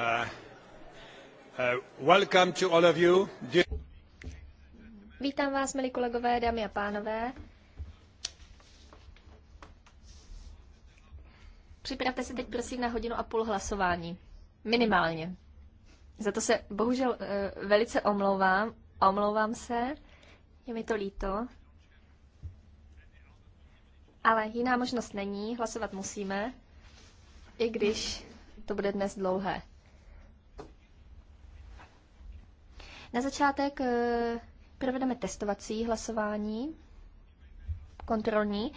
Uh, uh, welcome to all of you. Vítám vás, milí kolegové, dámy a pánové. Připravte se teď prosím na hodinu a půl hlasování. Minimálně. Za to se bohužel uh, velice omlouvám. Omlouvám se. Je mi to líto. Ale jiná možnost není. Hlasovat musíme. I když to bude dnes dlouhé. Na začátek eh, provedeme testovací hlasování, kontrolní,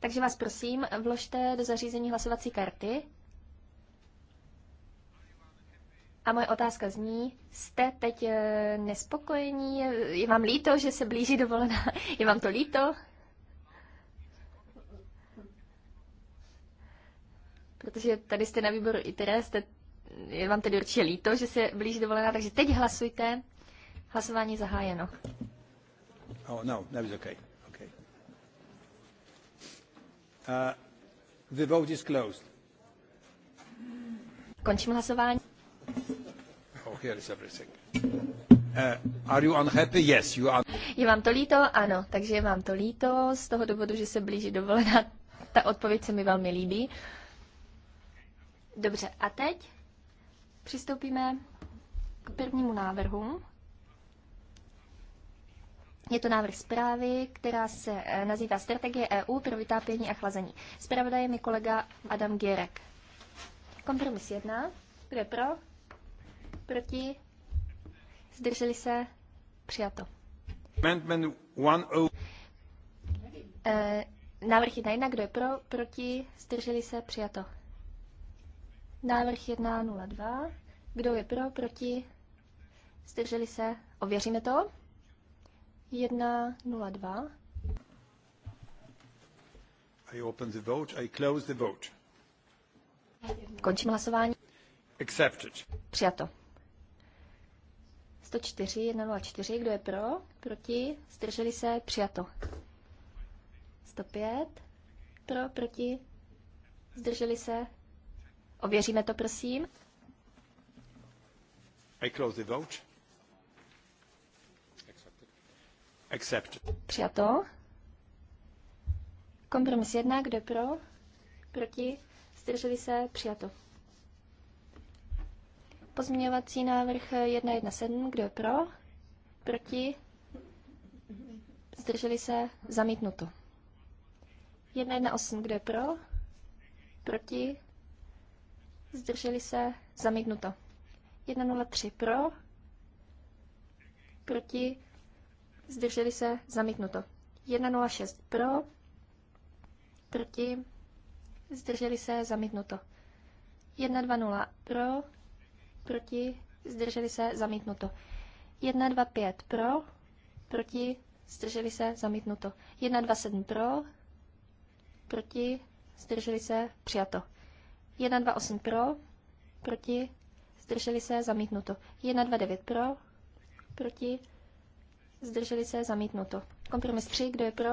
takže vás prosím, vložte do zařízení hlasovací karty. A moje otázka zní, jste teď eh, nespokojení? Je vám líto, že se blíží dovolená? Je vám to líto? Protože tady jste na výboru ITRE, jste je vám tedy určitě líto, že se blíží dovolená, takže teď hlasujte. Hlasování zahájeno. Oh, no, that was okay. okay. Uh, the vote is closed. Končím hlasování. Oh, here is everything. Uh, are you unhappy? Yes, you are. Je vám to líto? Ano, takže je vám to líto z toho důvodu, že se blíží dovolená. Ta odpověď se mi velmi líbí. Dobře, a teď? Přistoupíme k prvnímu návrhu. Je to návrh zprávy, která se eh, nazývá Strategie EU pro vytápění a chlazení. Zpravodajem je kolega Adam Gierek. Kompromis jedna, Kdo je pro? Proti? Zdrželi se? Přijato. Oh. Eh, návrh 1.1. Kdo je pro? Proti? Zdrželi se? Přijato. Návrh 1.02. Kdo je pro, proti? Zdrželi se? Ověříme to. 1.02. I open the vote. I close the vote. Končím hlasování. Accepted. Přijato. 104, 104, kdo je pro, proti, zdrželi se, přijato. 105, pro, proti, zdrželi se, Ověříme to, prosím. I close the vote. Accept. Přijato. Kompromis jedna, kdo pro? Proti? Zdrželi se? Přijato. Pozměňovací návrh 117, kdo pro? Proti? Zdrželi se? Zamítnuto. 118, kdo pro? Proti? zdrželi se, zamítnuto. 103 pro, proti, zdrželi se, zamítnuto. 106 pro, proti, zdrželi se, zamítnuto. 120 pro, proti, zdrželi se, zamítnuto. 125 pro, proti, zdrželi se, zamítnuto. 127 pro, proti, zdrželi se, přijato. 1, 2, 8 pro, proti, zdrželi se, zamítnuto. 1, 2, 9 pro, proti, zdrželi se, zamítnuto. Kompromis 3, kdo je pro,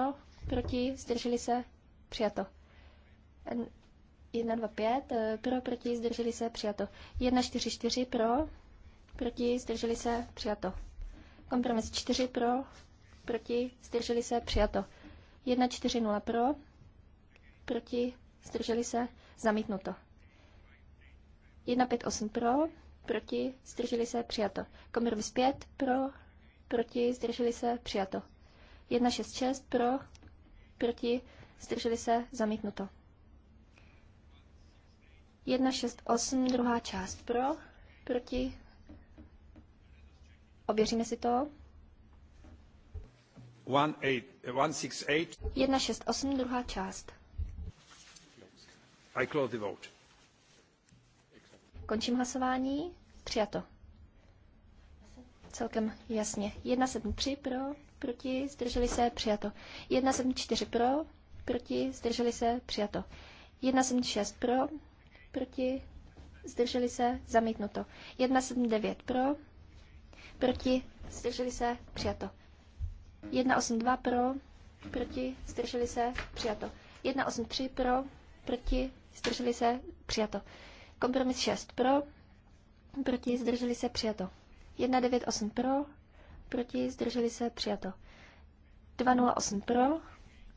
proti, zdrželi se, přijato. 1, 2, 5, pro, proti, zdrželi se, přijato. 1, 4, 4, pro, proti, zdrželi se, přijato. Kompromis 4 pro, proti, zdrželi se, přijato. 1, 4, 0 pro, proti, zdrželi se, zamítnuto. 158 pro, proti, zdrželi se, přijato. Kompromis 5 pro, proti, zdrželi se, přijato. 166 pro, proti, zdrželi se, zamítnuto. 168, druhá část pro, proti, ověříme si to. 168, druhá část. I close the vote. Končím hlasování. Přijato. Celkem jasně. 173 pro, proti, zdrželi se, přijato. 174 pro, proti, zdrželi se, přijato. 176 pro, proti, zdrželi se, zamítnuto. 179 pro, proti, zdrželi se, přijato. 182 pro, proti, zdrželi se, přijato. 183 pro, proti, zdrželi se, přijato. Kompromis 6 pro, proti zdrželi se přijato. 198 pro, proti zdrželi se přijato. 208 pro,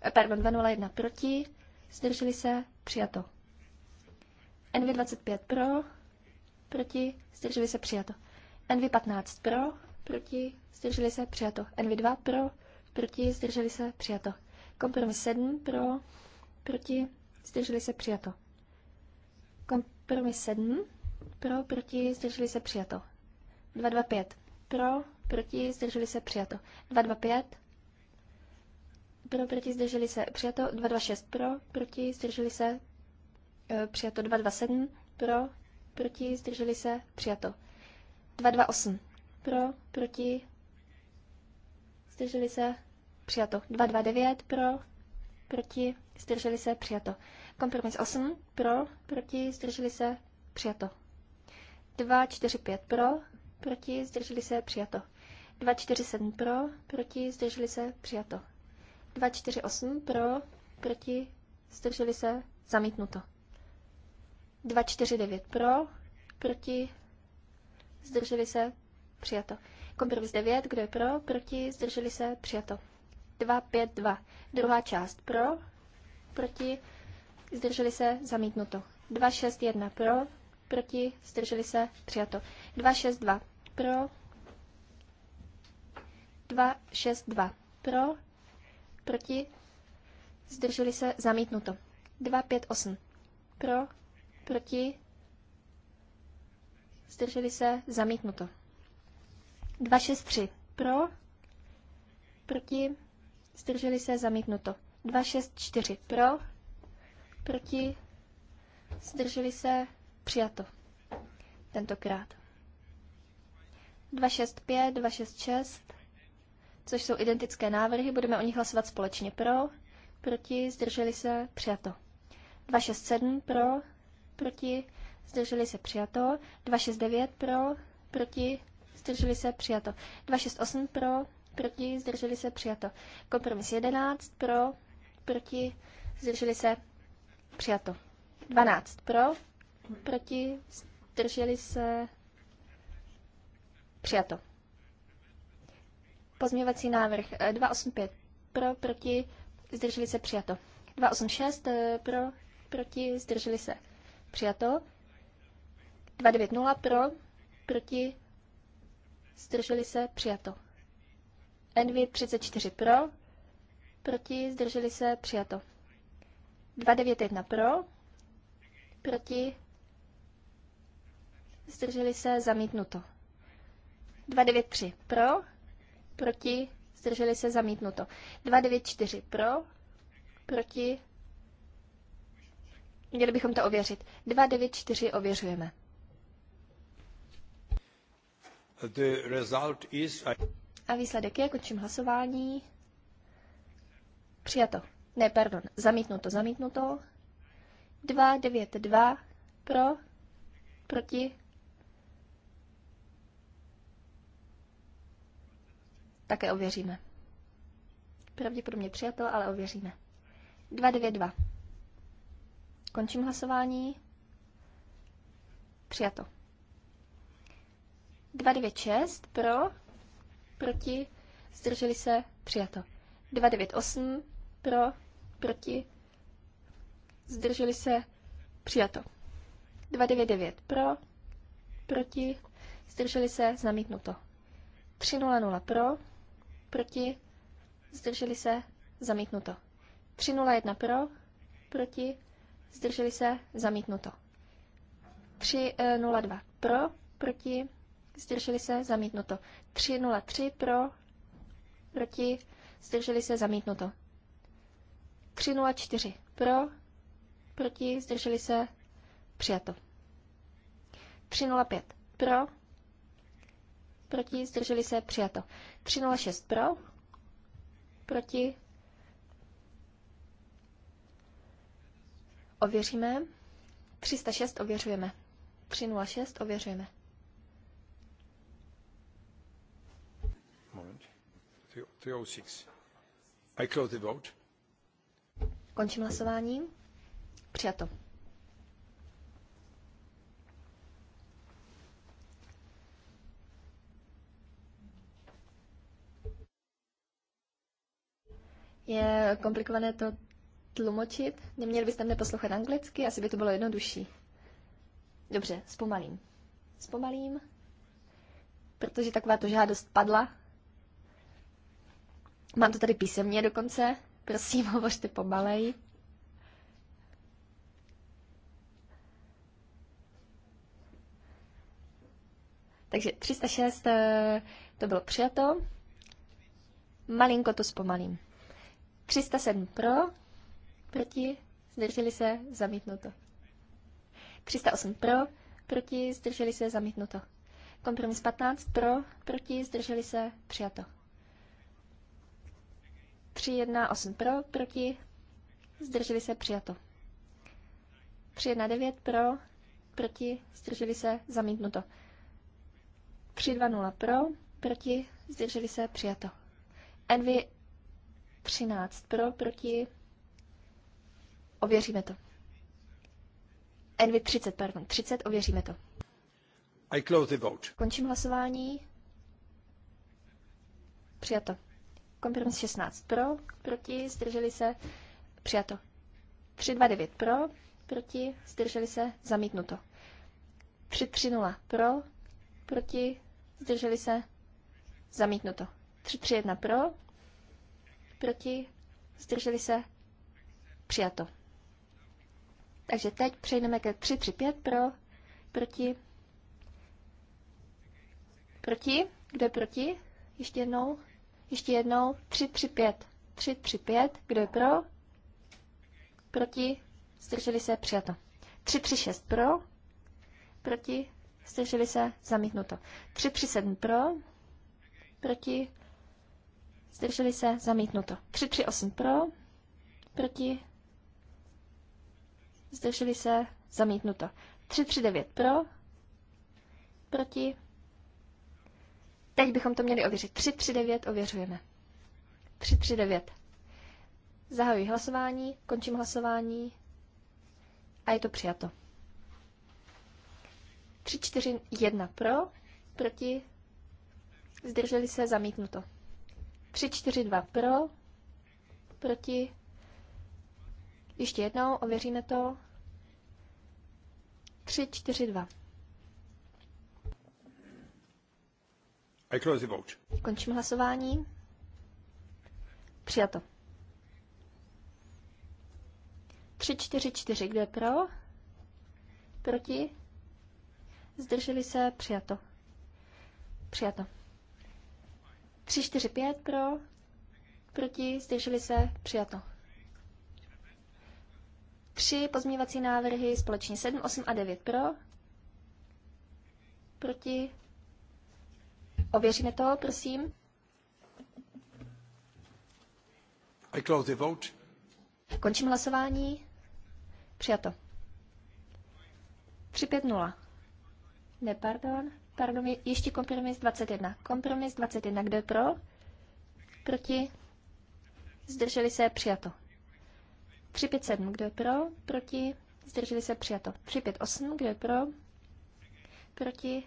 eh, pardon, 201 proti, zdrželi se přijato. NV25 pro, proti, zdrželi se přijato. NV15 pro, proti, zdrželi se přijato. NV2 pro, proti, zdrželi se přijato. Kompromis 7 pro, proti, zdrželi se přijato. Kompromis 7. Pro, proti, zdrželi se přijato. 225. Pro, proti, zdrželi se přijato. 225. Pro, proti, zdrželi se přijato. 226. Pro, proti, zdrželi se e, přijato. 227. Pro, proti, zdrželi se přijato. 228. Pro, proti, zdrželi se přijato. 229. Pro, proti, zdrželi se přijato. Kompromis 8 pro, proti, zdrželi se, přijato. 2, 4, 5 pro, proti, zdrželi se, přijato. 2, 4, 7 pro, proti, zdrželi se, přijato. 2, 4, 8 pro, proti, zdrželi se, zamítnuto. 2, 4, 9 pro, proti, zdrželi se, přijato. Kompromis 9, kdo je pro, proti, zdrželi se, přijato. 2, 5, 2. Druhá část pro, proti, zdrželi se, zamítnuto. 261 pro, proti, zdrželi se, přijato. 262 pro, 262 pro, proti, zdrželi se, zamítnuto. 258 pro, proti, zdrželi se, zamítnuto. 263 pro, proti, zdrželi se, zamítnuto. 264 pro, proti, zdrželi se, přijato. Tentokrát. 265, 266, což jsou identické návrhy, budeme o nich hlasovat společně pro, proti, zdrželi se, přijato. 267 pro, proti, zdrželi se, přijato. 269 pro, proti, zdrželi se, přijato. 268 pro, proti, zdrželi se, přijato. Kompromis 11 pro, proti, zdrželi se, Přijato. 12 pro, proti, zdrželi se, přijato. Pozměňovací návrh 285 eh, pro, proti, zdrželi se, přijato. 286 eh, pro, proti, zdrželi se, přijato. 290 pro, proti, zdrželi se, přijato. NV 34 pro, proti, zdrželi se, přijato. 291 pro, proti, zdrželi se, zamítnuto. 293 pro, proti, zdrželi se, zamítnuto. 294 pro, proti, měli bychom to ověřit. 294 ověřujeme. The result is... A výsledek je, končím hlasování. Přijato. Ne, pardon, zamítnuto, zamítnuto. 2, pro, proti. Také ověříme. Pravděpodobně přijato, ale ověříme. 2. Končím hlasování. Přijato. 6, pro, proti, zdrželi se, přijato. 8, pro, proti, zdrželi se, přijato. 299 pro, proti, zdrželi se, zamítnuto. 300 pro, proti, zdrželi se, zamítnuto. 301 pro, proti, zdrželi se, zamítnuto. 302 pro, proti, zdrželi se, zamítnuto. 303 pro, proti, zdrželi se, zamítnuto. 304 pro, proti, zdrželi se, přijato. 305 pro, proti, zdrželi se, přijato. 306 pro, proti, ověříme. 306 ověřujeme. 306 ověřujeme. Moment. 306. I close the vote. Končím hlasování. Přijato. Je komplikované to tlumočit. Neměli byste mě poslouchat anglicky, asi by to bylo jednodušší. Dobře, zpomalím. Zpomalím, protože taková to žádost padla. Mám to tady písemně dokonce. Prosím, hovořte pomalej. Takže 306 eh, to bylo přijato. Malinko to zpomalím. 307 pro, proti, zdrželi se, zamítnuto. 308 pro, proti, zdrželi se, zamítnuto. Kompromis 15 pro, proti, zdrželi se, přijato. 8 pro, proti, zdrželi se, přijato. 9 pro, proti, zdrželi se, zamítnuto. 0 pro, proti, zdrželi se, přijato. Envy 13 pro, proti, ověříme to. Envy 30, pardon, 30, ověříme to. I close the vote. Končím hlasování. Přijato. Kompromis 16 pro, proti, zdrželi se, přijato. 329 pro, proti, zdrželi se, zamítnuto. 330 pro, proti, zdrželi se, zamítnuto. 331 pro, proti, zdrželi se, přijato. Takže teď přejdeme ke 335 pro, proti, proti, kde proti, ještě jednou, ještě jednou. 3, 3, 5. 3, 3, 5. Kdo je pro? Proti? Zdrželi se? Přijato. 3, 3, 6 pro. Proti? Zdrželi se? Zamítnuto. 3, 3, 7 pro. Proti? Zdrželi se? Zamítnuto. 3, 3, 8 pro. Proti? Zdrželi se? Zamítnuto. 3, 3, 9 pro. Proti? Teď bychom to měli ověřit. 339 ověřujeme. 339. Zahajuji hlasování, končím hlasování a je to přijato. 341 pro, proti, zdrželi se, zamítnuto. 342 pro, proti, ještě jednou, ověříme to. 342. I close the vote. Končím hlasování. Přijato. 3, 4, 4. Kdo je pro? Proti? Zdrželi se? Přijato. Přijato. 3, 4, 5 pro. Proti? Zdrželi se? Přijato. Tři pozměňovací návrhy společně 7, 8 a 9 pro. Proti? Ověříme to, prosím. I close the vote. Končím hlasování. Přijato. 3-5-0. Ne, pardon. Pardon, ještě kompromis 21. Kompromis 21. Kdo je pro? Proti? Zdrželi se? Přijato. 357. Kdo je pro? Proti? Zdrželi se? Přijato. 358. Kdo je pro? Proti?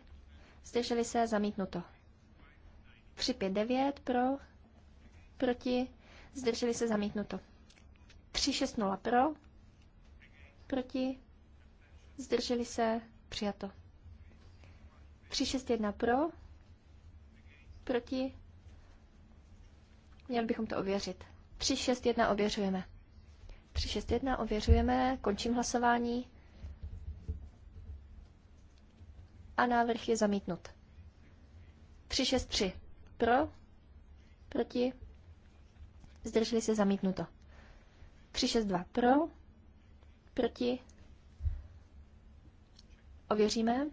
Zdrželi se? Zamítnuto. 359 pro, proti, zdrželi se zamítnuto. 360 pro, proti, zdrželi se přijato. 361 pro, proti, měli bychom to ověřit. 361 ověřujeme. 361 ověřujeme, končím hlasování a návrh je zamítnut. 363 pro? Proti? Zdrželi se zamítnuto. 362 pro? Proti? Ověříme.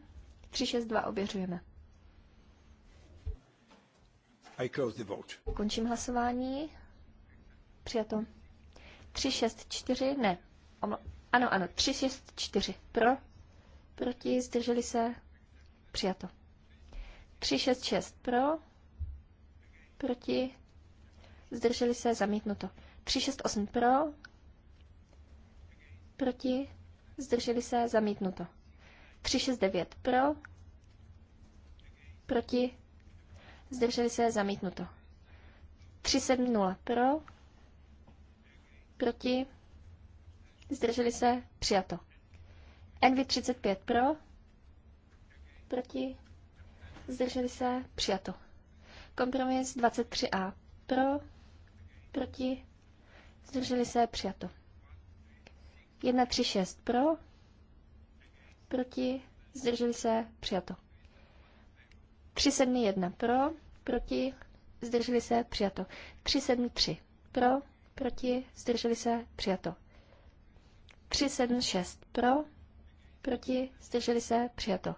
362 ověřujeme. I close the vote. Končím hlasování. Přijato. 364, ne. Omlo- Ano, ano, 364 pro, proti, zdrželi se, přijato. 366 pro, proti, zdrželi se, zamítnuto. 368 pro, proti, zdrželi se, zamítnuto. 369 pro, proti, zdrželi se, zamítnuto. 370 pro, proti, zdrželi se, přijato. NV35 pro, proti, zdrželi se, přijato. Kompromis 23a pro, proti, zdrželi se, přijato. 136 pro, proti, zdrželi se, přijato. 371 pro, proti, zdrželi se, přijato. 373 pro, proti, zdrželi se, přijato. 376 pro, proti, zdrželi se, přijato.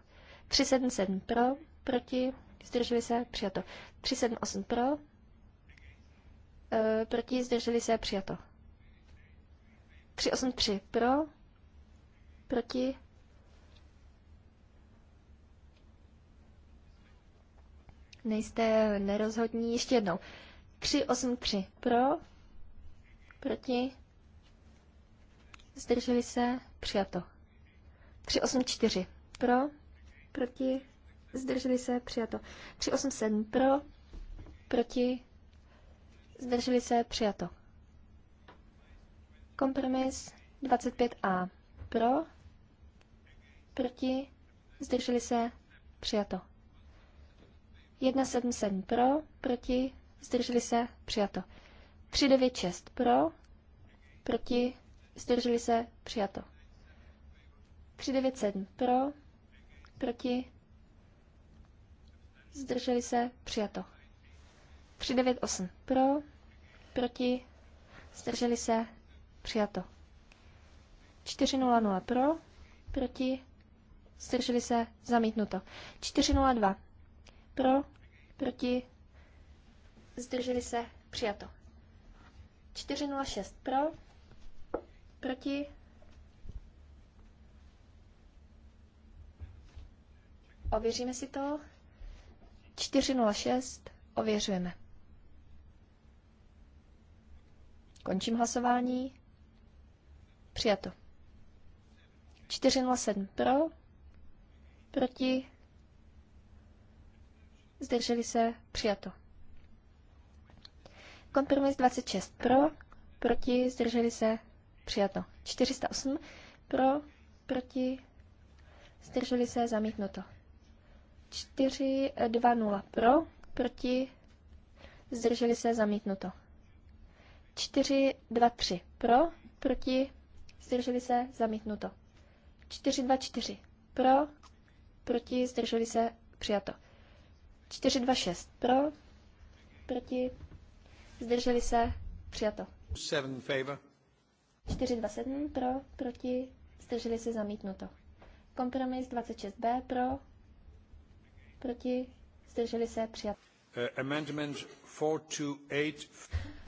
377 pro, proti, zdrželi se, přijato. 378 pro, e, proti, zdrželi se, přijato. 383 pro, proti, nejste nerozhodní, ještě jednou. 383 pro, proti, zdrželi se, přijato. 384 pro, proti, zdrželi se, přijato. 387 pro, proti, zdrželi se, přijato. Kompromis 25a pro, proti, zdrželi se, přijato. 177 pro, proti, zdrželi se, přijato. 396 pro, proti, zdrželi se, přijato. 397 pro, proti, zdrželi se, přijato. 398 pro, proti, zdrželi se, přijato. 400 pro, proti, zdrželi se, zamítnuto. 402 pro, proti, zdrželi se, přijato. 406 pro, proti, ověříme si to, 406 ověřujeme. Končím hlasování. Přijato. 407 pro, proti, zdrželi se, přijato. Kompromis 26 pro, proti, zdrželi se, přijato. 408 pro, proti, zdrželi se, zamítnuto. 4, 2, 0 pro, proti, zdrželi se, zamítnuto. 4, 2, 3 pro, proti, zdrželi se, zamítnuto. 4, 2, 4 pro, proti, zdrželi se, přijato. 4, 2, 6 pro, proti, zdrželi se, přijato. 7 favor. 4, 2, 7 pro, proti, zdrželi se, zamítnuto. Kompromis 26b pro, proti, zdrželi se, přijat. Uh, amendment 428.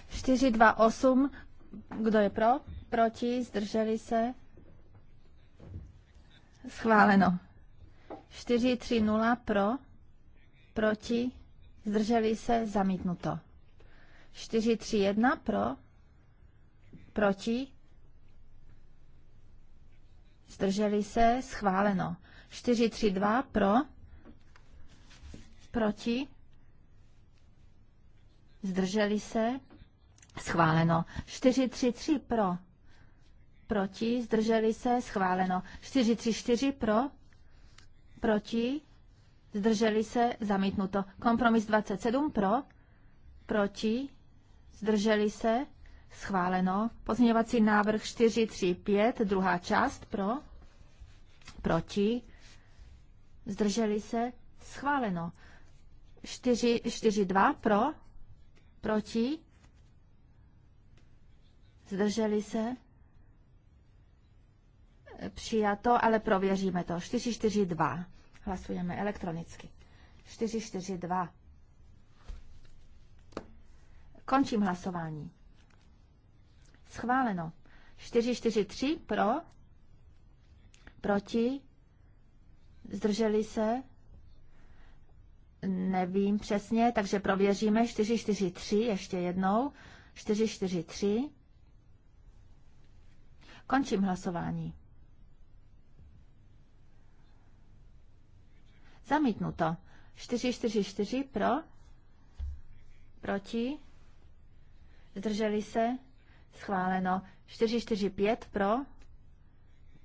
428, kdo je pro, proti, zdrželi se, schváleno. 430 pro, proti, zdrželi se, zamítnuto. 431 pro, proti, zdrželi se, schváleno. 432 pro, Proti? Zdrželi se? Schváleno. 433 pro. Proti? Zdrželi se? Schváleno. 434 pro. Proti? Zdrželi se? Zamítnuto. Kompromis 27 pro. Proti? Zdrželi se? Schváleno. Pozměňovací návrh 435, druhá část pro. Proti? Zdrželi se? Schváleno. 4, 4, 2 pro, proti, zdrželi se, přijato, ale prověříme to. 4, 4, 2. Hlasujeme elektronicky. 4, 4, 2. Končím hlasování. Schváleno. 4, 4, 3 pro, proti, zdrželi se, nevím přesně, takže prověříme 443 ještě jednou. 443. Končím hlasování. Zamítnuto. 444 pro. Proti. Zdrželi se. Schváleno. 445 pro.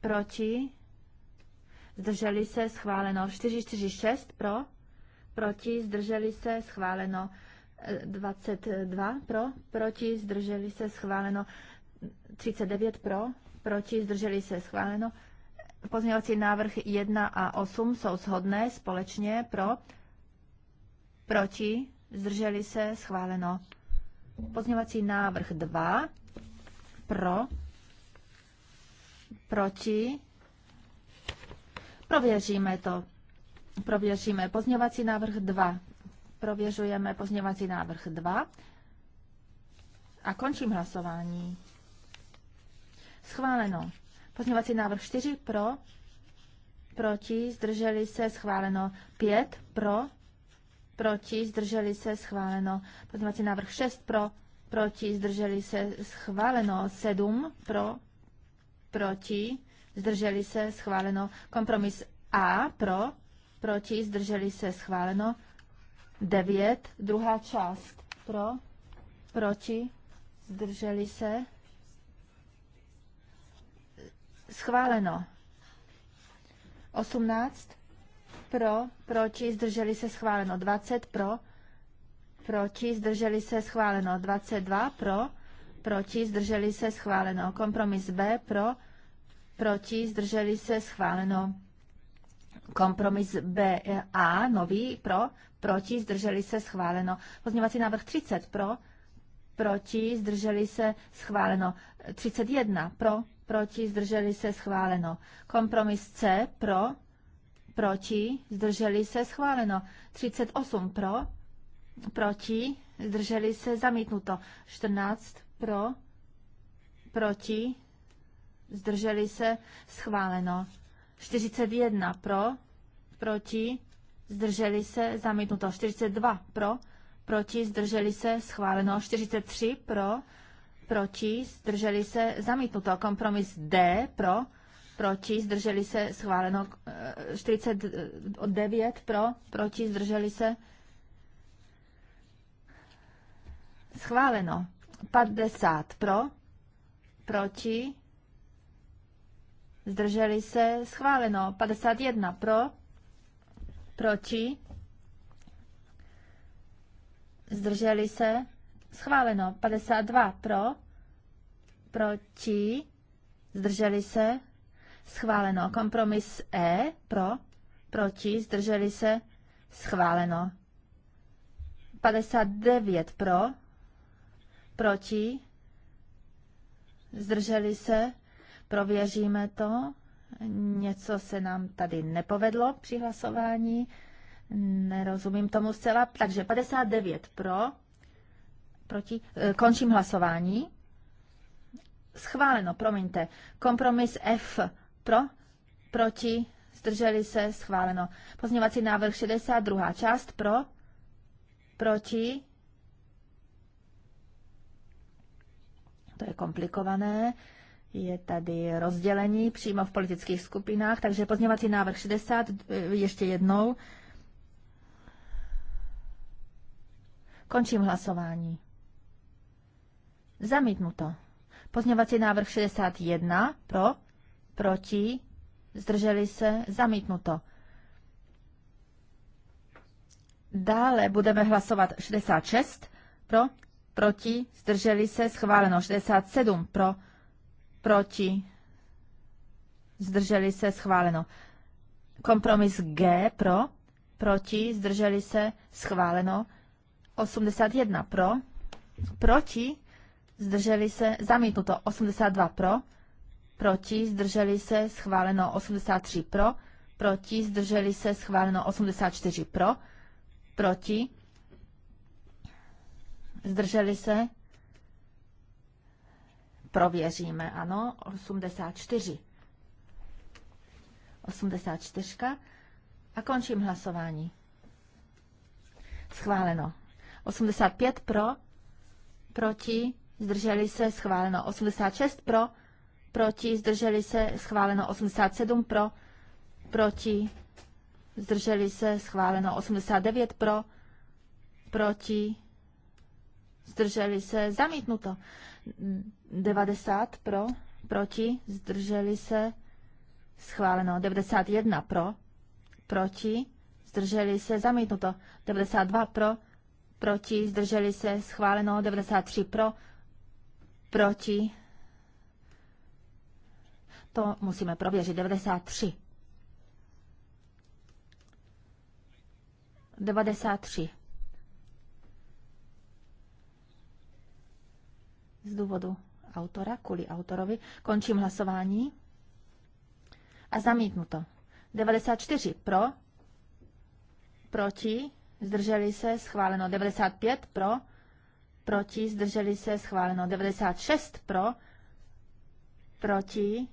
Proti. Zdrželi se. Schváleno. 446 pro proti, zdrželi se, schváleno 22 pro, proti, zdrželi se, schváleno 39 pro, proti, zdrželi se, schváleno. Pozměňovací návrh 1 a 8 jsou shodné společně pro, proti, zdrželi se, schváleno. Pozměňovací návrh 2 pro, proti, prověříme to. Prověříme pozněvací návrh 2. Prověřujeme pozněvací návrh 2 a končím hlasování. Schváleno. Pozměňovací návrh 4 pro, proti, zdrželi se, schváleno 5 pro, proti, zdrželi se, schváleno. Pozměňovací návrh 6 pro, proti, zdrželi se, schváleno 7 pro, proti, zdrželi se, schváleno. Kompromis A pro, proti, zdrželi se schváleno. 9, druhá část pro, proti, zdrželi se schváleno. 18 pro, proti, zdrželi se schváleno. 20 pro, proti, zdrželi se schváleno. 22 pro, proti, zdrželi se schváleno. Kompromis B pro, proti, zdrželi se schváleno. Kompromis BA, nový, pro, proti, zdrželi se, schváleno. Pozměňovací návrh 30, pro, proti, zdrželi se, schváleno. 31, pro, proti, zdrželi se, schváleno. Kompromis C, pro, proti, zdrželi se, schváleno. 38, pro, proti, zdrželi se, zamítnuto. 14, pro, proti, zdrželi se, schváleno. 41 pro, proti, zdrželi se, zamítnuto. 42 pro, proti, zdrželi se, schváleno. 43 pro, proti, zdrželi se, zamítnuto. Kompromis D pro, proti, zdrželi se, schváleno. 49 pro, proti, zdrželi se, schváleno. 50 pro, proti, zdrželi se, schváleno. 51 pro, proti, zdrželi se, schváleno. 52 pro, proti, zdrželi se, schváleno. Kompromis E, pro, proti, zdrželi se, schváleno. 59 pro, proti, zdrželi se, Prověříme to. Něco se nám tady nepovedlo při hlasování. Nerozumím tomu zcela. Takže 59 pro, proti. Eh, končím hlasování. Schváleno, promiňte. Kompromis F pro, proti, zdrželi se, schváleno. Pozměňovací návrh 62. část pro, proti, to je komplikované je tady rozdělení přímo v politických skupinách, takže pozněvací návrh 60 eh, ještě jednou. Končím hlasování. Zamítnuto. Pozněvací návrh 61 pro, proti, zdrželi se, zamítnuto. Dále budeme hlasovat 66 pro, proti, zdrželi se, schváleno 67 pro, proti, zdrželi se, schváleno. Kompromis G pro, proti, zdrželi se, schváleno. 81 pro, proti, zdrželi se, zamítnuto 82 pro, proti, zdrželi se, schváleno 83 pro, proti, zdrželi se, schváleno 84 pro, proti, zdrželi se, prověříme, ano, 84. 84. A končím hlasování. Schváleno. 85 pro, proti, zdrželi se, schváleno. 86 pro, proti, zdrželi se, schváleno. 87 pro, proti, zdrželi se, schváleno. 89 pro, proti, zdrželi se, zamítnuto. 90 pro, proti, zdrželi se, schváleno. 91 pro, proti, zdrželi se, zamítnuto. 92 pro, proti, zdrželi se, schváleno. 93 pro, proti. To musíme prověřit. 93. 93. z důvodu autora, kvůli autorovi. Končím hlasování a zamítnuto. 94 pro, proti, zdrželi se, schváleno. 95 pro, proti, zdrželi se, schváleno. 96 pro, proti,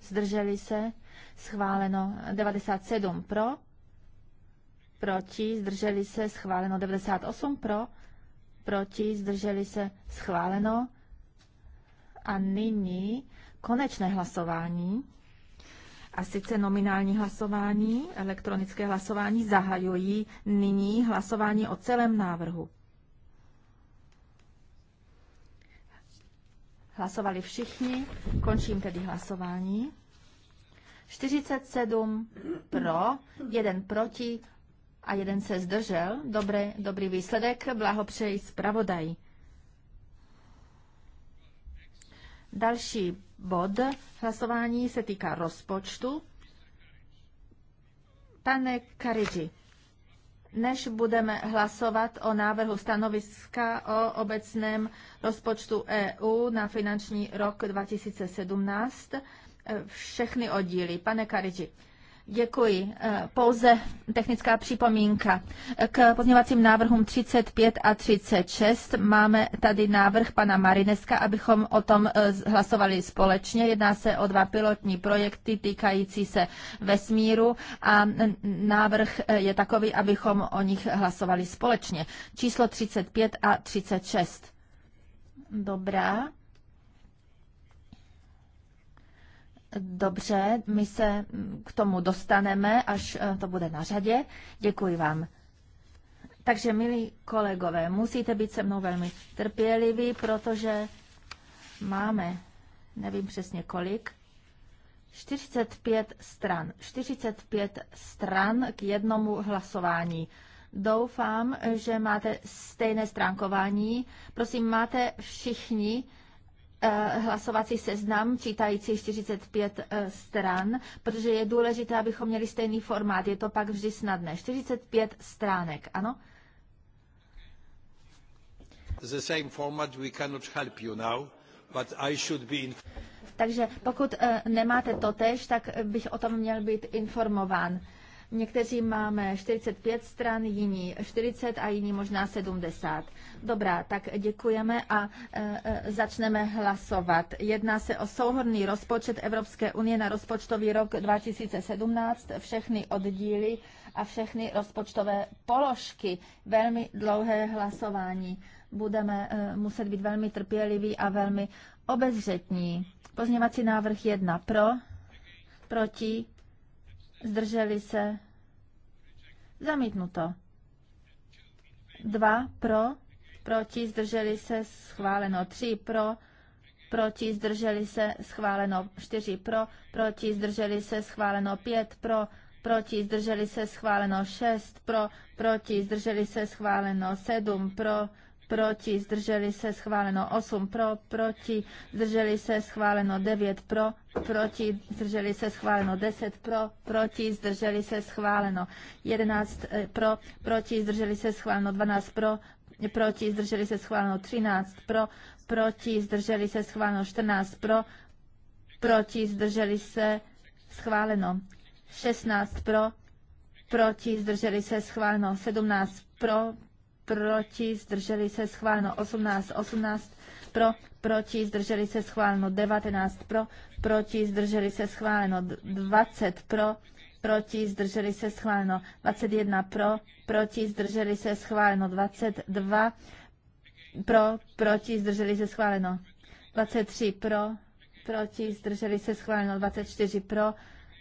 zdrželi se, schváleno. 97 pro, proti, zdrželi se, schváleno. 98 pro, proti, zdrželi se schváleno. A nyní konečné hlasování. A sice nominální hlasování, elektronické hlasování zahajují nyní hlasování o celém návrhu. Hlasovali všichni, končím tedy hlasování. 47 pro, 1 proti, a jeden se zdržel. Dobré, dobrý výsledek, blahopřeji zpravodaji. Další bod hlasování se týká rozpočtu. Pane Karidži, než budeme hlasovat o návrhu stanoviska o obecném rozpočtu EU na finanční rok 2017, všechny oddíly. Pane Karidži, Děkuji. Eh, pouze technická připomínka. K pozměvacím návrhům 35 a 36 máme tady návrh pana Marineska, abychom o tom eh, hlasovali společně. Jedná se o dva pilotní projekty týkající se vesmíru a návrh eh, je takový, abychom o nich hlasovali společně. Číslo 35 a 36. Dobrá. Dobře, my se mm, k tomu dostaneme, až e, to bude na řadě. Děkuji vám. Takže, milí kolegové, musíte být se mnou velmi trpěliví, protože máme, nevím přesně kolik, 45 stran. 45 stran k jednomu hlasování. Doufám, že máte stejné stránkování. Prosím, máte všichni Eh, hlasovací seznam čítající 45 eh, stran, protože je důležité, abychom měli stejný formát. Je to pak vždy snadné. 45 stránek, ano? The same format we cannot help you now, but I should be in... Takže pokud eh, nemáte totež, tak bych o tom měl být informován. Někteří máme 45 stran, jiní 40 a jiní možná 70. Dobrá, tak děkujeme a e, e, začneme hlasovat. Jedná se o souhodný rozpočet Evropské unie na rozpočtový rok 2017, všechny oddíly a všechny rozpočtové položky. Velmi dlouhé hlasování. Budeme e, muset být velmi trpěliví a velmi obezřetní. Pozněvací návrh 1 pro, proti, zdrželi se, zamítnuto. Dva pro, proti, zdrželi se, schváleno 3 pro, proti, zdrželi se, schváleno 4 pro, proti, zdrželi se, schváleno 5 pro, proti, zdrželi se, schváleno 6 pro, proti, zdrželi se, schváleno 7 pro, proti, zdrželi se, schváleno 8 pro, proti, zdrželi se, schváleno 9 pro, proti, zdrželi se, schváleno 10 pro, proti, zdrželi se, schváleno 11 pro, proti, zdrželi se, schváleno 12 pro, proti, zdrželi se schváleno 13 pro, proti, zdrželi se schváleno 14 pro, proti, zdrželi se schváleno 16 pro, proti, zdrželi se schváleno 17 pro, proti, zdrželi se schváleno 18, 18 pro, proti, zdrželi se schváleno 19 pro, proti, zdrželi se schváleno 20 pro, proti, zdrželi se schváleno 21 pro, proti, zdrželi se schváleno 22 pro, proti, zdrželi se schváleno 23 pro, proti, zdrželi se schváleno 24 pro,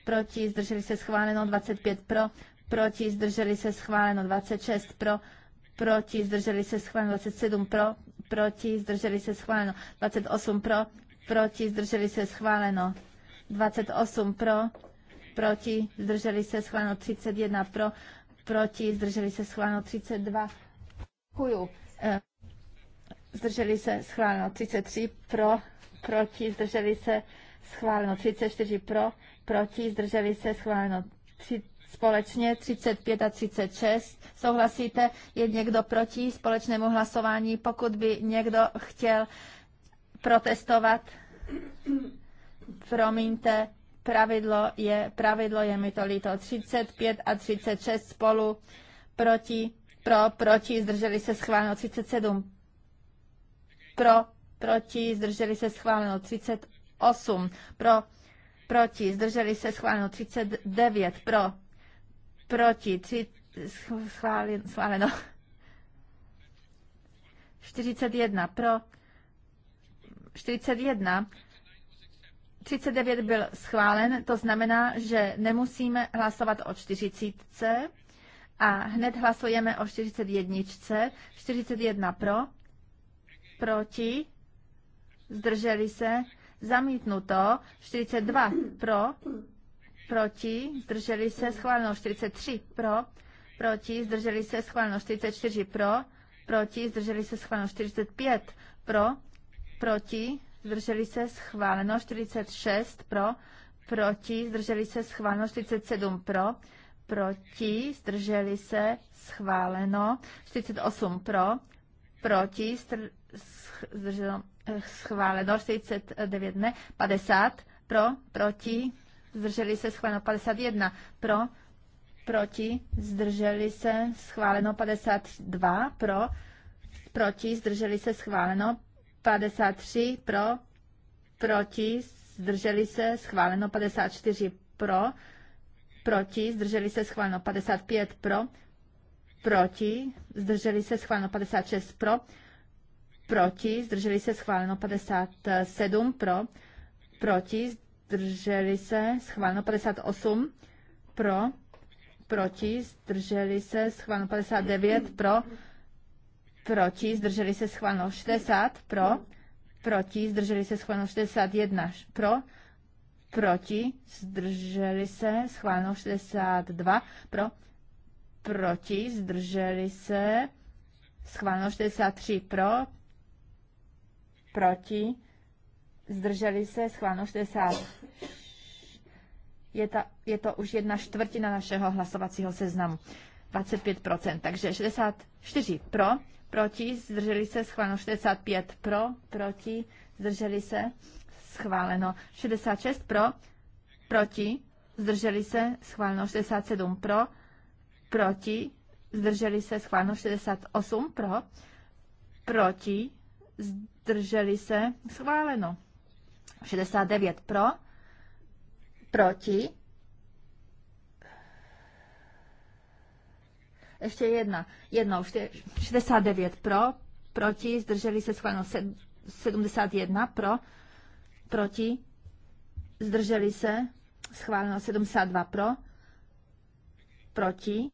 proti, zdrželi se schváleno 25 pro, proti, zdrželi se schváleno 26 pro, proti, zdrželi se schváleno 27 pro, proti, zdrželi se schváleno 28 pro, proti, zdrželi se schváleno 28 pro, proti, zdrželi se schváleno 31 pro, proti, zdrželi se schváleno 32 Děkuju. Eh, zdrželi se schváleno 33 pro, proti, zdrželi se schváleno 34 pro, proti, zdrželi se schváleno 3, společně 35 a 36. Souhlasíte? Je někdo proti společnému hlasování? Pokud by někdo chtěl protestovat, promiňte, pravidlo je, pravidlo je mi to líto, 35 a 36 spolu proti, pro, proti, zdrželi se schváleno 37, pro, proti, zdrželi se schváleno 38, pro, proti, zdrželi se schváleno 39, pro, proti, tři, schválen, schváleno 41, pro, 41, 39 byl schválen, to znamená, že nemusíme hlasovat o 40 a hned hlasujeme o 41. 41 pro, proti, zdrželi se, zamítnuto, 42 pro, proti, zdrželi se, schváleno, 43 pro, proti, zdrželi se, schváleno, 44 pro, proti, zdrželi se, schváleno, 45 pro, proti, zdrželi se schváleno 46 pro, proti, zdrželi se schváleno 47 pro, proti, zdrželi se schváleno 48 pro, proti, zdrželo, eh, schváleno 49 ne, 50 pro, proti, zdrželi se schváleno 51 pro, proti, zdrželi se schváleno 52 pro, proti, zdrželi se schváleno 53 pro, proti, zdrželi se, schváleno 54 pro, proti, zdrželi se, schváleno 55 pro, proti, zdrželi se, schváleno 56 pro, proti, zdrželi se, schváleno 57 pro, proti, zdrželi se, schváleno 58 pro, proti, zdrželi se, schváleno 59 pro, proti, zdrželi se schváleno 60 pro, proti, zdrželi se schváleno 61 pro, proti, zdrželi se schváleno 62 pro, proti, zdrželi se schváleno 63 pro, proti, zdrželi se schváleno 60. Je, ta, je to už jedna čtvrtina našeho hlasovacího seznamu. 25%. Takže 64 pro, proti, zdrželi se, schváleno 65 pro, proti, zdrželi se, schváleno 66 pro, proti, zdrželi se, schváleno 67 pro, proti, zdrželi se, schváleno 68 pro, proti, zdrželi se, schváleno 69 pro, proti, Ještě jedna, jednou, 69 pro, proti, zdrželi se schváleno 71 pro, proti, zdrželi se, schváleno 72 pro, proti.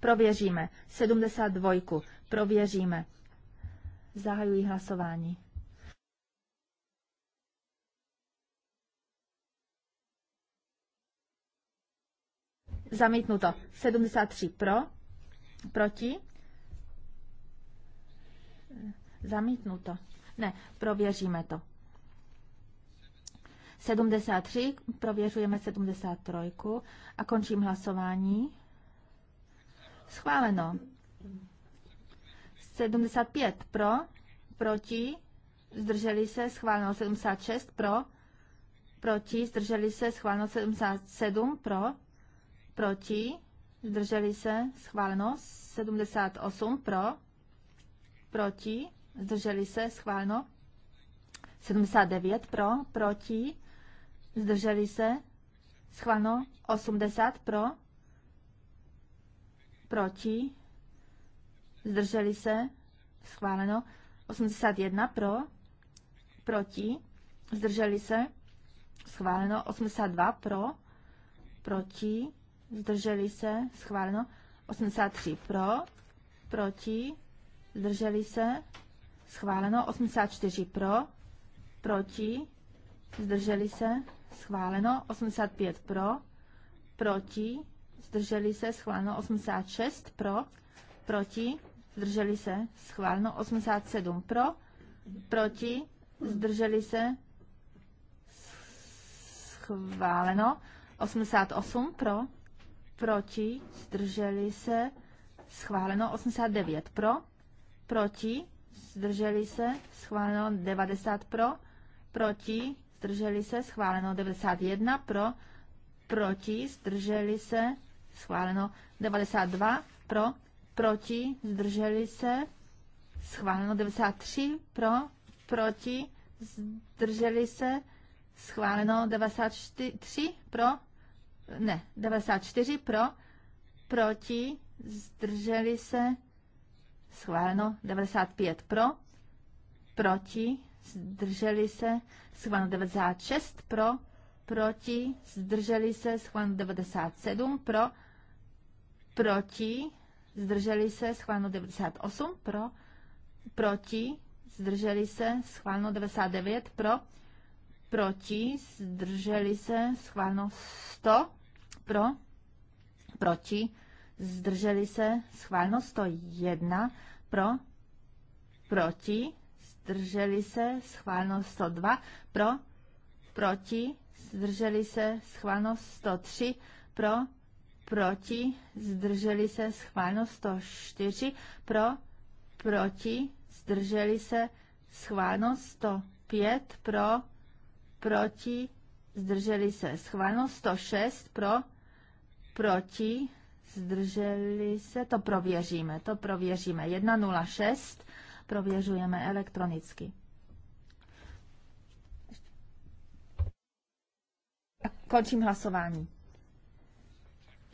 Prověříme. 72. Prověříme. Zahajuji hlasování. Zamítnuto. 73 pro, proti. Zamítnuto. Ne, prověříme to. 73, prověřujeme 73 a končím hlasování. Schváleno. 75 pro, proti, zdrželi se, schváleno 76 pro, proti, zdrželi se, schváleno 77 pro, proti, zdrželi se, schváleno, 78 pro, proti, zdrželi se, schváleno, 79 pro, proti, zdrželi se, schváleno, 80 pro, proti, zdrželi se, schváleno, 81 pro, proti, zdrželi se, schváleno, 82 pro, proti, zdrželi se, schváleno. 83 pro, proti, zdrželi se, schváleno. 84 pro, proti, zdrželi se, schváleno. 85 pro, proti, zdrželi se, schváleno. 86 pro, proti, zdrželi se, schváleno. 87 pro, proti, zdrželi se, schváleno. 88 pro, proti, zdrželi se, schváleno 89 pro, proti, zdrželi se, schváleno 90 pro, proti, zdrželi se, schváleno 91 pro, proti, zdrželi se, schváleno 92 pro, proti, zdrželi se, schváleno 93 pro, proti, zdrželi se, schváleno 94 pro, ne, 94 pro, proti, zdrželi se, schváleno, 95 pro, proti, zdrželi se, schváleno, 96 pro, proti, zdrželi se, schváleno, 97 pro, proti, zdrželi se, schváleno, 98 pro, proti, zdrželi se, schváleno, 99 pro, proti, zdrželi se, schváleno, 100 pro, proti, zdrželi se, schváleno 101 pro, proti, zdrželi se, schváleno 102 pro, proti, zdrželi se, schváleno 103 pro, proti, zdrželi se, schváleno 104 pro, proti, zdrželi se, schváleno 105 pro, proti, zdrželi se, schváleno 106 pro, proti, zdrželi se, to prověříme, to prověříme. 106 prověřujeme elektronicky. Končím hlasování.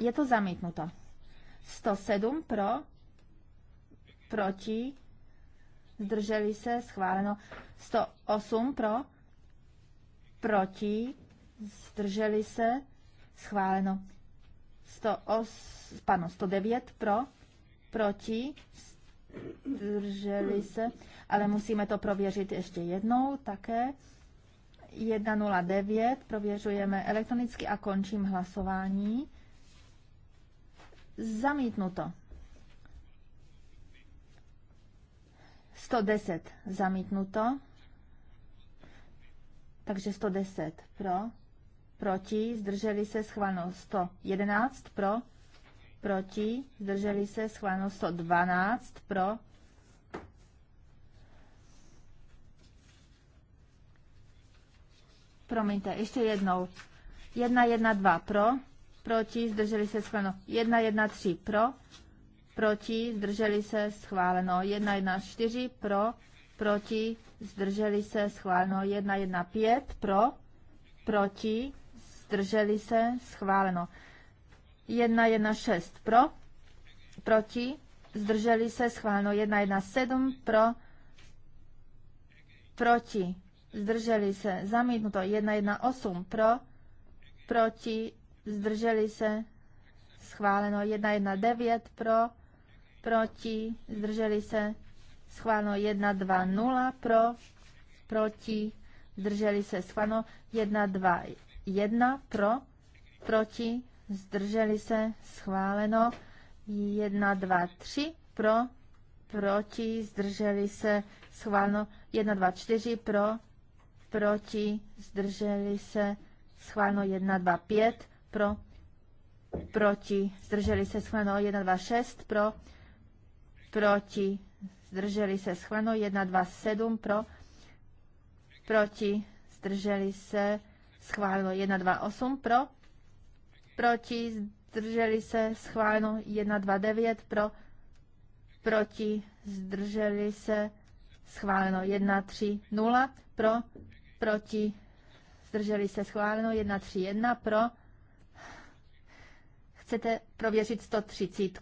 Je to zamítnuto. 107 pro, proti, zdrželi se, schváleno. 108 pro, proti, zdrželi se, schváleno. 108, pardon, 109 pro, proti, zdrželi se, ale musíme to prověřit ještě jednou také. 109 prověřujeme elektronicky a končím hlasování. Zamítnuto. 110 zamítnuto. Takže 110 pro, proti, zdrželi se schváleno 111 pro, proti, zdrželi se schváleno 112 pro, promiňte, ještě jednou, 112 pro, proti, zdrželi se schváleno 113 pro, proti, zdrželi se schváleno 114 pro, proti, zdrželi se schváleno 115 pro, proti, zdrželi se, schváleno. 1.1.6 pro, proti, zdrželi se, schváleno. 1.1.7 pro, proti, zdrželi se, zamítnuto. 1.1.8 pro, proti, zdrželi se, schváleno. 1.1.9 pro, proti, zdrželi se, schváleno. 1.2.0 pro, proti, zdrželi se, schváleno. 1.2 1 pro, proti, zdrželi se, schváleno. 1, 2, 3 pro, proti, zdrželi se, schváleno. 1, 2, 4 pro, proti, zdrželi se, schváleno. 1, 2, 5 pro, proti, zdrželi se, schváleno. 1, 2, 6 pro, proti, zdrželi se, schváleno. 1, 2, 7 pro, proti, zdrželi se, schváleno schváleno 128 pro, proti, zdrželi se, schváleno 129 pro, proti, zdrželi se, schváleno 130 pro, proti, zdrželi se, schváleno 131 pro. Chcete prověřit 130?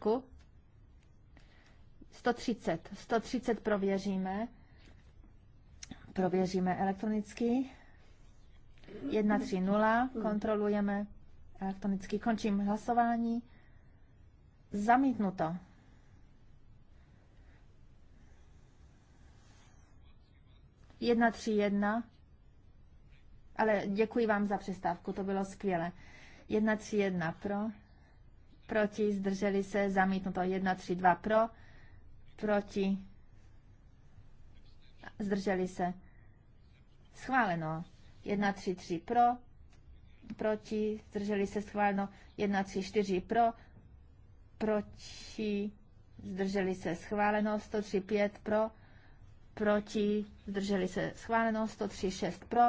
130. 130 prověříme. Prověříme elektronicky. 1.3.0 kontrolujeme elektronicky. Končím hlasování. Zamítnuto. Jedna, tři, jedna. Ale děkuji vám za přestávku, to bylo skvěle. Jedna, tři, jedna pro. Proti, zdrželi se, zamítnuto. Jedna, tři, dva pro. Proti, zdrželi se. Schváleno. 1, 3, 3 pro, proti, zdrželi se schváleno 1, 3, 4 pro, proti, zdrželi se schváleno 103, 5 pro, proti, zdrželi se schváleno 103, 6 pro,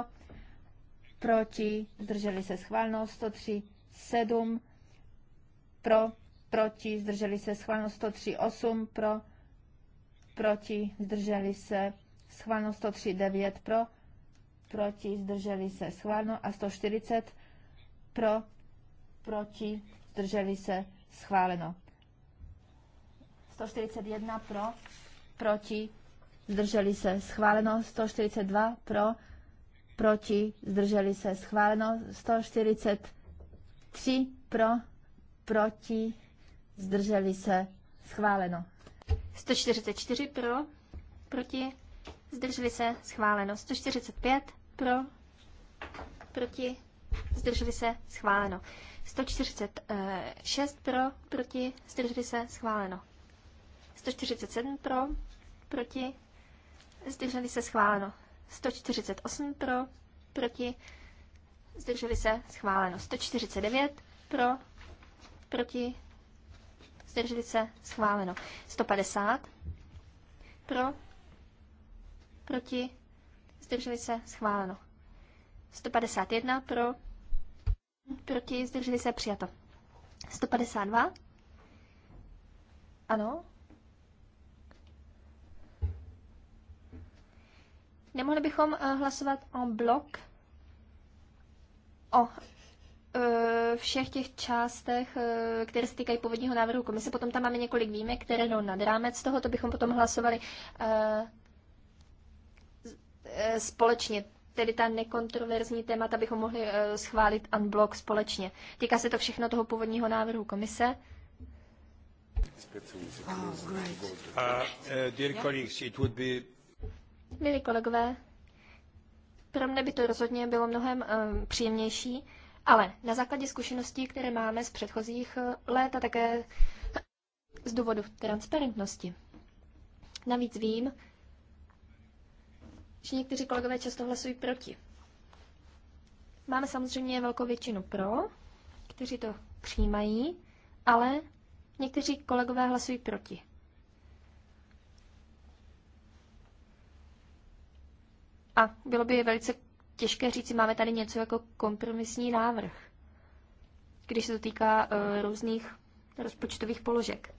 proti, zdrželi se schváleno 103, 7 pro, proti, zdrželi se schváleno 103, 8 pro, proti, zdrželi se schváleno 103, 9 pro, proti, zdrželi se, schváleno a 140 pro, proti, zdrželi se, schváleno. 141 pro, proti, zdrželi se, schváleno. 142 pro, proti, zdrželi se, schváleno. 143 pro, proti, zdrželi se, schváleno. 144 pro, proti, zdrželi se, schváleno. 145 pro, proti, zdrželi se, schváleno. 146 pro, proti, zdrželi se, schváleno. 147 pro, proti, zdrželi se, schváleno. 148 pro, proti, zdrželi se, schváleno. 149 pro, proti, zdrželi se, schváleno. 150 pro, proti, zdrželi se, schváleno. 151 pro, proti, zdrželi se, přijato. 152, ano. Nemohli bychom eh, hlasovat en blok o eh, všech těch částech, eh, které se týkají původního návrhu komise. Potom tam máme několik výjimek, které jdou nad rámec toho, to bychom potom hlasovali Eh, společně, tedy ta nekontroverzní témata bychom mohli eh, schválit unblock společně. Týká se to všechno toho původního návrhu komise. Eh, be... Milí kolegové, pro mne by to rozhodně bylo mnohem uh, příjemnější, ale na základě zkušeností, které máme z předchozích let a také z důvodu transparentnosti. Navíc vím, že někteří kolegové často hlasují proti. Máme samozřejmě velkou většinu pro, kteří to přijímají, ale někteří kolegové hlasují proti. A bylo by velice těžké říct, máme tady něco jako kompromisní návrh, když se to týká uh, různých rozpočtových položek.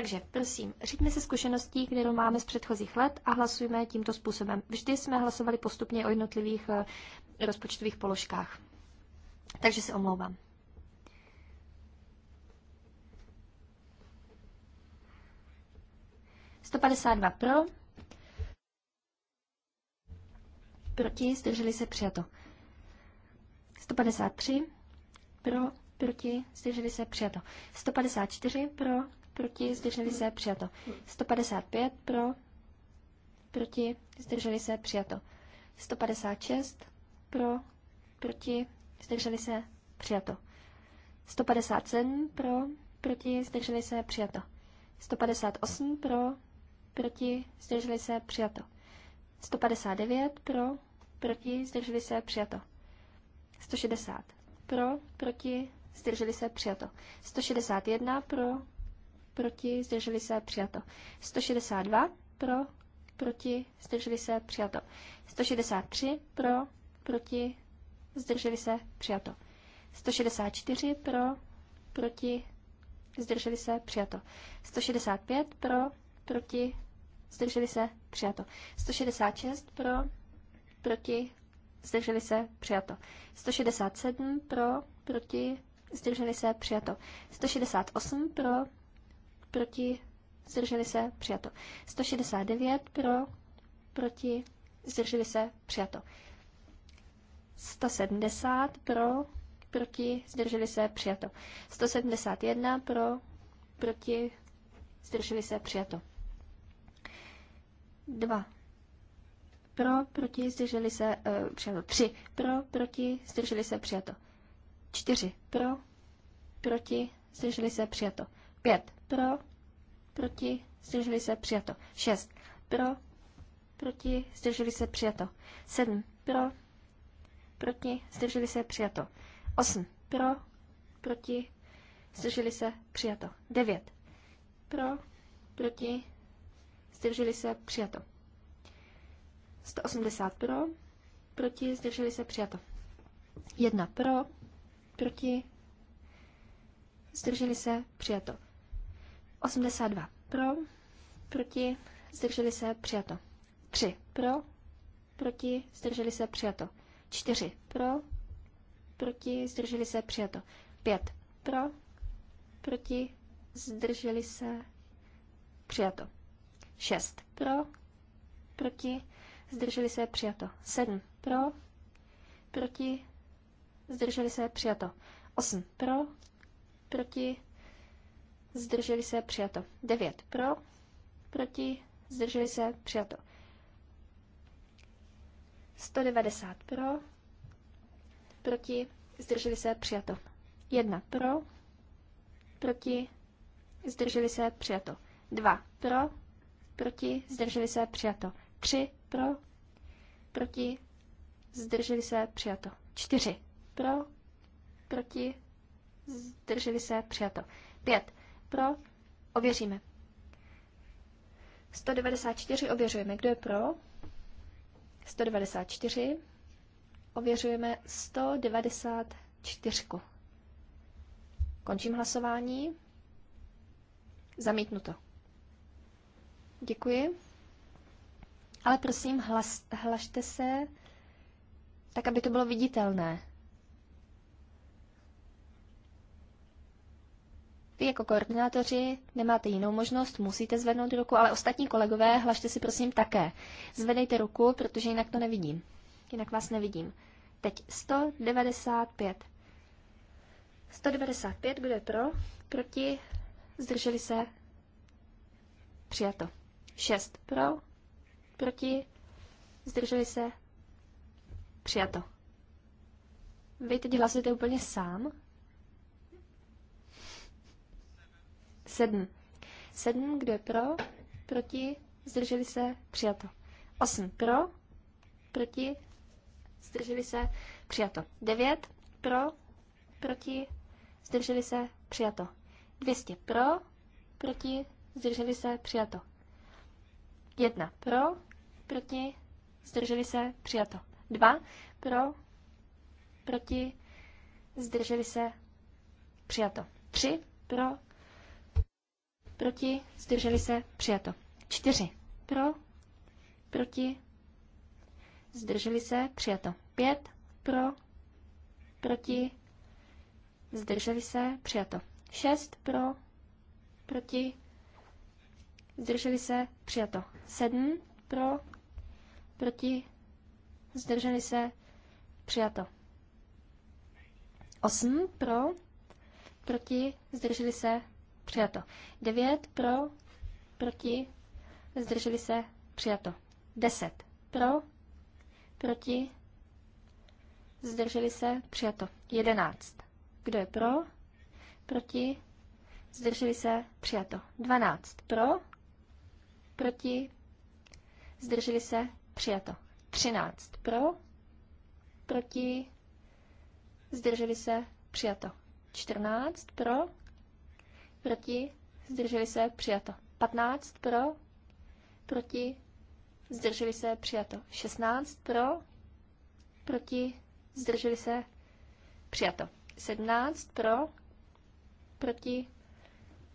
Takže prosím, řiďme se zkušeností, kterou máme z předchozích let a hlasujme tímto způsobem. Vždy jsme hlasovali postupně o jednotlivých eh, rozpočtových položkách. Takže se omlouvám. Sto pro, proti, zdrželi se přijato. 153 pro, proti, zdrželi se přijato. 154 pro, proti, zdrželi se, přijato. 155 pro, proti, zdrželi se, přijato. 156 pro, proti, zdrželi se, přijato. 157 pro, proti, zdrželi se, přijato. 158 pro, proti, zdrželi se, přijato. 159 pro, proti, zdrželi se, přijato. 160 pro, proti, zdrželi se, přijato. 161 pro, proti, zdrželi se, přijato. 162 pro, proti, zdrželi se, přijato. 163 pro, proti, zdrželi se, přijato. 164 pro, proti, zdrželi se, přijato. 165 pro, proti, zdrželi se, přijato. 166 pro, proti, zdrželi se, přijato. 167 pro, proti, zdrželi se, přijato. 168 pro, proti, zdrželi se, přijato. 169 pro, proti, zdrželi se, přijato. 170 pro, proti, zdrželi se, přijato. 171 pro, proti, zdrželi se, přijato. 2. Pro, proti, zdrželi se, uh, přijato. 3. Pro, proti, zdrželi se, přijato. 4. Pro, proti, zdrželi se, přijato. 5 pro, proti, zdrželi se, přijato. 6 pro, proti, zdrželi se, přijato. 7 pro, proti, zdrželi se, přijato. 8 pro, proti, zdrželi se, přijato. 9 pro, proti, zdrželi se, přijato. 180 pro, proti, zdrželi se, přijato. 1 pro, proti, zdrželi se, přijato. 82 pro, proti, zdrželi se, přijato. 3 pro, proti, zdrželi se, přijato. 4 pro, proti, zdrželi se, přijato. 5 pro, proti, zdrželi se, přijato. 6 pro, proti, zdrželi se, přijato. 7 pro, proti, zdrželi se, přijato. 8 pro, proti, zdrželi se, přijato. 9 pro, proti, zdrželi se, přijato. 190 pro, proti, zdrželi se, přijato. 1 pro, proti, zdrželi se, přijato. 2 pro, proti, zdrželi se, přijato. 3 pro, proti, zdrželi se, přijato. 4 pro, proti, zdrželi se, přijato. 5 pro? Ověříme. 194 ověřujeme. Kdo je pro? 194. Ověřujeme 194. Končím hlasování. Zamítnuto. Děkuji. Ale prosím, hlas, hlašte se tak, aby to bylo viditelné. Vy jako koordinátoři nemáte jinou možnost, musíte zvednout ruku, ale ostatní kolegové, hlašte si prosím také. Zvedejte ruku, protože jinak to nevidím. Jinak vás nevidím. Teď 195. 195, kdo je pro? Proti? Zdrželi se? Přijato. 6 pro? Proti? Zdrželi se? Přijato. Vy teď hlasujete úplně sám? 7. 7, kdo je pro, proti, zdrželi se, přijato. 8 pro, proti, zdrželi se, přijato. 9 pro, proti, zdrželi se, přijato. 200 pro, proti, zdrželi se, přijato. 1 pro, proti, zdrželi se, přijato. 2 pro, proti, zdrželi se, přijato. 3 pro, proti, zdrželi se, přijato. čtyři pro, proti, zdrželi se, přijato. pět pro, proti, zdrželi se, přijato. šest pro, proti, zdrželi se, přijato. sedm pro, proti, zdrželi se, přijato. osm pro, proti, zdrželi se, přijato. 9 pro, proti, zdrželi se, přijato. 10 pro, proti, zdrželi se, přijato. 11. Kdo je pro, proti, zdrželi se, přijato. 12 pro, proti, zdrželi se, přijato. 13 pro, proti, zdrželi se, přijato. 14 pro, proti, zdrželi se, přijato. 15 pro, proti, zdrželi se, přijato. 16 pro, proti, zdrželi se, přijato. 17 pro, proti,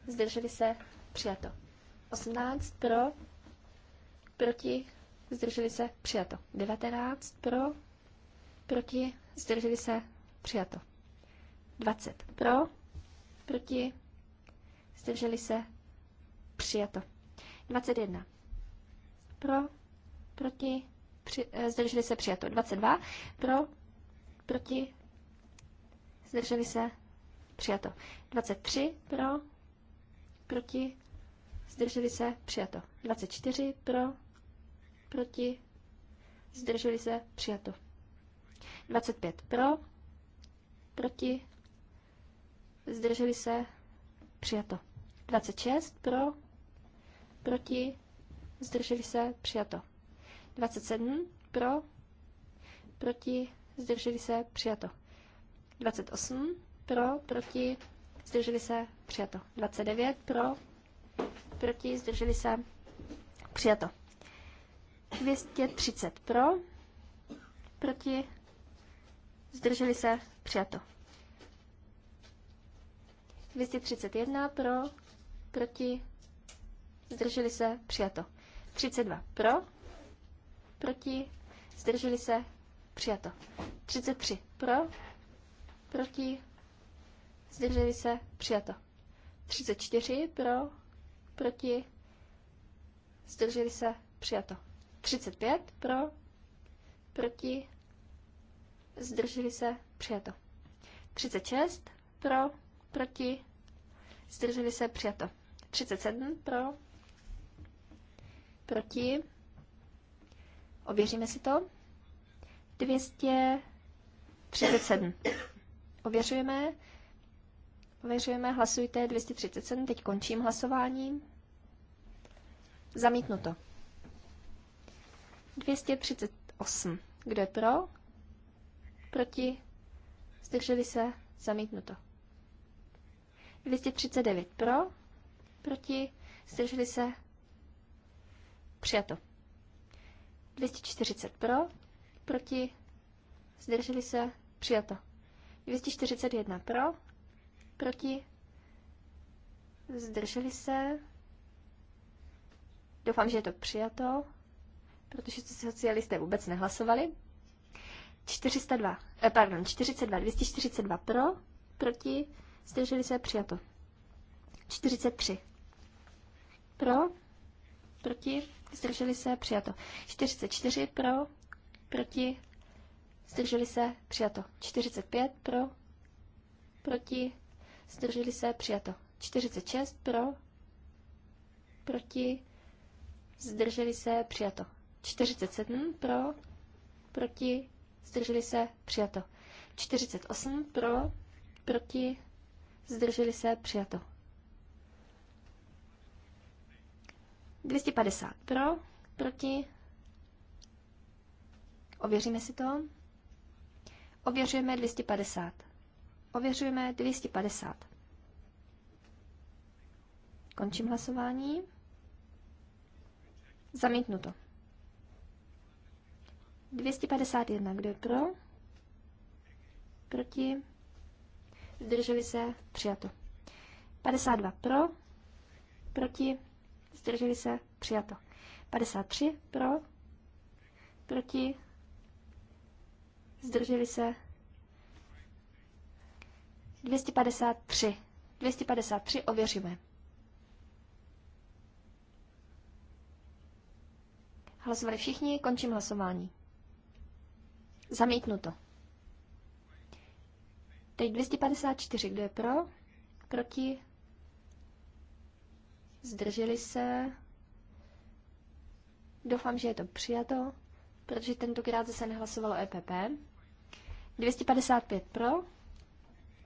zdrželi se, přijato. 18 pro, proti, zdrželi se, přijato. 19 pro, proti, zdrželi se, přijato. 20 pro, proti, zdrželi se, přijato. 21 pro, proti, při, eh, zdrželi se, přijato. 22 pro, proti, zdrželi se, přijato. 23 pro, proti, zdrželi se, přijato. 24 pro, proti, zdrželi se, přijato. 25 pro, proti, zdrželi se, přijato. 26 pro, proti, zdrželi se, přijato. 27 pro, proti, zdrželi se, přijato. 28 pro, proti, zdrželi se, přijato. 29 pro, proti, zdrželi se, přijato. 230 pro, proti, zdrželi se, přijato. 231 pro, proti, zdrželi se, přijato. 32 pro, proti, zdrželi se, přijato. 33 pro, proti, zdrželi se, přijato. 34 pro, proti, zdrželi se, přijato. 35 pro, proti, zdrželi se, přijato. 36 pro, proti, zdrželi se, přijato. 37 pro, proti, ověříme si to, 237. Ověřujeme, ověřujeme, hlasujte 237, teď končím hlasování. Zamítnuto. 238. Kdo je pro? Proti? Zdrželi se? Zamítnuto. 239 pro? proti, zdrželi se, přijato. 240 pro, proti, zdrželi se, přijato. 241 pro, proti, zdrželi se, doufám, že je to přijato, protože socialisté vůbec nehlasovali. 402, eh, pardon, 42, 242 pro, proti, zdrželi se, přijato. 43 pro, proti, zdrželi se, přijato. 44 pro, proti, zdrželi se, přijato. 45 pro, proti, zdrželi se, přijato. 46 pro, proti, zdrželi se, přijato. 47 pro, proti, zdrželi se, přijato. 48 pro, proti, zdrželi se, přijato. 250 pro, proti. Ověříme si to. Ověřujeme 250. Ověřujeme 250. Končím hlasování. Zamítnu to. 251. Kdo je pro? Proti? Zdrželi se? Přijato. 52 pro? Proti? zdrželi se, přijato. 53 pro, proti, zdrželi se, 253. 253 ověříme. Hlasovali všichni, končím hlasování. Zamítnuto. Teď 254, kdo je pro? Proti? zdrželi se. Doufám, že je to přijato, protože tentokrát zase nehlasovalo EPP. 255 pro,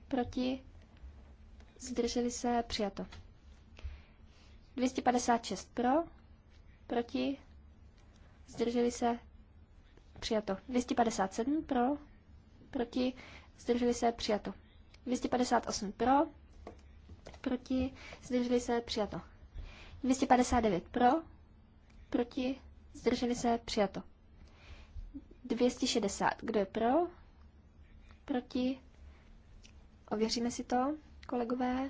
proti, zdrželi se, přijato. 256 pro, proti, zdrželi se, přijato. 257 pro, proti, zdrželi se, přijato. 258 pro, proti, zdrželi se, přijato. 259 pro, proti, zdrželi se, přijato. 260, kdo je pro, proti, ověříme si to, kolegové,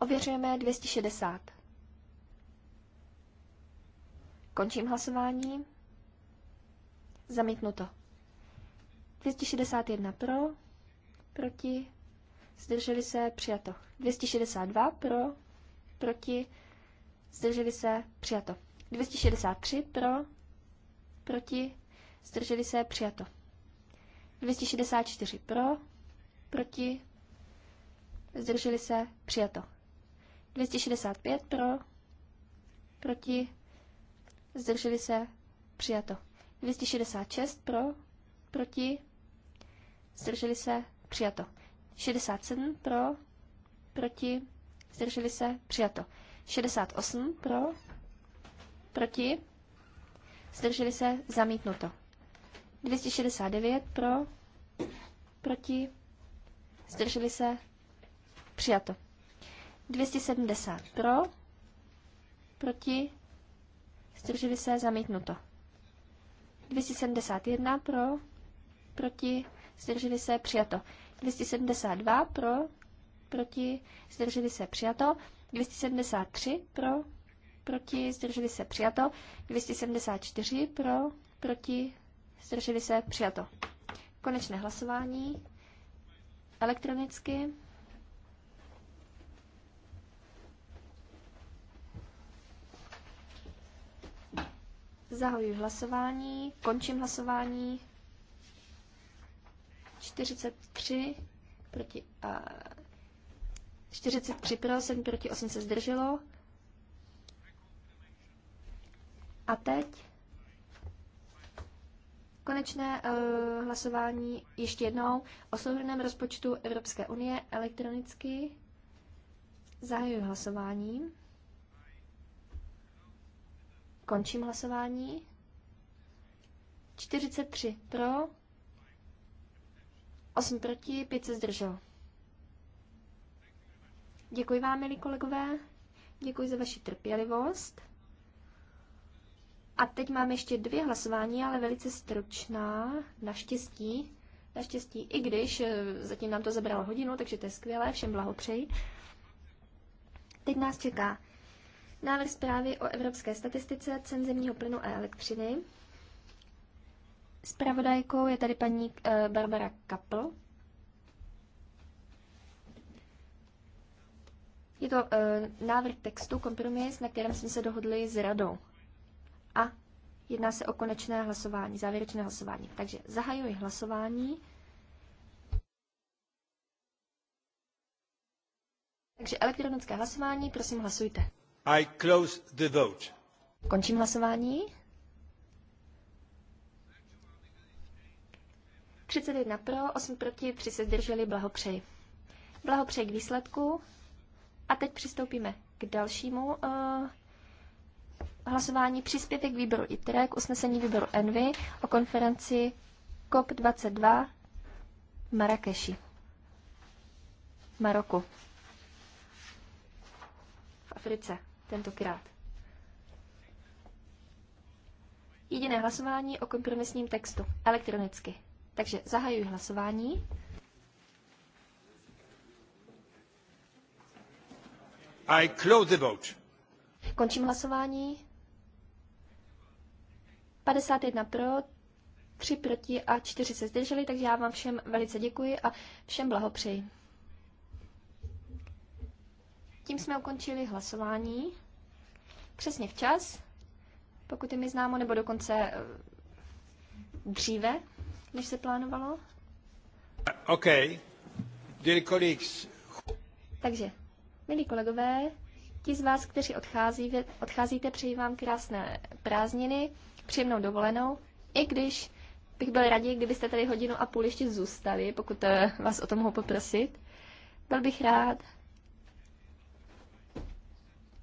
ověřujeme 260. Končím hlasování. Zamítnuto. 261 pro, proti, zdrželi se, přijato. 262 pro, proti, zdrželi se, přijato. 263 pro, proti, zdrželi se, přijato. 264 pro, proti, zdrželi se, přijato. 265 pro, proti, zdrželi se, přijato. 266 pro, proti, zdrželi se, přijato. 67 pro, proti, zdrželi se, přijato. 68 pro, proti, zdrželi se, zamítnuto. 269 pro, proti, zdrželi se, přijato. 270 pro, proti, zdrželi se, zamítnuto. 271 pro, proti, zdrželi se, přijato. 272 pro, proti, zdrželi se, přijato. 273 pro, proti, zdrželi se přijato. 274 pro, proti, zdrželi se přijato. Konečné hlasování elektronicky. Zahajuji hlasování, končím hlasování. 43 proti a 43 pro, 7 proti, 8 se zdrželo. A teď konečné uh, hlasování ještě jednou o souhrném rozpočtu Evropské unie elektronicky. Zahajuji hlasování. Končím hlasování. 43 pro, 8 proti, 5 se zdrželo. Děkuji vám, milí kolegové. Děkuji za vaši trpělivost. A teď máme ještě dvě hlasování, ale velice stručná, naštěstí. Naštěstí, i když eh, zatím nám to zabralo hodinu, takže to je skvělé, všem blahopřeji. Teď nás čeká návrh zprávy o evropské statistice cen zemního plynu a elektřiny. Spravodajkou je tady paní eh, Barbara Kapl. Je to e, návrh textu, kompromis, na kterém jsme se dohodli s radou. A jedná se o konečné hlasování, závěrečné hlasování. Takže zahajuji hlasování. Takže elektronické hlasování, prosím hlasujte. I close the vote. Končím hlasování. 31 pro, 8 proti, 3 se zdrželi, blahopřeji. Blahopřeji k výsledku. A teď přistoupíme k dalšímu uh, hlasování. Příspěvek výboru ITRE k usnesení výboru ENVY o konferenci COP22 v Marrakeši, Maroku, v Africe tentokrát. Jediné hlasování o kompromisním textu elektronicky. Takže zahajuji hlasování. I close the vote. Končím hlasování. 51 pro, 3 proti a 4 se zdrželi, takže já vám všem velice děkuji a všem blahopřeji. Tím jsme ukončili hlasování. Přesně včas, pokud je mi známo, nebo dokonce eh, dříve, než se plánovalo. OK. Dear colleagues. Takže Milí kolegové, ti z vás, kteří odchází, odcházíte, přeji vám krásné prázdniny, příjemnou dovolenou, i když bych byl raději, kdybyste tady hodinu a půl ještě zůstali, pokud eh, vás o to mohu poprosit. Byl bych rád,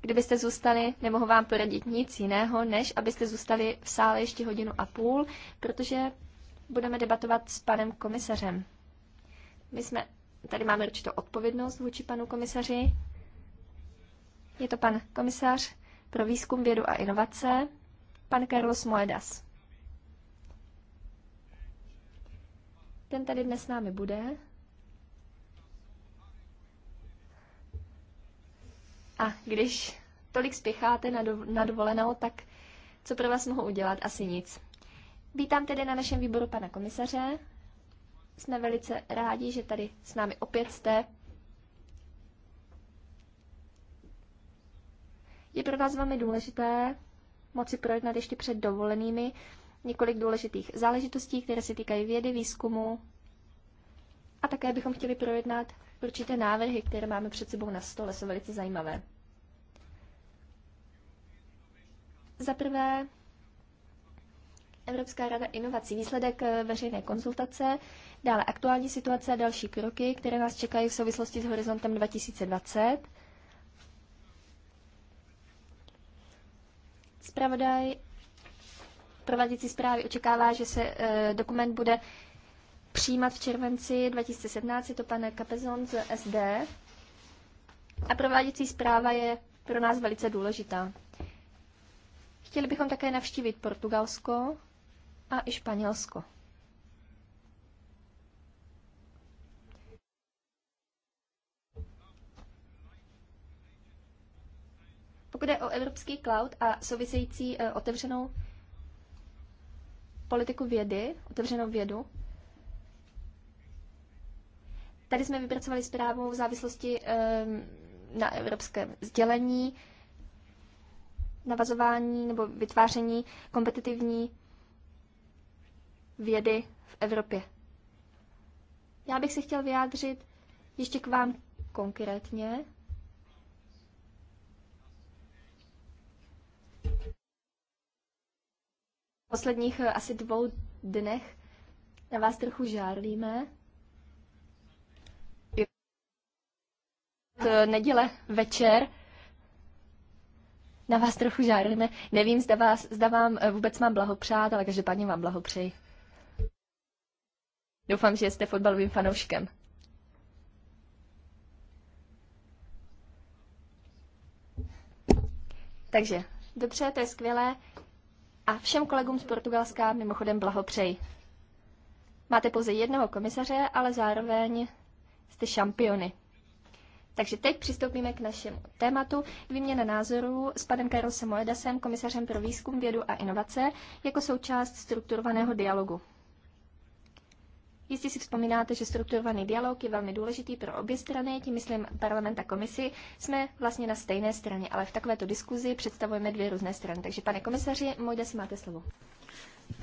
kdybyste zůstali, nemohu vám poradit nic jiného, než abyste zůstali v sále ještě hodinu a půl, protože budeme debatovat s panem komisařem. My jsme, tady máme určitou odpovědnost vůči panu komisaři, je to pan komisař pro výzkum, vědu a inovace, pan Carlos Moedas. Ten tady dnes s námi bude. A když tolik spěcháte na, do, na dovolenou, tak co pro vás mohu udělat? Asi nic. Vítám tedy na našem výboru pana komisaře. Jsme velice rádi, že tady s námi opět jste. Je pro nás velmi důležité moci projednat ještě před dovolenými několik důležitých záležitostí, které se týkají vědy, výzkumu a také bychom chtěli projednat určité návrhy, které máme před sebou na stole, jsou velice zajímavé. Za prvé, Evropská rada inovací, výsledek eh, veřejné konzultace, dále aktuální situace a další kroky, které nás čekají v souvislosti s horizontem 2020 Spravodaj prováděcí zprávy očekává, že se e, dokument bude přijímat v červenci 2017, je to pan Kapezon z SD. A prováděcí zpráva je pro nás velice důležitá. Chtěli bychom také navštívit Portugalsko a i Španělsko. Pokud je o evropský cloud a související eh, otevřenou politiku vědy, otevřenou vědu, tady jsme vypracovali zprávu v závislosti ehm, na evropském sdělení, navazování nebo vytváření kompetitivní vědy v Evropě. Já bych se chtěl vyjádřit ještě k vám konkrétně. posledních eh, asi dvou dnech na vás trochu žárlíme. Od eh, neděle večer na vás trochu žárlíme. Nevím, zda, vás, zda vám eh, vůbec mám blahopřát, ale každopádně vám blahopřeji. Doufám, že jste fotbalovým fanouškem. Takže, dobře, to je skvělé. A všem kolegům z Portugalska mimochodem blahopřeji. Máte pouze jednoho komisaře, ale zároveň jste šampiony. Takže teď přistoupíme k našemu tématu. Výměna názorů s panem Karlosem Moedasem, komisařem pro výzkum, vědu a inovace, jako součást strukturovaného dialogu. Jistě si vzpomínáte, že strukturovaný dialog je velmi důležitý pro obě strany, tím myslím parlament a komisi. Jsme vlastně na stejné straně, ale v takovéto diskuzi představujeme dvě různé strany. Takže pane komisaři, mojde si máte slovo.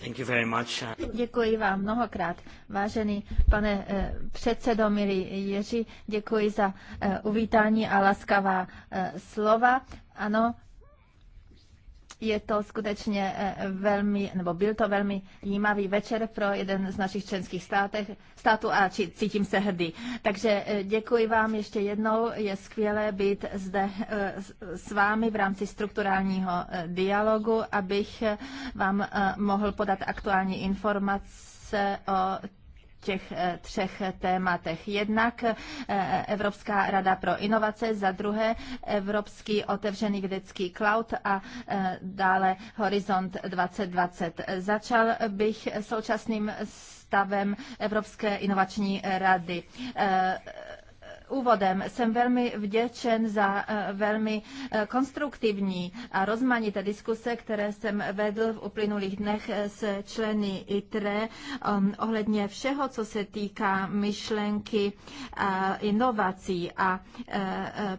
Thank you very much. Děkuji vám mnohokrát, vážený pane eh, předsedo, milý Ježi, děkuji za eh, uvítání a laskavá eh, slova. Ano, je to skutečně eh, velmi, nebo byl to velmi jímavý večer pro jeden z našich členských státech, států a či, cítím se hrdý. Takže eh, děkuji vám ještě jednou. Je skvělé být zde eh, s vámi v rámci strukturálního dialogu, abych vám mohl podat aktuální informace o těch eh, třech tématech. Jednak eh, Evropská rada pro inovace, za druhé Evropský otevřený vědecký cloud a eh, dále Horizont 2020. Začal bych současným stavem Evropské inovační rady úvodem. Jsem velmi vděčen za eh, velmi eh, konstruktivní a rozmanité diskuse, které jsem vedl v uplynulých dnech eh, s členy ITRE um, ohledně všeho, co se týká myšlenky inovací a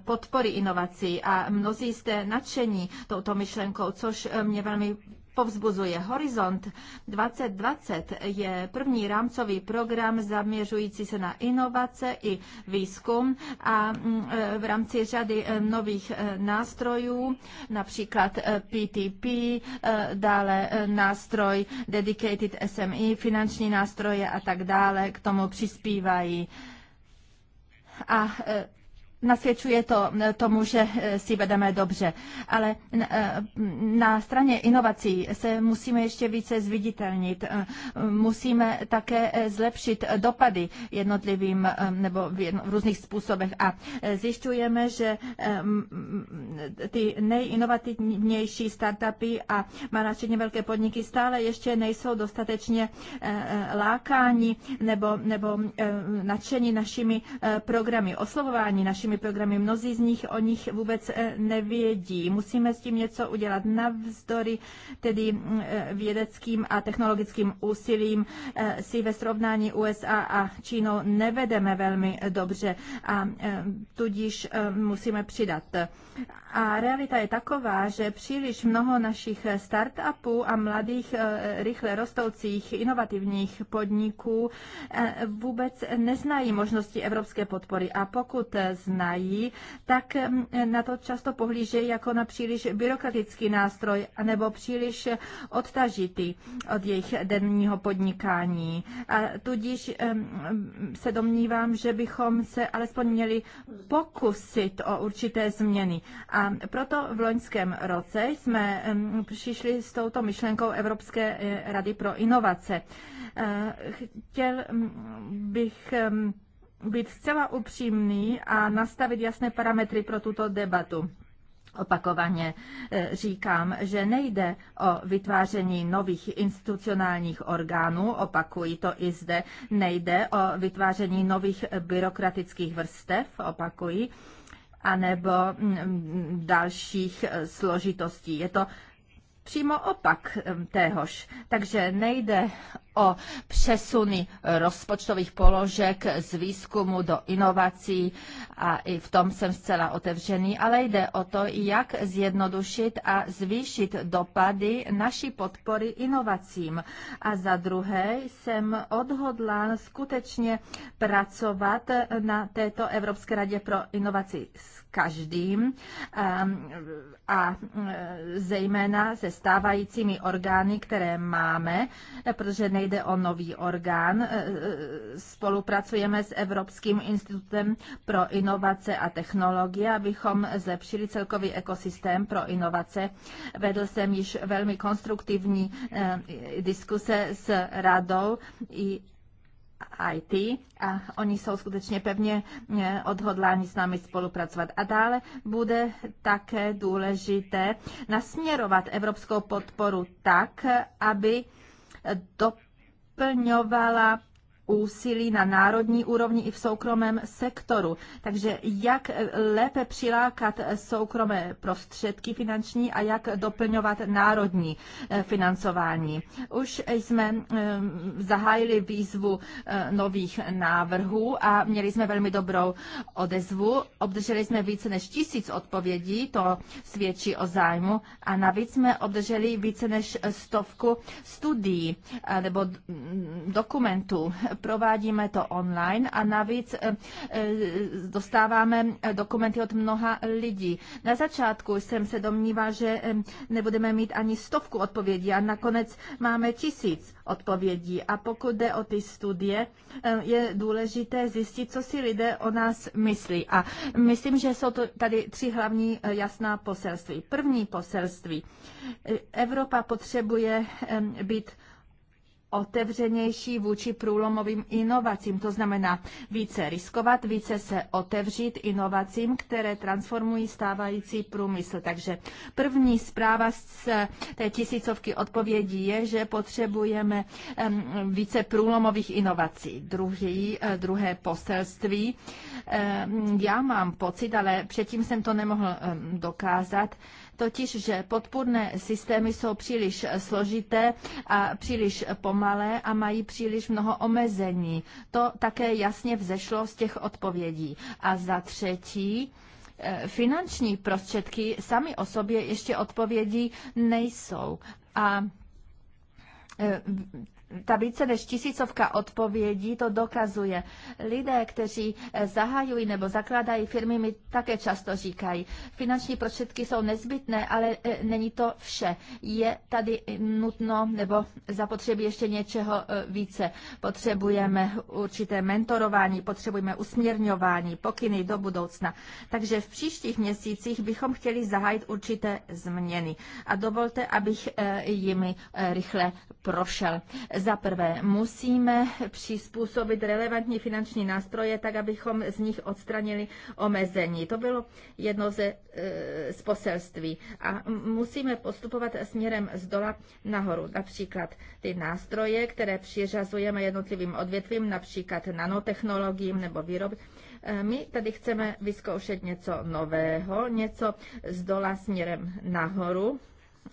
podpory inovací. A mnozí jste nadšení touto myšlenkou, což mě velmi povzbuzuje. Horizont 2020 je první rámcový program zaměřující se na inovace i výzkum a mm, e, v rámci řady e, nových e, nástrojů, například PTP, dále nástroj Dedicated SME, finanční nástroje a tak dále, k tomu přispívají. A nasvědčuje to tomu, že eh, si vedeme dobře. Ale eh, na straně inovací se musíme ještě více zviditelnit. Eh, musíme také zlepšit dopady jednotlivým nebo v různých způsobech. A zjišťujeme, že ty nejinovativnější startupy a malá středně velké podniky stále ještě nejsou dostatečně lákání nebo, nebo nadšení našimi programy, oslovování našimi našimi programy. Mnozí z nich o nich vůbec eh, nevědí. Musíme s tím něco udělat navzdory tedy mm, eh, vědeckým a technologickým úsilím eh, si ve srovnání USA a Čínou nevedeme velmi dobře a tudíž musíme přidat. A realita je taková, že příliš mnoho našich startupů a mladých, rychle rostoucích, inovativních podniků vůbec neznají možnosti evropské podpory. A pokud znají, jednají, tak mm, na to často pohlížejí jako na příliš byrokratický nástroj anebo příliš odtažitý od jejich denního podnikání. A tudíž se domnívám, že bychom se alespoň měli pokusit o určité změny. A proto v loňském roce jsme přišli s touto myšlenkou Evropské eh, rady pro inovace. Eh, chtěl mm, bych být zcela upřímný a nastavit jasné parametry pro tuto debatu. Opakovaně e, říkám, že nejde o vytváření nových institucionálních orgánů, opakuji to i zde, nejde o vytváření nových byrokratických vrstev, opakuji, anebo dalších e, složitostí. Je to přímo opak téhož. Takže nejde o přesuny rozpočtových položek z výzkumu do inovací a i v tom jsem zcela otevřený, ale jde o to, jak zjednodušit a zvýšit dopady naší podpory inovacím. A za druhé jsem odhodlán skutečně pracovat na této Evropské radě pro inovaci s každým ehm, a eh, zejména se stávajícími orgány, které máme, protože nejde o nový orgán. Eh, spolupracujeme s Evropským institutem pro inovace a technologie, abychom zlepšili celkový ekosystém pro inovace. Vedl jsem již velmi konstruktivní eh, diskuse s radou i IT a oni jsou skutečně pevně eh, odhodláni s námi spolupracovat. A dále bude také důležité nasměrovat evropskou podporu tak, aby doplňovala úsilí na národní úrovni i v soukromém sektoru. Takže jak lépe přilákat soukromé prostředky finanční a jak doplňovat národní eh, financování. Už jsme eh, zahájili výzvu eh, nových návrhů a měli jsme velmi dobrou odezvu. Obdrželi jsme více než tisíc odpovědí, to svědčí o zájmu a navíc jsme obdrželi více než stovku studií nebo mm, dokumentů provádíme to online a navíc eh, eh, dostáváme eh, dokumenty od mnoha lidí. Na začátku jsem se domníval, že nebudeme mít ani stovku odpovědí a nakonec máme tisíc odpovědí. A pokud jde o ty studie, je důležité zjistit, co si lidé o nás myslí. A myslím, že jsou to tady tři hlavní jasná poselství. První poselství. Evropa potřebuje být otevřenější vůči průlomovým inovacím. To znamená více riskovat, více se otevřít inovacím, které transformují stávající průmysl. Takže první zpráva z té tisícovky odpovědí je, že potřebujeme více průlomových inovací. Druhý, eh, druhé poselství. Já mám pocit, ale předtím jsem to nemohl dokázat, totiž, že podpůrné systémy jsou příliš složité a příliš pomalé a mají příliš mnoho omezení. To také jasně vzešlo z těch odpovědí. A za třetí, eh, finanční prostředky sami o sobě ještě odpovědí nejsou. A eh, ta více než tisícovka odpovědí to dokazuje. Lidé, kteří eh, zahajují nebo zakládají firmy, mi také často říkají, finanční prostředky jsou nezbytné, ale eh, není to vše. Je tady nutno nebo zapotřebí ještě něčeho eh, více. Potřebujeme určité mentorování, potřebujeme usměrňování, pokyny do budoucna. Takže v příštích měsících bychom chtěli zahájit určité změny. A dovolte, abych jimi rychle prošel za prvé, musíme přizpůsobit relevantní finanční nástroje tak, abychom z nich odstranili omezení. To bylo jedno ze, eh, z poselství. A musíme postupovat směrem z dola nahoru. Například ty nástroje, které přiřazujeme jednotlivým odvětvím, například nanotechnologiím nebo výrob. Eh, my tady chceme vyzkoušet něco nového, něco z dola směrem nahoru,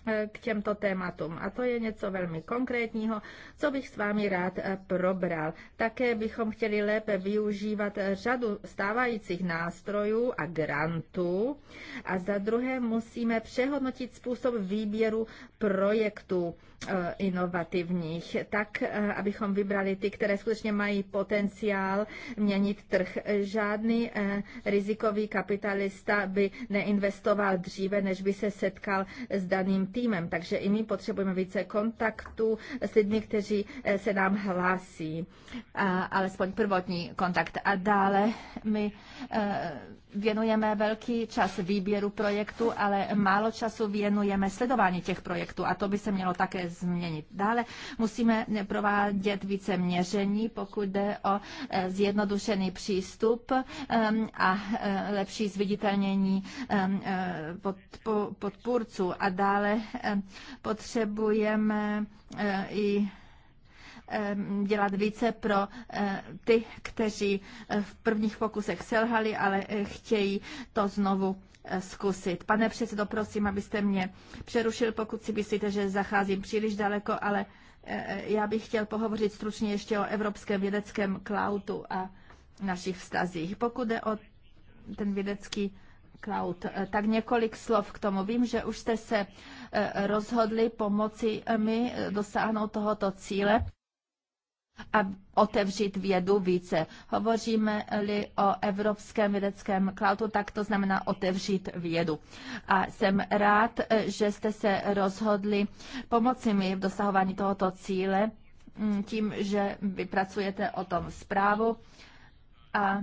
Eh, k těmto tématům. A to je něco velmi konkrétního, co bych s vámi rád eh, probral. Také bychom chtěli lépe využívat eh, řadu stávajících nástrojů a grantů. A za druhé musíme přehodnotit způsob výběru projektů Eh, inovativních, tak eh, abychom vybrali ty, které skutečně mají potenciál měnit trh. Žádný eh, rizikový kapitalista by neinvestoval dříve, než by se setkal s daným týmem. Takže i my potřebujeme více kontaktů s lidmi, kteří se nám hlásí, alespoň prvotní kontakt. A dále my věnujeme velký čas výběru projektu, ale málo času věnujeme sledování těch projektů a to by se mělo také změnit. Dále musíme provádět více měření, pokud jde o eh, zjednodušený přístup ehm, a eh, lepší zviditelnění ehm, eh, podpůrců. A dále potřebujeme i ehm, dělat více pro ty, kteří v prvních pokusech selhali, ale chtějí to znovu zkusit. Pane předsedo, prosím, abyste mě přerušil, pokud si myslíte, že zacházím příliš daleko, ale e, e, já bych chtěl pohovořit stručně ještě o evropském vědeckém cloudu a našich vztazích. Pokud jde o ten vědecký Cloud. E, tak několik slov k tomu. Vím, že už jste se rozhodli pomoci mi dosáhnout tohoto cíle a otevřít vědu více. Hovoříme-li o Evropském vědeckém cloudu, tak to znamená otevřít vědu. A jsem rád, že jste se rozhodli pomoci mi v dosahování tohoto cíle mm, tím, že vypracujete o tom zprávu a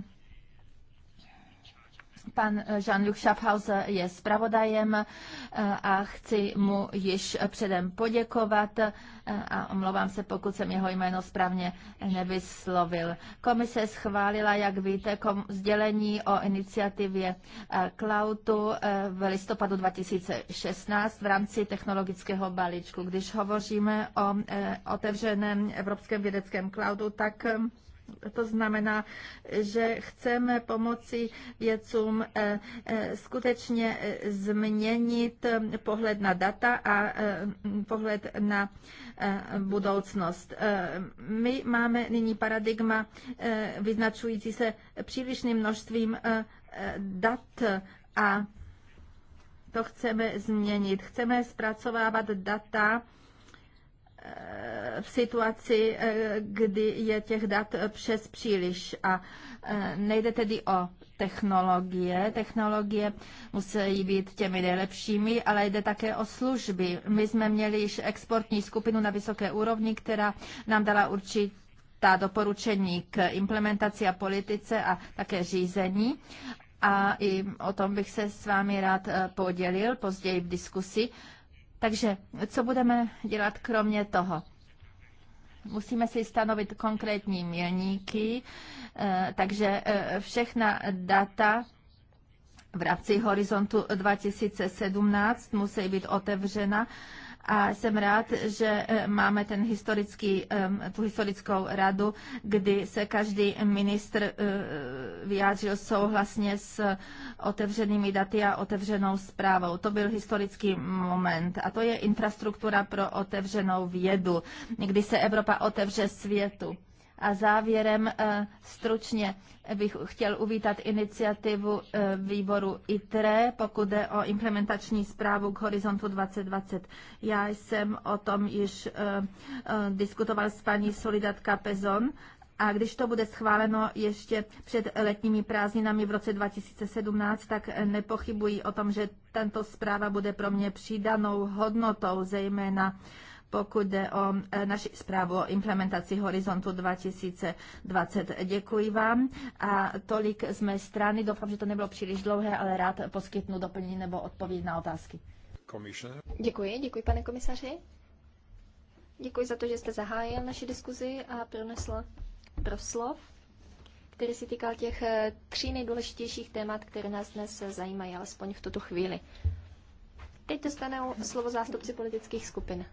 Pan eh, Jean-Luc Schaffhauser je zpravodajem eh, a chci mu již předem poděkovat eh, a omlouvám se, pokud jsem jeho jméno správně nevyslovil. Komise schválila, jak víte, kom- sdělení o iniciativě Cloudu v listopadu 2016 v rámci technologického balíčku. Když hovoříme o otevřeném evropském vědeckém cloudu, tak to znamená, že chceme pomoci vědcům eh, eh, skutečně eh, změnit pohled na data a pohled na budoucnost. My máme nyní paradigma vyznačující se přílišným množstvím dat a to chceme změnit. Chceme zpracovávat data Eh, v situaci, eh, kdy je těch dat přes příliš a eh, nejde tedy o technologie. Technologie musí být těmi nejlepšími, ale jde také o služby. My jsme měli již exportní skupinu na vysoké úrovni, která nám dala určitá ta doporučení k implementaci a politice a také řízení. A i o tom bych se s vámi rád podělil později v diskusi. Takže co budeme dělat kromě toho? Musíme si stanovit konkrétní milníky, eh, takže eh, všechna data v rámci horizontu 2017 musí být otevřena a jsem rád, že e, máme ten historický, e, tu historickou radu, kdy se každý ministr e, vyjádřil souhlasně s otevřenými daty a otevřenou zprávou. To byl historický moment. A to je infrastruktura pro otevřenou vědu, kdy se Evropa otevře světu. A závěrem eh, stručně bych chtěl uvítat iniciativu eh, výboru ITRE, pokud jde o implementační zprávu k Horizontu 2020. Já jsem o tom již eh, diskutoval s paní Solidat Kapezon a když to bude schváleno ještě před letními prázdninami v roce 2017, tak nepochybuji o tom, že tento zpráva bude pro mě přidanou hodnotou, zejména pokud jde o e, naši zprávu o implementaci Horizontu 2020. Děkuji vám a tolik z mé strany. Doufám, že to nebylo příliš dlouhé, ale rád poskytnu doplnění nebo odpověď na otázky. Děkuji, děkuji pane komisaři. Děkuji za to, že jste zahájil naši diskuzi a pronesl proslov, který se týkal těch e, tří nejdůležitějších témat, které nás dnes zajímají, alespoň v tuto chvíli. Teď dostanou slovo zástupci politických skupin.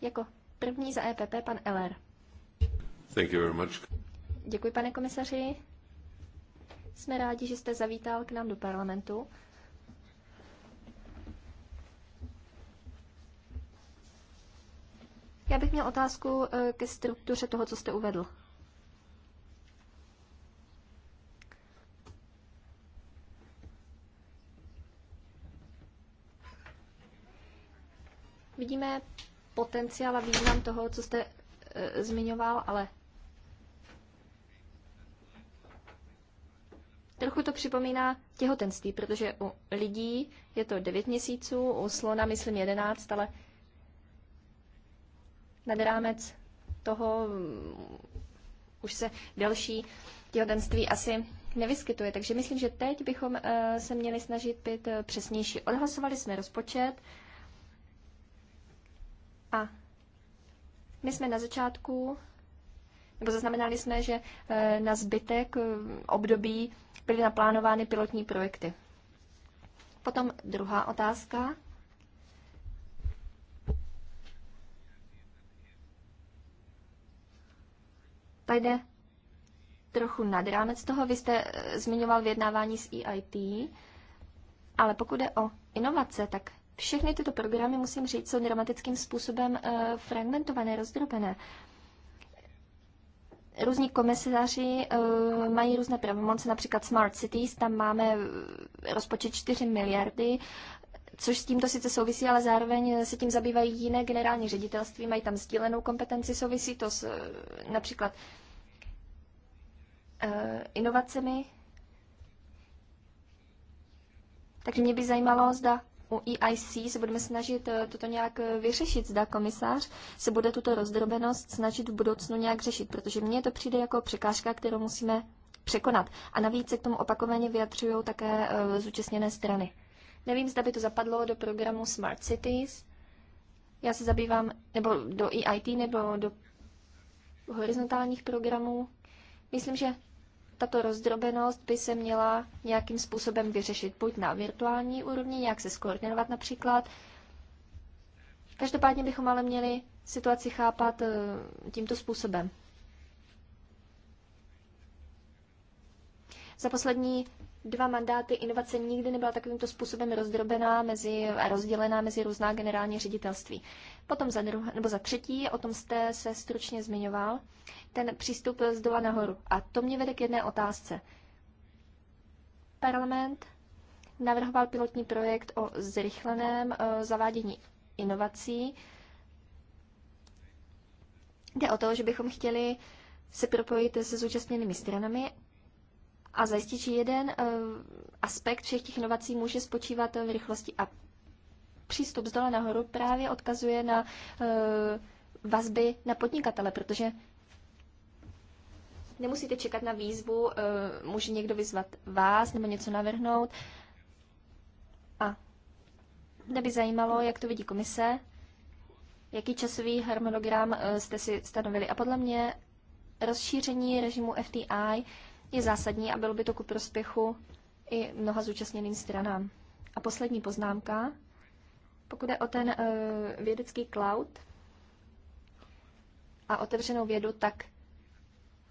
Jako první za EPP pan Eller. Thank you very much. Děkuji, pane komisaři. Jsme rádi, že jste zavítal k nám do parlamentu. Já bych měl otázku eh, ke struktuře toho, co jste uvedl. Vidíme potenciál a význam toho, co jste e, zmiňoval, ale trochu to připomíná těhotenství, protože u lidí je to 9 měsíců, u slona myslím 11, ale nad rámec toho mm, už se další těhotenství asi nevyskytuje. Takže myslím, že teď bychom e, se měli snažit být e, přesnější. Odhlasovali jsme rozpočet, a my jsme na začátku, nebo zaznamenali jsme, že eh, na zbytek eh, období byly naplánovány pilotní projekty. Potom druhá otázka. Ta jde trochu nad rámec toho. Vy jste eh, zmiňoval vyjednávání s EIT, ale pokud jde o inovace, tak všechny tyto programy, musím říct, jsou dramatickým způsobem eh, fragmentované, rozdrobené. Různí komisaři eh, mají různé pravomoce, například Smart Cities, tam máme eh, rozpočet 4 miliardy, což s tímto sice souvisí, ale zároveň se tím zabývají jiné generální ředitelství, mají tam sdílenou kompetenci, souvisí to s například inovacemi. Takže mě by zajímalo, zda u EIC se budeme snažit eh, toto nějak eh, vyřešit, zda komisář se bude tuto rozdrobenost snažit v budoucnu nějak řešit, protože mně to přijde jako překážka, kterou musíme překonat. A navíc se k tomu opakovaně vyjadřují také eh, zúčastněné strany. Nevím, zda by to zapadlo do programu Smart Cities. Já se zabývám nebo do EIT nebo do horizontálních programů. Myslím, že tato rozdrobenost by se měla nějakým způsobem vyřešit, buď na virtuální úrovni, jak se skoordinovat například. Každopádně bychom ale měli situaci chápat eh, tímto způsobem. Za poslední dva mandáty inovace nikdy nebyla takovýmto způsobem rozdrobená mezi, a rozdělená mezi různá generální ředitelství. Potom za, druh, nebo za třetí, o tom jste se stručně zmiňoval, ten přístup z dola nahoru. A to mě vede k jedné otázce. Parlament navrhoval pilotní projekt o zrychleném e, zavádění inovací. Jde o to, že bychom chtěli se propojit se zúčastněnými stranami a zajistit, že jeden eh, aspekt všech těch inovací může spočívat v rychlosti a přístup z dole nahoru právě odkazuje na eh, vazby na podnikatele, protože nemusíte čekat na výzvu, eh, může někdo vyzvat vás nebo něco navrhnout. A mě by zajímalo, jak to vidí komise, jaký časový harmonogram jste si stanovili. A podle mě rozšíření režimu FTI je zásadní a bylo by to ku prospěchu i mnoha zúčastněným stranám. A poslední poznámka, pokud je o ten uh, vědecký cloud a otevřenou vědu, tak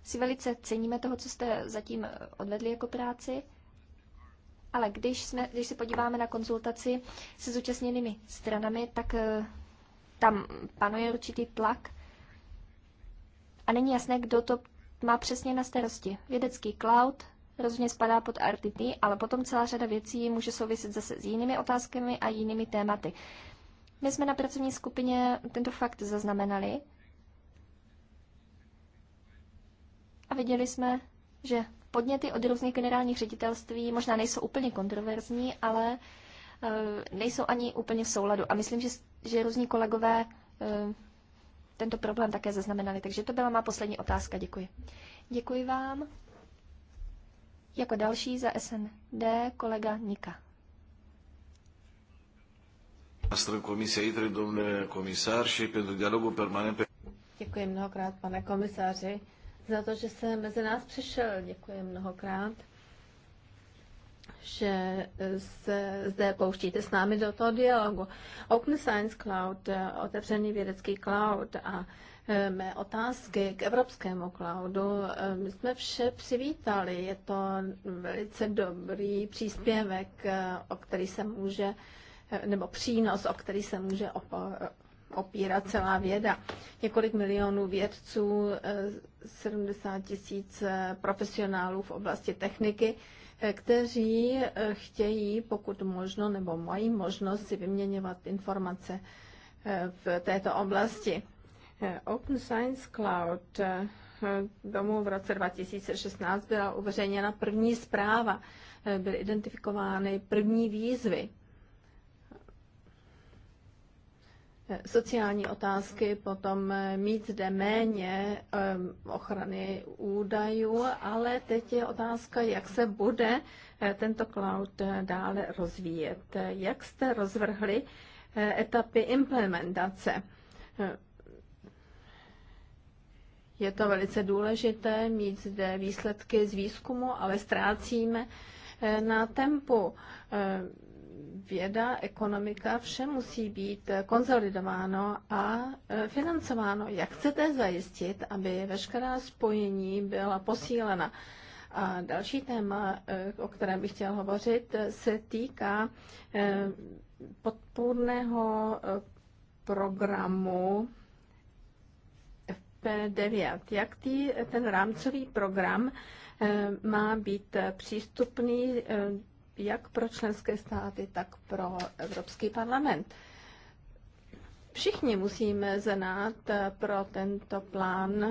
si velice ceníme toho, co jste zatím e, odvedli jako práci, ale když, jsme, když se podíváme na konzultaci se zúčastněnými stranami, tak uh, tam panuje určitý tlak a není jasné, kdo to má přesně na starosti. Vědecký cloud rozhodně spadá pod RTT, ale potom celá řada věcí může souviset zase s jinými otázkami a jinými tématy. My jsme na pracovní skupině tento fakt zaznamenali a viděli jsme, že podněty od různých generálních ředitelství možná nejsou úplně kontroverzní, ale eh, nejsou ani úplně v souladu. A myslím, že, že různí kolegové eh, tento problém také zaznamenali. Takže to byla má poslední otázka. Děkuji. Děkuji vám. Jako další za SND kolega Nika. Děkuji mnohokrát, pane komisáři, za to, že se mezi nás přišel. Děkuji mnohokrát že eh, se zde pouštíte s námi do toho dialogu. Open Science Cloud, eh, otevřený vědecký cloud a eh, mé otázky k evropskému cloudu. My jsme vše přivítali. Je to velice dobrý příspěvek, o který se může, nebo přínos, o který se může opírat celá věda. Několik milionů vědců, 70 tisíc profesionálů v oblasti techniky kteří eh, chtějí, pokud možno, nebo mají možnost si vyměňovat informace eh, v této oblasti. Eh, Open Science Cloud domů v roce 2016 byla uveřejněna první zpráva, byly identifikovány první výzvy sociální otázky, potom eh, mít zde méně eh, ochrany údajů, ale teď je otázka, jak se bude eh, tento cloud dále rozvíjet. Jak jste rozvrhli etapy implementace? Je to velice důležité mít zde výsledky z výzkumu, ale ztrácíme na tempu věda, ekonomika, vše musí být konzolidováno a e, financováno. Jak chcete zajistit, aby veškerá spojení byla posílena? A další téma, e, o kterém bych chtěl hovořit, se týká e, podpůrného programu FP9. Jak tý, ten rámcový program má být přístupný jak pro členské státy, tak pro Evropský parlament. Všichni musíme znát pro tento plán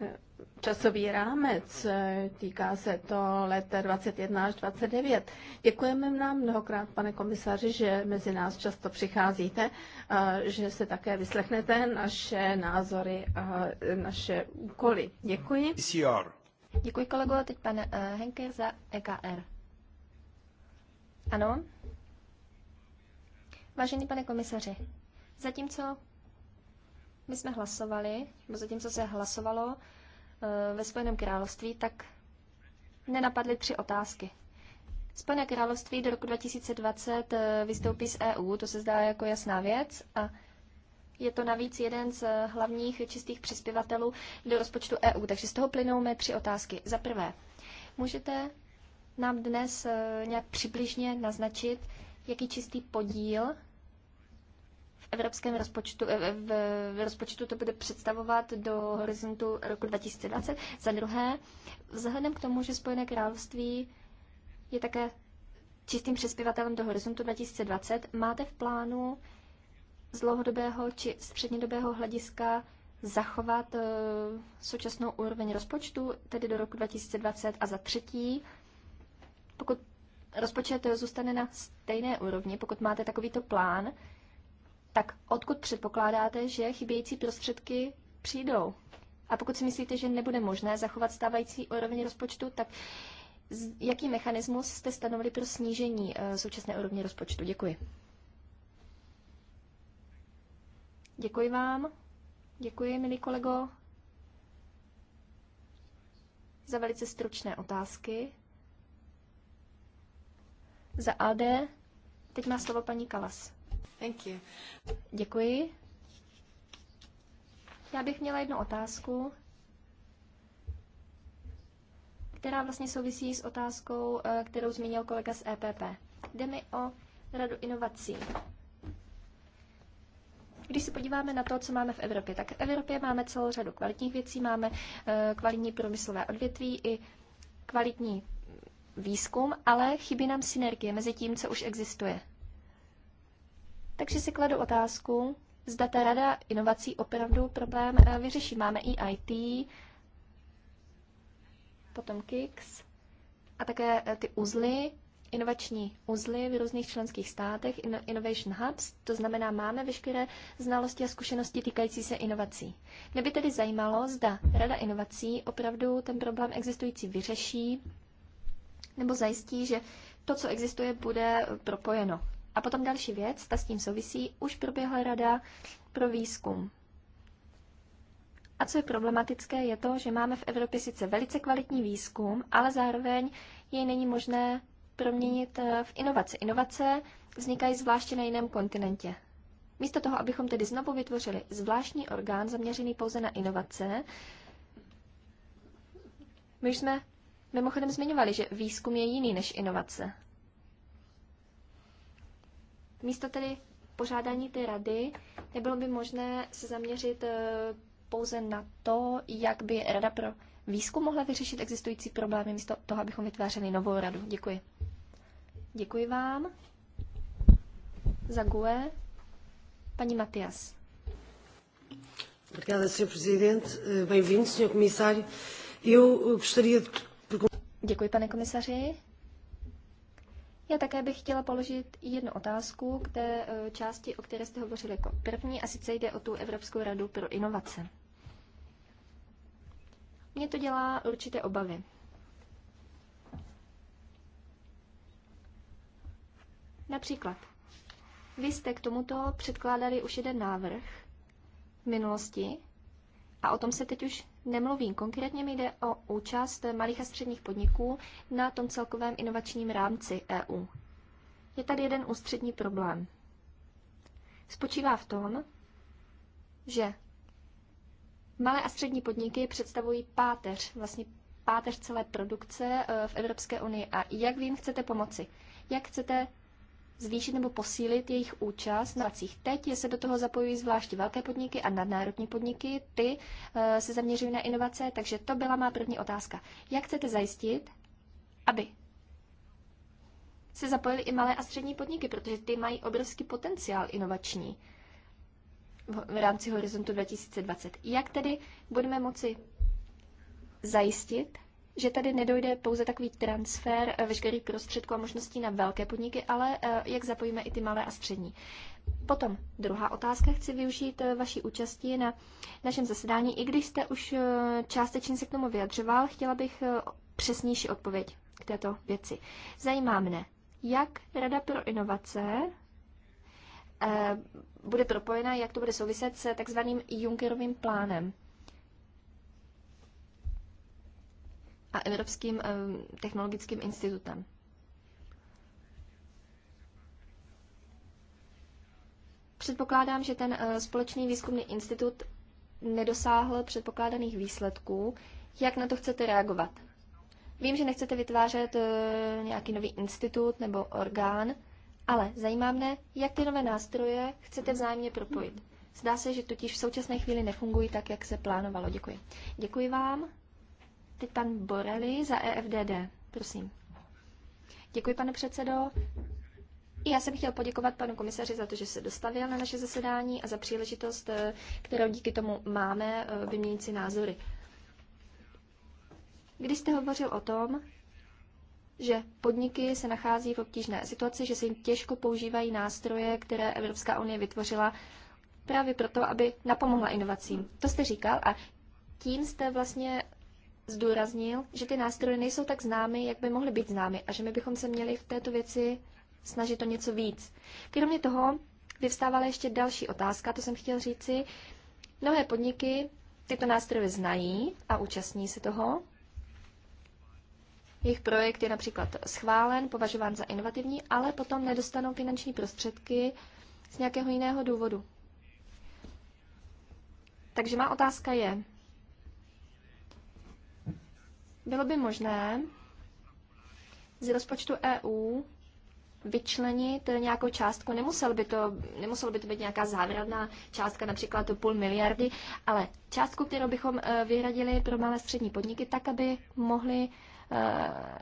eh, časový rámec. Týká se to let 21 až 29. Děkujeme nám mnohokrát, pane komisaři, že mezi nás často přicházíte, že se také vyslechnete naše názory a naše úkoly. Děkuji. Děkuji kolego, teď pane eh, Henker za EKR. Ano. Vážený pane komisaři, zatímco my jsme hlasovali, nebo zatímco se hlasovalo eh, ve Spojeném království, tak nenapadly tři otázky. Spojené království do roku 2020 eh, vystoupí z EU, to se zdá jako jasná věc a je to navíc jeden z hlavních čistých přispěvatelů do rozpočtu EU, takže z toho plynou mé tři otázky. Za prvé, můžete nám dnes eh, nějak přibližně naznačit, jaký čistý podíl v evropském rozpočtu, eh, v rozpočtu to bude představovat do horizontu roku 2020. Za druhé, vzhledem k tomu, že Spojené království je také čistým přispěvatelem do horizontu 2020, máte v plánu z dlouhodobého či střednědobého hlediska zachovat eh, současnou úroveň rozpočtu, tedy do roku 2020 a za třetí, pokud rozpočet zůstane na stejné úrovni, pokud máte takovýto plán, tak odkud předpokládáte, že chybějící prostředky přijdou? A pokud si myslíte, že nebude možné zachovat stávající úroveň rozpočtu, tak jaký mechanismus jste stanovili pro snížení eh, současné úrovně rozpočtu? Děkuji. Děkuji vám. Děkuji, milý kolego, za velice stručné otázky. Za AD. teď má slovo paní Kalas. Thank you. Děkuji. Já bych měla jednu otázku, která vlastně souvisí s otázkou, eh, kterou zmínil kolega z EPP. Jde mi o radu inovací. Když se podíváme na to, co máme v Evropě, tak v Evropě máme celou řadu kvalitních věcí, máme eh, kvalitní průmyslové odvětví i kvalitní výzkum, ale chybí nám synergie mezi tím, co už existuje. Takže si kladu otázku, zda ta rada inovací opravdu problém eh, vyřeší. Máme i IT, potom KIX a také eh, ty uzly, inovační uzly v různých členských státech, Innovation Hubs, to znamená, máme veškeré znalosti a zkušenosti týkající se inovací. Mě by tedy zajímalo, zda Rada inovací opravdu ten problém existující vyřeší nebo zajistí, že to, co existuje, bude propojeno. A potom další věc, ta s tím souvisí, už proběhla rada pro výzkum. A co je problematické, je to, že máme v Evropě sice velice kvalitní výzkum, ale zároveň jej není možné proměnit eh, v inovace. Inovace vznikají zvláště na jiném kontinentě. Místo toho, abychom tedy znovu vytvořili zvláštní orgán zaměřený pouze na inovace, my jsme mimochodem zmiňovali, že výzkum je jiný než inovace. Místo tedy pořádání té rady nebylo by možné se zaměřit eh, pouze na to, jak by Rada pro výzkum mohla vyřešit existující problémy, místo toho, abychom vytvářeli novou radu. Děkuji. Děkuji vám. Za GUE, paní Matias. Obrigada, Sr. Presidente. Eh, bem-vindo, Sr. Comissário. Eu eh, gostaria de Děkuji, pane komisaři. Já také bych chtěla položit jednu otázku k té e, části, o které jste hovořili jako první, a sice jde o tu Evropskou radu pro inovace. Mně to dělá určité obavy. Například, vy jste k tomuto předkládali už jeden návrh v minulosti a o tom se teď už nemluvím. Konkrétně mi jde o účast malých a středních podniků na tom celkovém inovačním rámci EU. Je tady jeden ústřední problém. Spočívá v tom, že malé a střední podniky představují páteř, vlastně páteř celé produkce eh, v Evropské unii. A jak vy jim chcete pomoci? Jak chcete zvýšit nebo posílit jejich účast na akcích. Teď se do toho zapojují zvláště velké podniky a nadnárodní podniky, ty eh, se zaměřují na inovace, takže to byla má první otázka. Jak chcete zajistit, aby se zapojili i malé a střední podniky, protože ty mají obrovský potenciál inovační v rámci horizontu 2020. Jak tedy budeme moci zajistit, že tady nedojde pouze takový transfer eh, veškerých prostředků a možností na velké podniky, ale eh, jak zapojíme i ty malé a střední. Potom druhá otázka. Chci využít eh, vaší účasti na našem zasedání. I když jste už částečně se k tomu vyjadřoval, chtěla bych přesnější odpověď k této věci. Zajímá mne, jak Rada pro inovace bude propojena, jak to bude souviset s takzvaným Junckerovým plánem. a Evropským ehm, technologickým institutem. Předpokládám, že ten eh, společný výzkumný institut nedosáhl předpokládaných výsledků. Jak na to chcete reagovat? Vím, že nechcete vytvářet eh, nějaký nový institut nebo orgán, ale zajímá mne, jak ty nové nástroje chcete vzájemně propojit. Zdá se, že totiž v současné chvíli nefungují tak, jak se plánovalo. Děkuji. Děkuji vám. Titan Borelli za EFDD. Prosím. Děkuji, pane předsedo. já jsem chtěl poděkovat panu komisaři za to, že se dostavil na naše zasedání a za příležitost, eh, kterou díky tomu máme, eh, vyměnit si názory. Když jste hovořil o tom, že podniky se nachází v obtížné situaci, že se jim těžko používají nástroje, které Evropská unie vytvořila právě proto, aby napomohla inovacím. To jste říkal a tím jste vlastně zdůraznil, že ty nástroje nejsou tak známy, jak by mohly být známy a že my bychom se měli v této věci snažit o něco víc. Kromě toho vyvstávala ještě další otázka, to jsem chtěl říci. Mnohé podniky tyto nástroje znají a účastní se toho. Jejich projekt je například schválen, považován za inovativní, ale potom nedostanou finanční prostředky z nějakého jiného důvodu. Takže má otázka je, bylo by možné z rozpočtu EU vyčlenit nějakou částku. Nemusel by to, nemusel by to být nějaká závratná částka, například to půl miliardy, ale částku, kterou bychom eh, vyhradili pro malé střední podniky, tak, aby mohli, eh,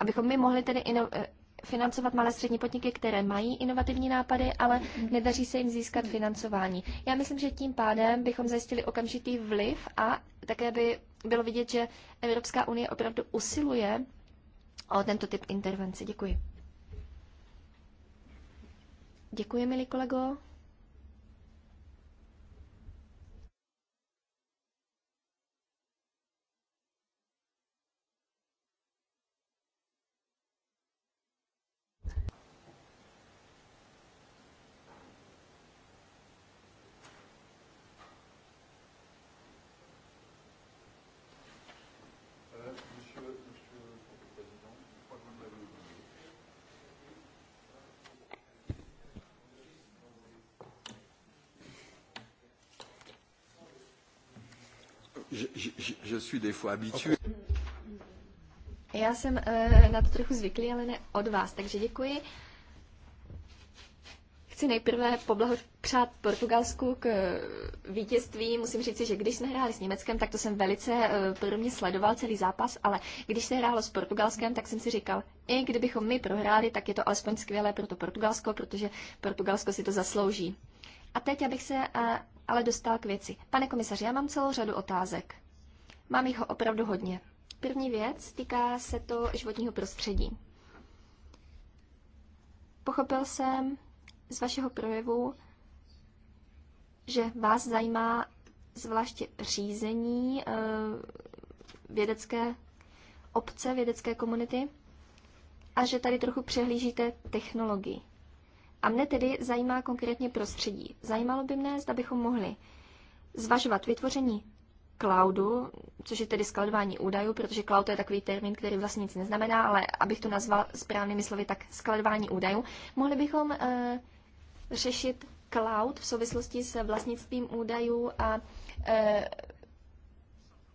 abychom my mohli tedy ino, eh, financovat malé střední podniky, které mají inovativní nápady, ale nedaří se jim získat financování. Já myslím, že tím pádem bychom zajistili okamžitý vliv a také by bylo vidět, že Evropská unie opravdu usiluje o tento typ intervence. Děkuji. Děkuji, milí kolego. je suis des fois habitué. Já jsem eh, na to trochu zvyklý, ale ne od vás, takže děkuji. Chci nejprve poblahopřát Portugalsku k eh, vítězství. Musím říci, že když jsme hráli s Německem, tak to jsem velice eh, podobně sledoval celý zápas, ale když se hrálo s Portugalskem, tak jsem si říkal, i kdybychom my prohráli, tak je to alespoň skvělé pro to Portugalsko, protože Portugalsko si to zaslouží. A teď, abych se ale dostal k věci. Pane komisaři, já mám celou řadu otázek. Mám jich opravdu hodně. První věc týká se to životního prostředí. Pochopil jsem z vašeho projevu, že vás zajímá zvláště řízení eh, vědecké obce, vědecké komunity a že tady trochu přehlížíte technologii. A mne tedy zajímá konkrétně prostředí. Zajímalo by mne, zda bychom mohli zvažovat vytvoření cloudu, což je tedy skladování údajů, protože cloud je takový termín, který vlastně nic neznamená, ale abych to nazval správnými slovy, tak skladování údajů, mohli bychom uh, řešit cloud v souvislosti s vlastnictvím údajů a uh,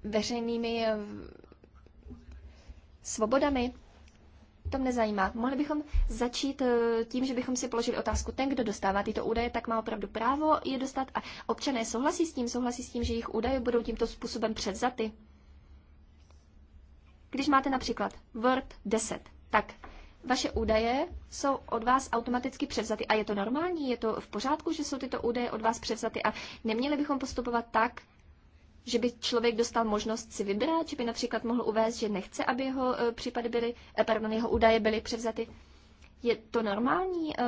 veřejnými eh, svobodami to mne zajímá. Mohli bychom začít eh, tím, že bychom si položili otázku, ten, kdo dostává tyto údaje, tak má opravdu právo je dostat a občané souhlasí s tím, souhlasí s tím, že jejich údaje budou tímto způsobem převzaty. Když máte například Word 10, tak vaše údaje jsou od vás automaticky převzaty. A je to normální? Je to v pořádku, že jsou tyto údaje od vás převzaty? A neměli bychom postupovat tak, že by člověk dostal možnost si vybrat, že by například mohl uvést, že nechce, aby jeho e, případy byly, e, pardon, jeho údaje byly převzaty. Je to normální, e,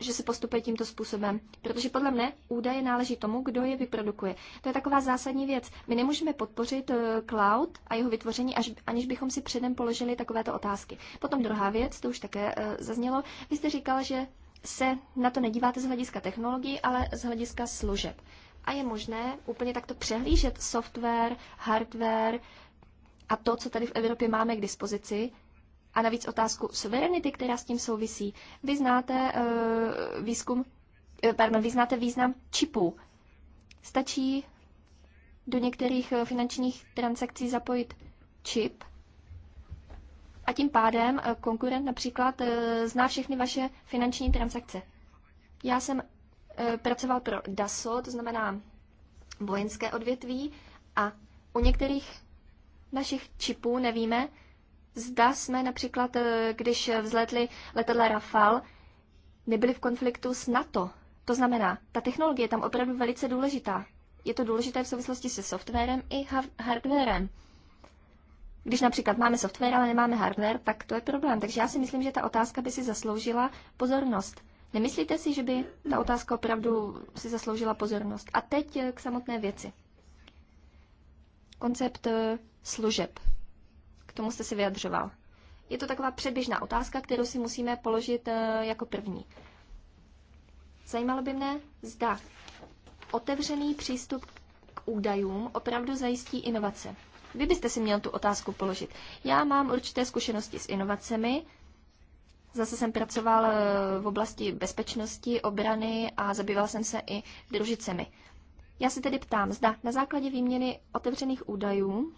že se postupuje tímto způsobem? Protože podle mne údaje náleží tomu, kdo je vyprodukuje. To je taková zásadní věc. My nemůžeme podpořit cloud a jeho vytvoření, až, aniž bychom si předem položili takovéto otázky. Potom druhá věc, to už také zaznělo. Vy jste říkal, že se na to nedíváte z hlediska technologií, ale z hlediska služeb a je možné úplně takto přehlížet software, hardware a to, co tady v Evropě máme k dispozici, a navíc otázku suverenity, která s tím souvisí. Vy znáte, uh, výzkum, eh, pardon, vy znáte význam čipů. Stačí do některých eh, finančních transakcí zapojit čip a tím pádem konkurent například zná všechny vaše finanční transakce. Já jsem Eh, pracoval pro DASO, to znamená vojenské odvětví, a u některých našich čipů nevíme, zda jsme například, eh, když vzletli letadla Rafal, nebyli v konfliktu s NATO. To znamená, ta technologie je tam opravdu velice důležitá. Je to důležité v souvislosti se softwarem i hardwarem. Když například máme software, ale nemáme hardware, tak to je problém. Takže já si myslím, že ta otázka by si zasloužila pozornost. Nemyslíte si, že by ta otázka opravdu si zasloužila pozornost? A teď eh, k samotné věci. Koncept eh, služeb. K tomu jste si vyjadřoval. Je to taková předběžná otázka, kterou si musíme položit eh, jako první. Zajímalo by mne, zda otevřený přístup k údajům opravdu zajistí inovace. Vy byste si měl tu otázku položit. Já mám určité zkušenosti s inovacemi, Zase jsem pracoval eh, v oblasti bezpečnosti, obrany a zabýval jsem se i družicemi. Já se tedy ptám, zda na základě výměny otevřených údajů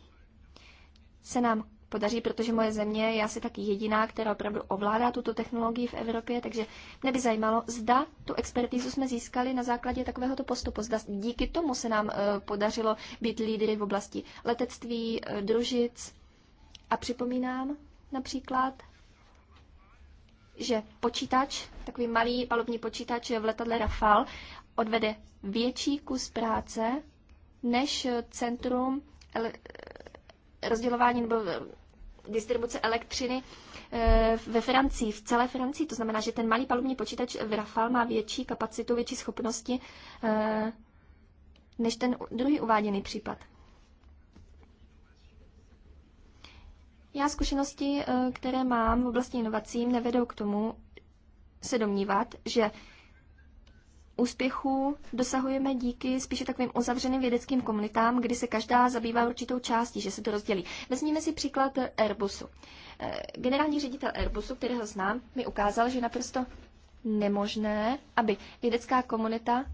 se nám podaří, protože moje země je asi taky jediná, která opravdu ovládá tuto technologii v Evropě, takže mě by zajímalo, zda tu expertizu jsme získali na základě takovéhoto postupu, zda díky tomu se nám eh, podařilo být lídry v oblasti letectví, eh, družic. A připomínám například, že počítač, takový malý palubní počítač v letadle Rafal odvede větší kus práce než centrum rozdělování nebo eh, distribuce elektřiny eh, ve Francii, v celé Francii. To znamená, že ten malý palubní počítač v Rafal má větší kapacitu, větší schopnosti eh, než ten druhý uváděný případ. Já zkušenosti, eh, které mám v oblasti inovací, nevedou k tomu se domnívat, že úspěchu dosahujeme díky spíše takovým uzavřeným vědeckým komunitám, kdy se každá zabývá určitou částí, že se to rozdělí. Vezměme si příklad Airbusu. Eh, generální ředitel Airbusu, kterého znám, mi ukázal, že je naprosto nemožné, aby vědecká komunita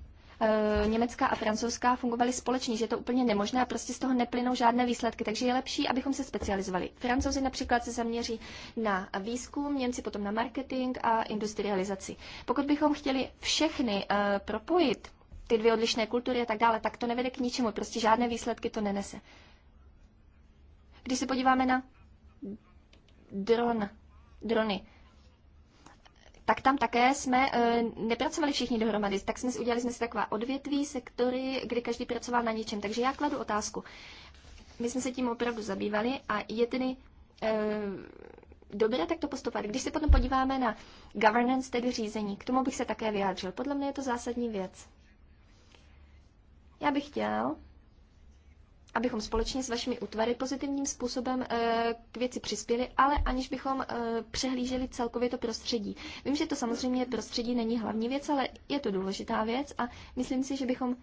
Eh, německá a francouzská fungovaly společně, že je to úplně nemožné a prostě z toho neplynou žádné výsledky. Takže je lepší, abychom se specializovali. Francouzi například se zaměří na výzkum, Němci potom na marketing a industrializaci. Pokud bychom chtěli všechny eh, propojit, ty dvě odlišné kultury a tak dále, tak to nevede k ničemu, prostě žádné výsledky to nenese. Když se podíváme na dron, drony, tak tam také jsme e, nepracovali všichni dohromady. Tak jsme udělali jsme si taková odvětví, sektory, kdy každý pracoval na něčem. Takže já kladu otázku. My jsme se tím opravdu zabývali a je tedy e, dobré takto postupovat. Když se potom podíváme na governance, tedy řízení, k tomu bych se také vyjádřil. Podle mě je to zásadní věc. Já bych chtěl, abychom společně s vašimi útvary pozitivním způsobem eh, k věci přispěli, ale aniž bychom eh, přehlíželi celkově to prostředí. Vím, že to samozřejmě prostředí není hlavní věc, ale je to důležitá věc a myslím si, že bychom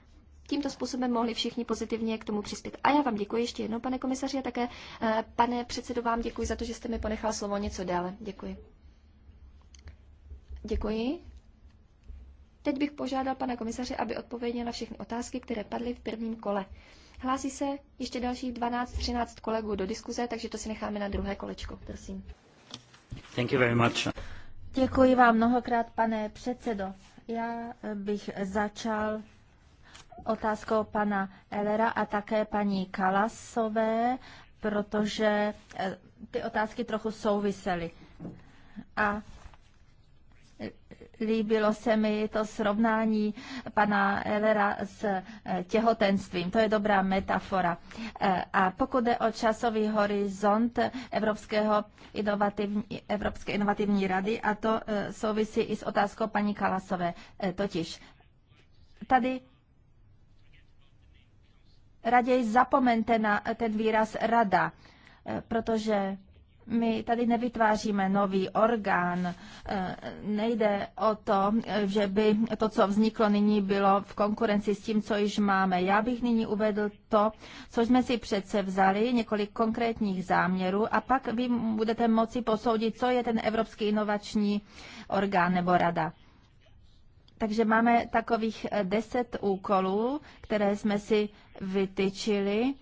tímto způsobem mohli všichni pozitivně k tomu přispět. A já vám děkuji ještě jednou, pane komisaři, a také eh, pane předsedo vám děkuji za to, že jste mi ponechal slovo něco déle. Děkuji. Děkuji. Teď bych požádal pana komisaře, aby odpověděl na všechny otázky, které padly v prvním kole. Hlásí se ještě dalších 12-13 kolegů do diskuze, takže to si necháme na druhé kolečko. Prosím. Thank you very much. Děkuji vám mnohokrát, pane předsedo. Já eh, bych začal otázkou pana Elera a také paní Kalasové, protože eh, ty otázky trochu souvisely. A líbilo se mi to srovnání pana Elera s e, těhotenstvím. To je dobrá metafora. E, a pokud je o časový horizont Evropského inovativní, Evropské inovativní rady, a to e, souvisí i s otázkou paní Kalasové, totiž tady raději zapomeňte na ten výraz rada, protože my tady nevytváříme nový orgán. Eh, nejde o to, že by to, co vzniklo nyní, bylo v konkurenci s tím, co již máme. Já bych nyní uvedl to, co jsme si přece vzali, několik konkrétních záměrů a pak vy budete moci posoudit, co je ten Evropský inovační orgán nebo rada. Takže máme takových deset úkolů, které jsme si vytyčili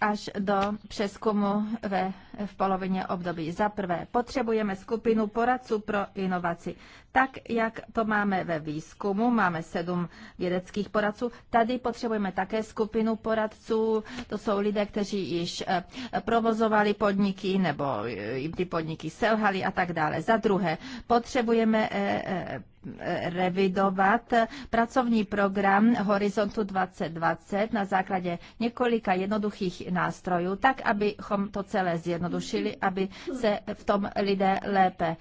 až do přeskumu ve, v polovině období. Za prvé, potřebujeme skupinu poradců pro inovaci. Tak, jak to máme ve výzkumu, máme sedm vědeckých poradců, tady potřebujeme také skupinu poradců, to jsou lidé, kteří již eh, provozovali podniky nebo eh, jim ty podniky selhali a tak dále. Za druhé, potřebujeme eh, revidovat pracovní program Horizontu 2020 na základě několika jednoduchých nástrojů, tak, abychom to celé zjednodušili, aby se v tom lidé lépe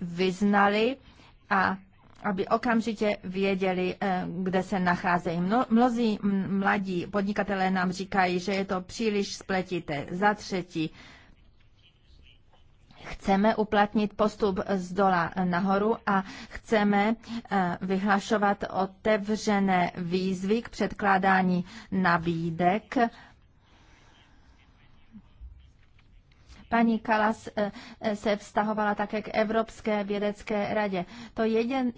vyznali a aby okamžitě věděli, eh, kde se nacházejí. Mnozí mladí podnikatelé nám říkají, že je to příliš spletité. Za třetí, chceme uplatnit postup z dola nahoru a chceme eh, vyhlašovat otevřené výzvy k předkládání nabídek Paní Kalas eh, eh, se vztahovala také k Evropské vědecké radě. To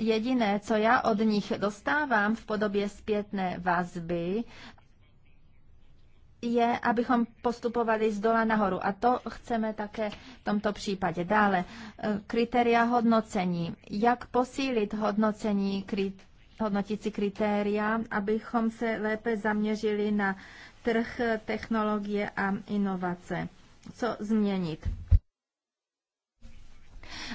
jediné, co já od nich dostávám v podobě zpětné vazby, je, abychom postupovali z dola nahoru. A to chceme také v tomto případě. Dále, eh, kritéria hodnocení. Jak posílit hodnocení krit, hodnotící kritéria, abychom se lépe zaměřili na trh, technologie a inovace co změnit.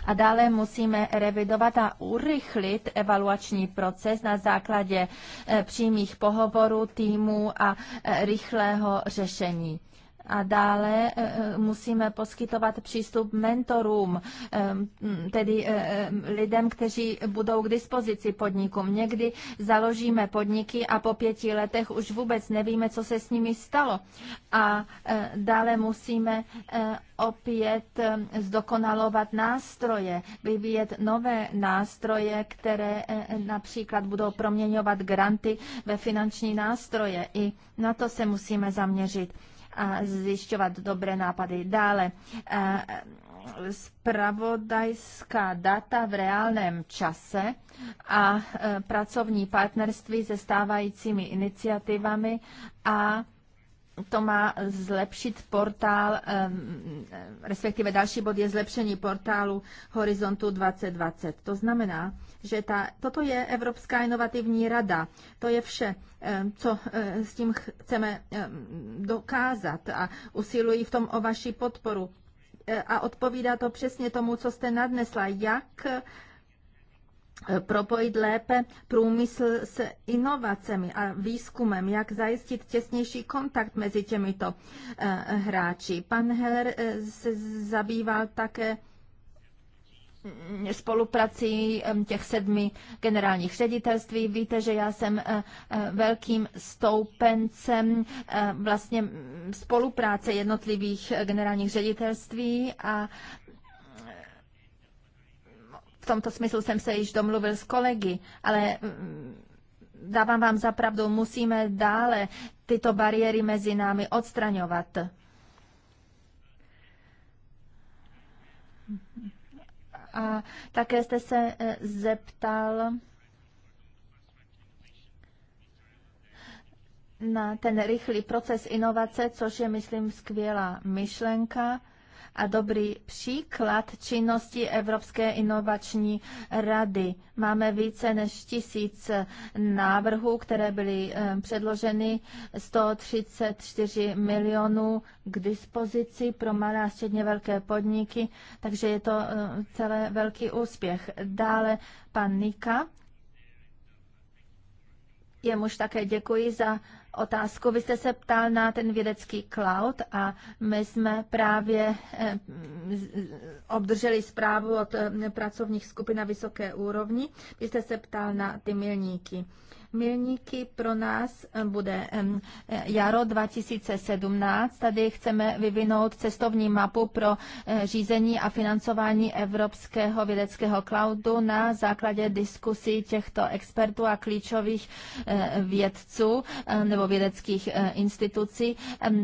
A dále musíme revidovat a urychlit evaluační proces na základě eh, přímých pohovorů týmu a eh, rychlého řešení. A dále eh, eh, musíme poskytovat přístup mentorům, eh, tedy lidem, kteří budou k dispozici podnikům. Někdy založíme podniky a po pěti letech už vůbec nevíme, co se s nimi stalo. A dále musíme opět zdokonalovat nástroje, vyvíjet nové nástroje, které například budou proměňovat granty ve finanční nástroje. I na to se musíme zaměřit a zjišťovat dobré nápady. Dále, eh, spravodajská data v reálném čase a eh, pracovní partnerství se stávajícími iniciativami a to má zlepšit portál, respektive další bod je zlepšení portálu Horizontu 2020. To znamená, že ta, toto je Evropská inovativní rada. To je vše, eh, co eh, s tím chceme eh, dokázat a usilují v tom o vaši podporu. A odpovídá to přesně tomu, co jste nadnesla, jak propojit lépe průmysl s inovacemi a výzkumem, jak zajistit těsnější kontakt mezi těmito hráči. Pan Heller se zabýval také Mm, spoluprací mm, těch sedmi generálních ředitelství. Víte, že já jsem eh, eh, velkým stoupencem eh, vlastně mm, spolupráce jednotlivých generálních ředitelství a v tomto smyslu jsem se již domluvil s kolegy, ale dávám vám zapravdu, musíme dále tyto bariéry mezi námi odstraňovat. A také jste se e, zeptal na ten rychlý proces inovace, což je, myslím, skvělá myšlenka a dobrý příklad činnosti Evropské inovační rady. Máme více než tisíc návrhů, které byly eh, předloženy, 134 milionů k dispozici pro malé a středně velké podniky, takže je to eh, celé velký úspěch. Dále pan Nika, jemuž také děkuji za otázku. Vy jste se ptal na ten vědecký cloud a my jsme právě eh, obdrželi zprávu od eh, pracovních skupin na vysoké úrovni. Vy jste se ptal na ty milníky. Milníky pro nás eh, bude eh, jaro 2017. Tady chceme vyvinout cestovní mapu pro eh, řízení a financování Evropského vědeckého cloudu na základě diskusí těchto expertů a klíčových vědců nebo vědeckých institucí.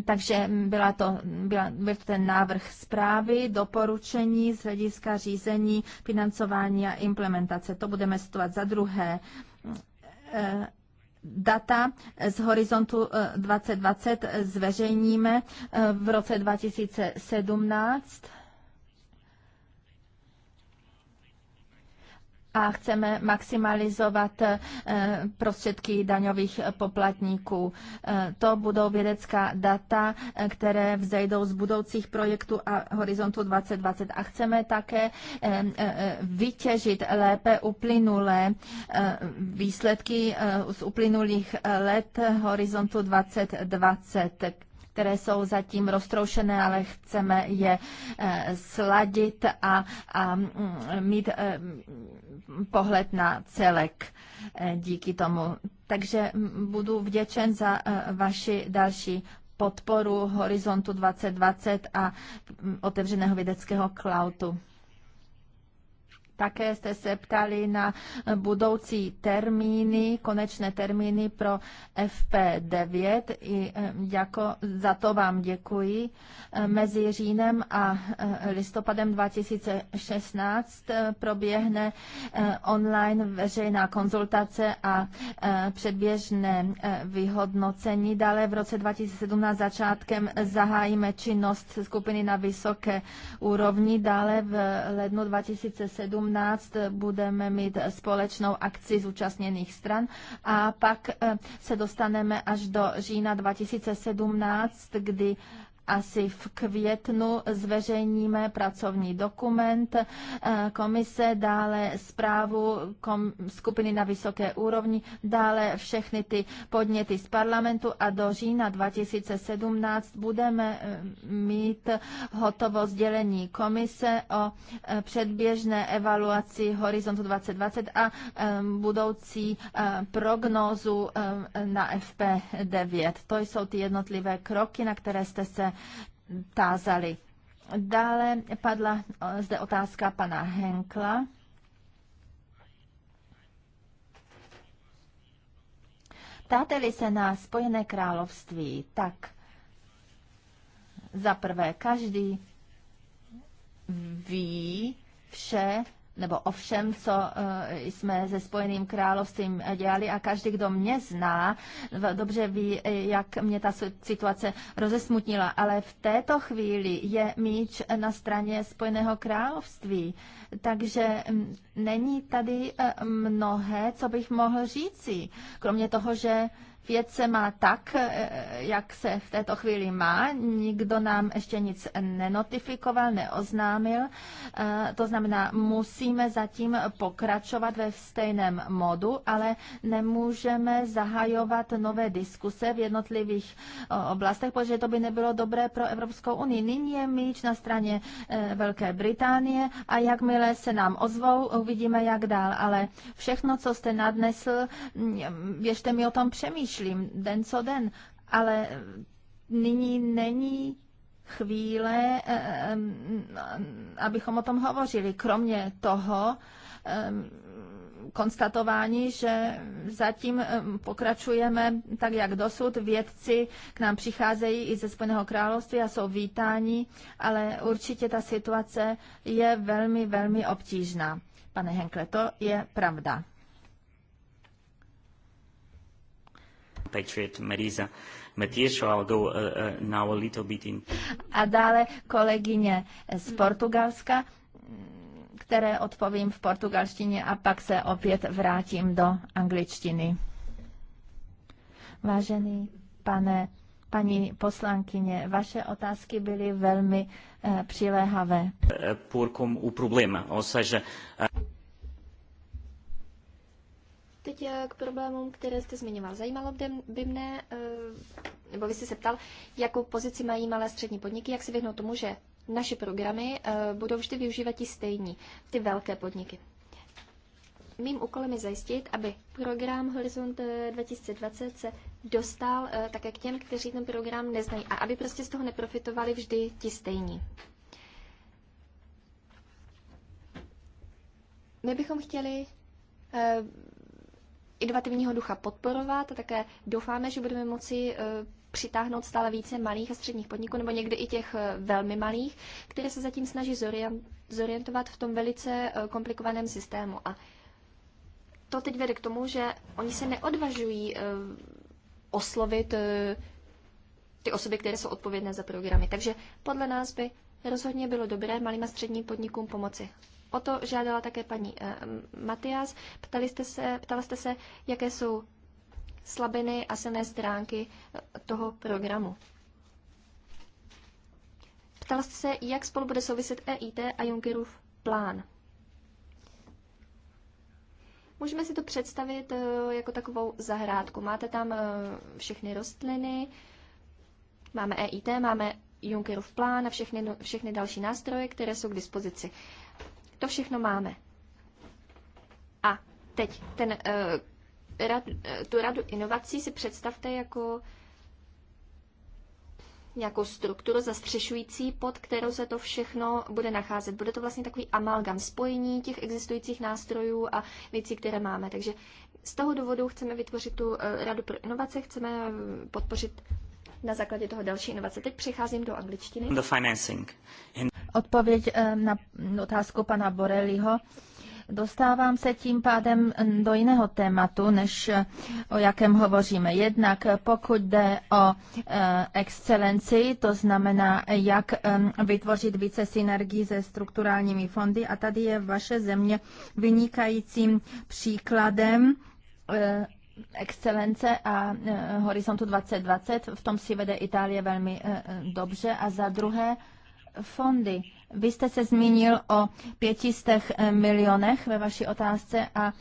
Takže byla to, byla, byl to ten návrh zprávy, doporučení z hlediska řízení, financování a implementace. To budeme studovat za druhé Eh, data z horizontu 2020 eh, zveřejníme eh, v roce 2017 a chceme maximalizovat eh, prostředky daňových poplatníků. Eh, to budou vědecká data, eh, které vzejdou z budoucích projektů a Horizontu 2020. A chceme také vytěžit lépe uplynulé výsledky z uplynulých let Horizontu 2020 které jsou zatím roztroušené, ale chceme je eh, sladit a, a mm, mít eh, pohled na celek eh, díky tomu. Takže mm, budu vděčen za vaši další podporu Horizontu 2020 a mm, otevřeného vědeckého klautu. Také jste se ptali na budoucí termíny, konečné termíny pro FP9. I eh, jako, za to vám děkuji. Eh, mezi říjnem a eh, listopadem 2016 proběhne online veřejná konzultace a předběžné vyhodnocení. Dále v roce 2017 začátkem zahájíme činnost skupiny na vysoké úrovni. Dále v lednu 2017 17 budeme mít společnou akci zúčastněných stran a pak eh, se dostaneme až do října 2017, kdy asi v květnu zveřejníme pracovní dokument eh, komise, dále zprávu kom, skupiny na vysoké úrovni, dále všechny ty podněty z parlamentu a do října 2017 budeme eh, mít hotovo sdělení komise o eh, předběžné evaluaci Horizontu 2020 a budoucí prognózu na FP9. To jsou ty jednotlivé kroky, na které jste se tázali. Dále padla zde otázka pana Henkla. Táteli se na Spojené království, tak za prvé každý ví vše nebo o všem, co eh, jsme se Spojeným královstvím dělali a každý, kdo mě zná, dobře ví, eh, jak mě ta situace rozesmutnila, ale v této chvíli je míč na straně Spojeného království, takže mm, není tady eh, mnohé, co bych mohl říci, kromě toho, že Věc se má tak, eh, jak se v této chvíli má. Nikdo nám ještě nic nenotifikoval, neoznámil. Eh, to znamená, musíme zatím pokračovat ve stejném modu, ale nemůžeme zahajovat nové diskuse v jednotlivých eh, oblastech, protože to by nebylo dobré pro Evropskou unii. Nyní je míč na straně Velké Británie a jakmile se nám ozvou, uvidíme, jak dál. Ale všechno, co jste nadnesl, běžte mm, mi o tom přemýšlet přemýšlím den co den, ale nyní není chvíle, eh, eh, eh, abychom o tom hovořili. Kromě toho konstatování, že zatím pokračujeme tak, jak dosud. Vědci k nám přicházejí i ze Spojeného království a jsou vítáni, ale určitě ta situace je velmi, velmi obtížná. Pane Henkle, to je pravda. Patriot Marisa Matiešo. I'll go uh, uh, now a little bit in. A dále kolegyně z Portugalska které odpovím v portugalštině a pak se opět vrátím do angličtiny. Vážený pane, paní poslankyně, vaše otázky byly velmi uh, přiléhavé. u problému, o problema, uh, Teď eh, k problémům, které jste zmiňoval. Zajímalo by mne, eh, nebo vy jste se ptal, jakou pozici mají malé střední podniky, jak se vyhnout tomu, že naše programy eh, budou vždy využívat ti stejní, ty velké podniky. Mým úkolem je zajistit, aby program Horizont 2020 se dostal také k těm, kteří ten program neznají a aby prostě z toho neprofitovali vždy ti stejní. My bychom chtěli inovativního ducha podporovat a také doufáme, že budeme moci e, přitáhnout stále více malých a středních podniků, nebo někdy i těch e, velmi malých, které se zatím snaží zorientovat v tom velice e, komplikovaném systému. A to teď vede k tomu, že oni se neodvažují oslovit ty osoby, které jsou odpovědné za programy. Takže podle nás by rozhodně bylo dobré malým a středním podnikům pomoci. O to žádala také paní eh, Matias. Ptali jste se, ptala jste se, jaké jsou slabiny a silné stránky eh, toho programu. Ptala jste se, jak spolu bude souviset EIT a Junckerův plán. Můžeme si to představit eh, jako takovou zahrádku. Máte tam všechny rostliny, máme EIT, máme Junckerův plán a všechny, všechny další nástroje, které jsou k dispozici. To všechno máme. A teď ten, uh, rad, eh, tu radu inovací si představte jako nějakou strukturu zastřešující, pod kterou se to všechno bude nacházet. Bude to vlastně takový amalgam spojení těch existujících nástrojů a věcí, které máme. Takže z toho důvodu chceme vytvořit tu eh, radu pro inovace, chceme podpořit na základě toho další inovace. Teď přecházím do angličtiny. The financing. In odpověď eh, na otázku pana Boreliho. Dostávám se tím pádem do jiného tématu, než eh, o jakém hovoříme. Jednak eh, pokud jde o excelenci, to znamená, jak vytvořit více synergii se strukturálními fondy. A tady je vaše země vynikajícím příkladem excelence a horizontu 2020. V tom si vede Itálie velmi dobře. A za druhé, fondy. Vy jste se zmínil o 500 eh, milionech ve vaší otázce a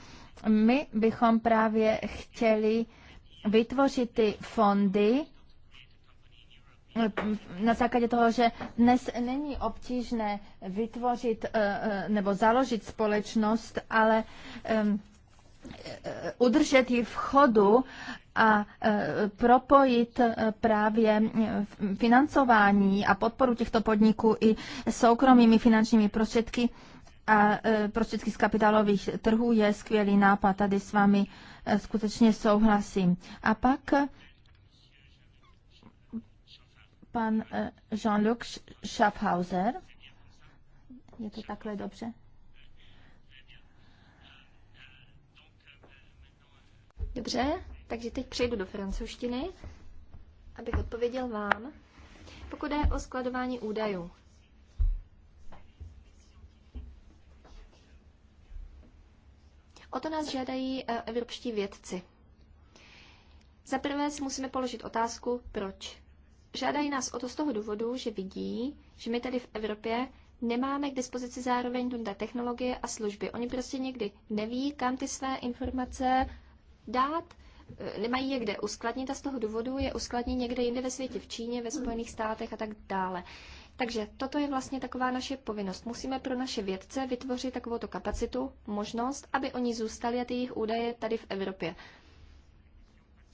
my bychom právě chtěli vytvořit ty fondy eh, na základě toho, že dnes není obtížné vytvořit eh, nebo založit společnost, ale ehm, udržet ji v chodu a e, propojit e, právě e, financování a podporu těchto podniků i soukromými finančními prostředky a prostředky z kapitálových trhů je skvělý nápad. Tady s vámi skutečně souhlasím. A pak pan Jean-Luc Schaffhauser. Je to takhle dobře? Dobře, takže teď přejdu do francouzštiny, abych odpověděl vám. Pokud je o skladování údajů, O to nás žádají eh, evropští vědci. Za prvé si musíme položit otázku, proč. Žádají nás o to z toho důvodu, že vidí, že my tady v Evropě nemáme k dispozici zároveň tunda technologie a služby. Oni prostě někdy neví, kam ty své informace dát, eh, nemají je kde uskladnit a z toho důvodu je uskladní někde jinde ve světě, v Číně, ve Spojených státech a tak dále. Takže toto je vlastně taková naše povinnost. Musíme pro naše vědce vytvořit takovou kapacitu, možnost, aby oni zůstali a ty jejich údaje tady v Evropě.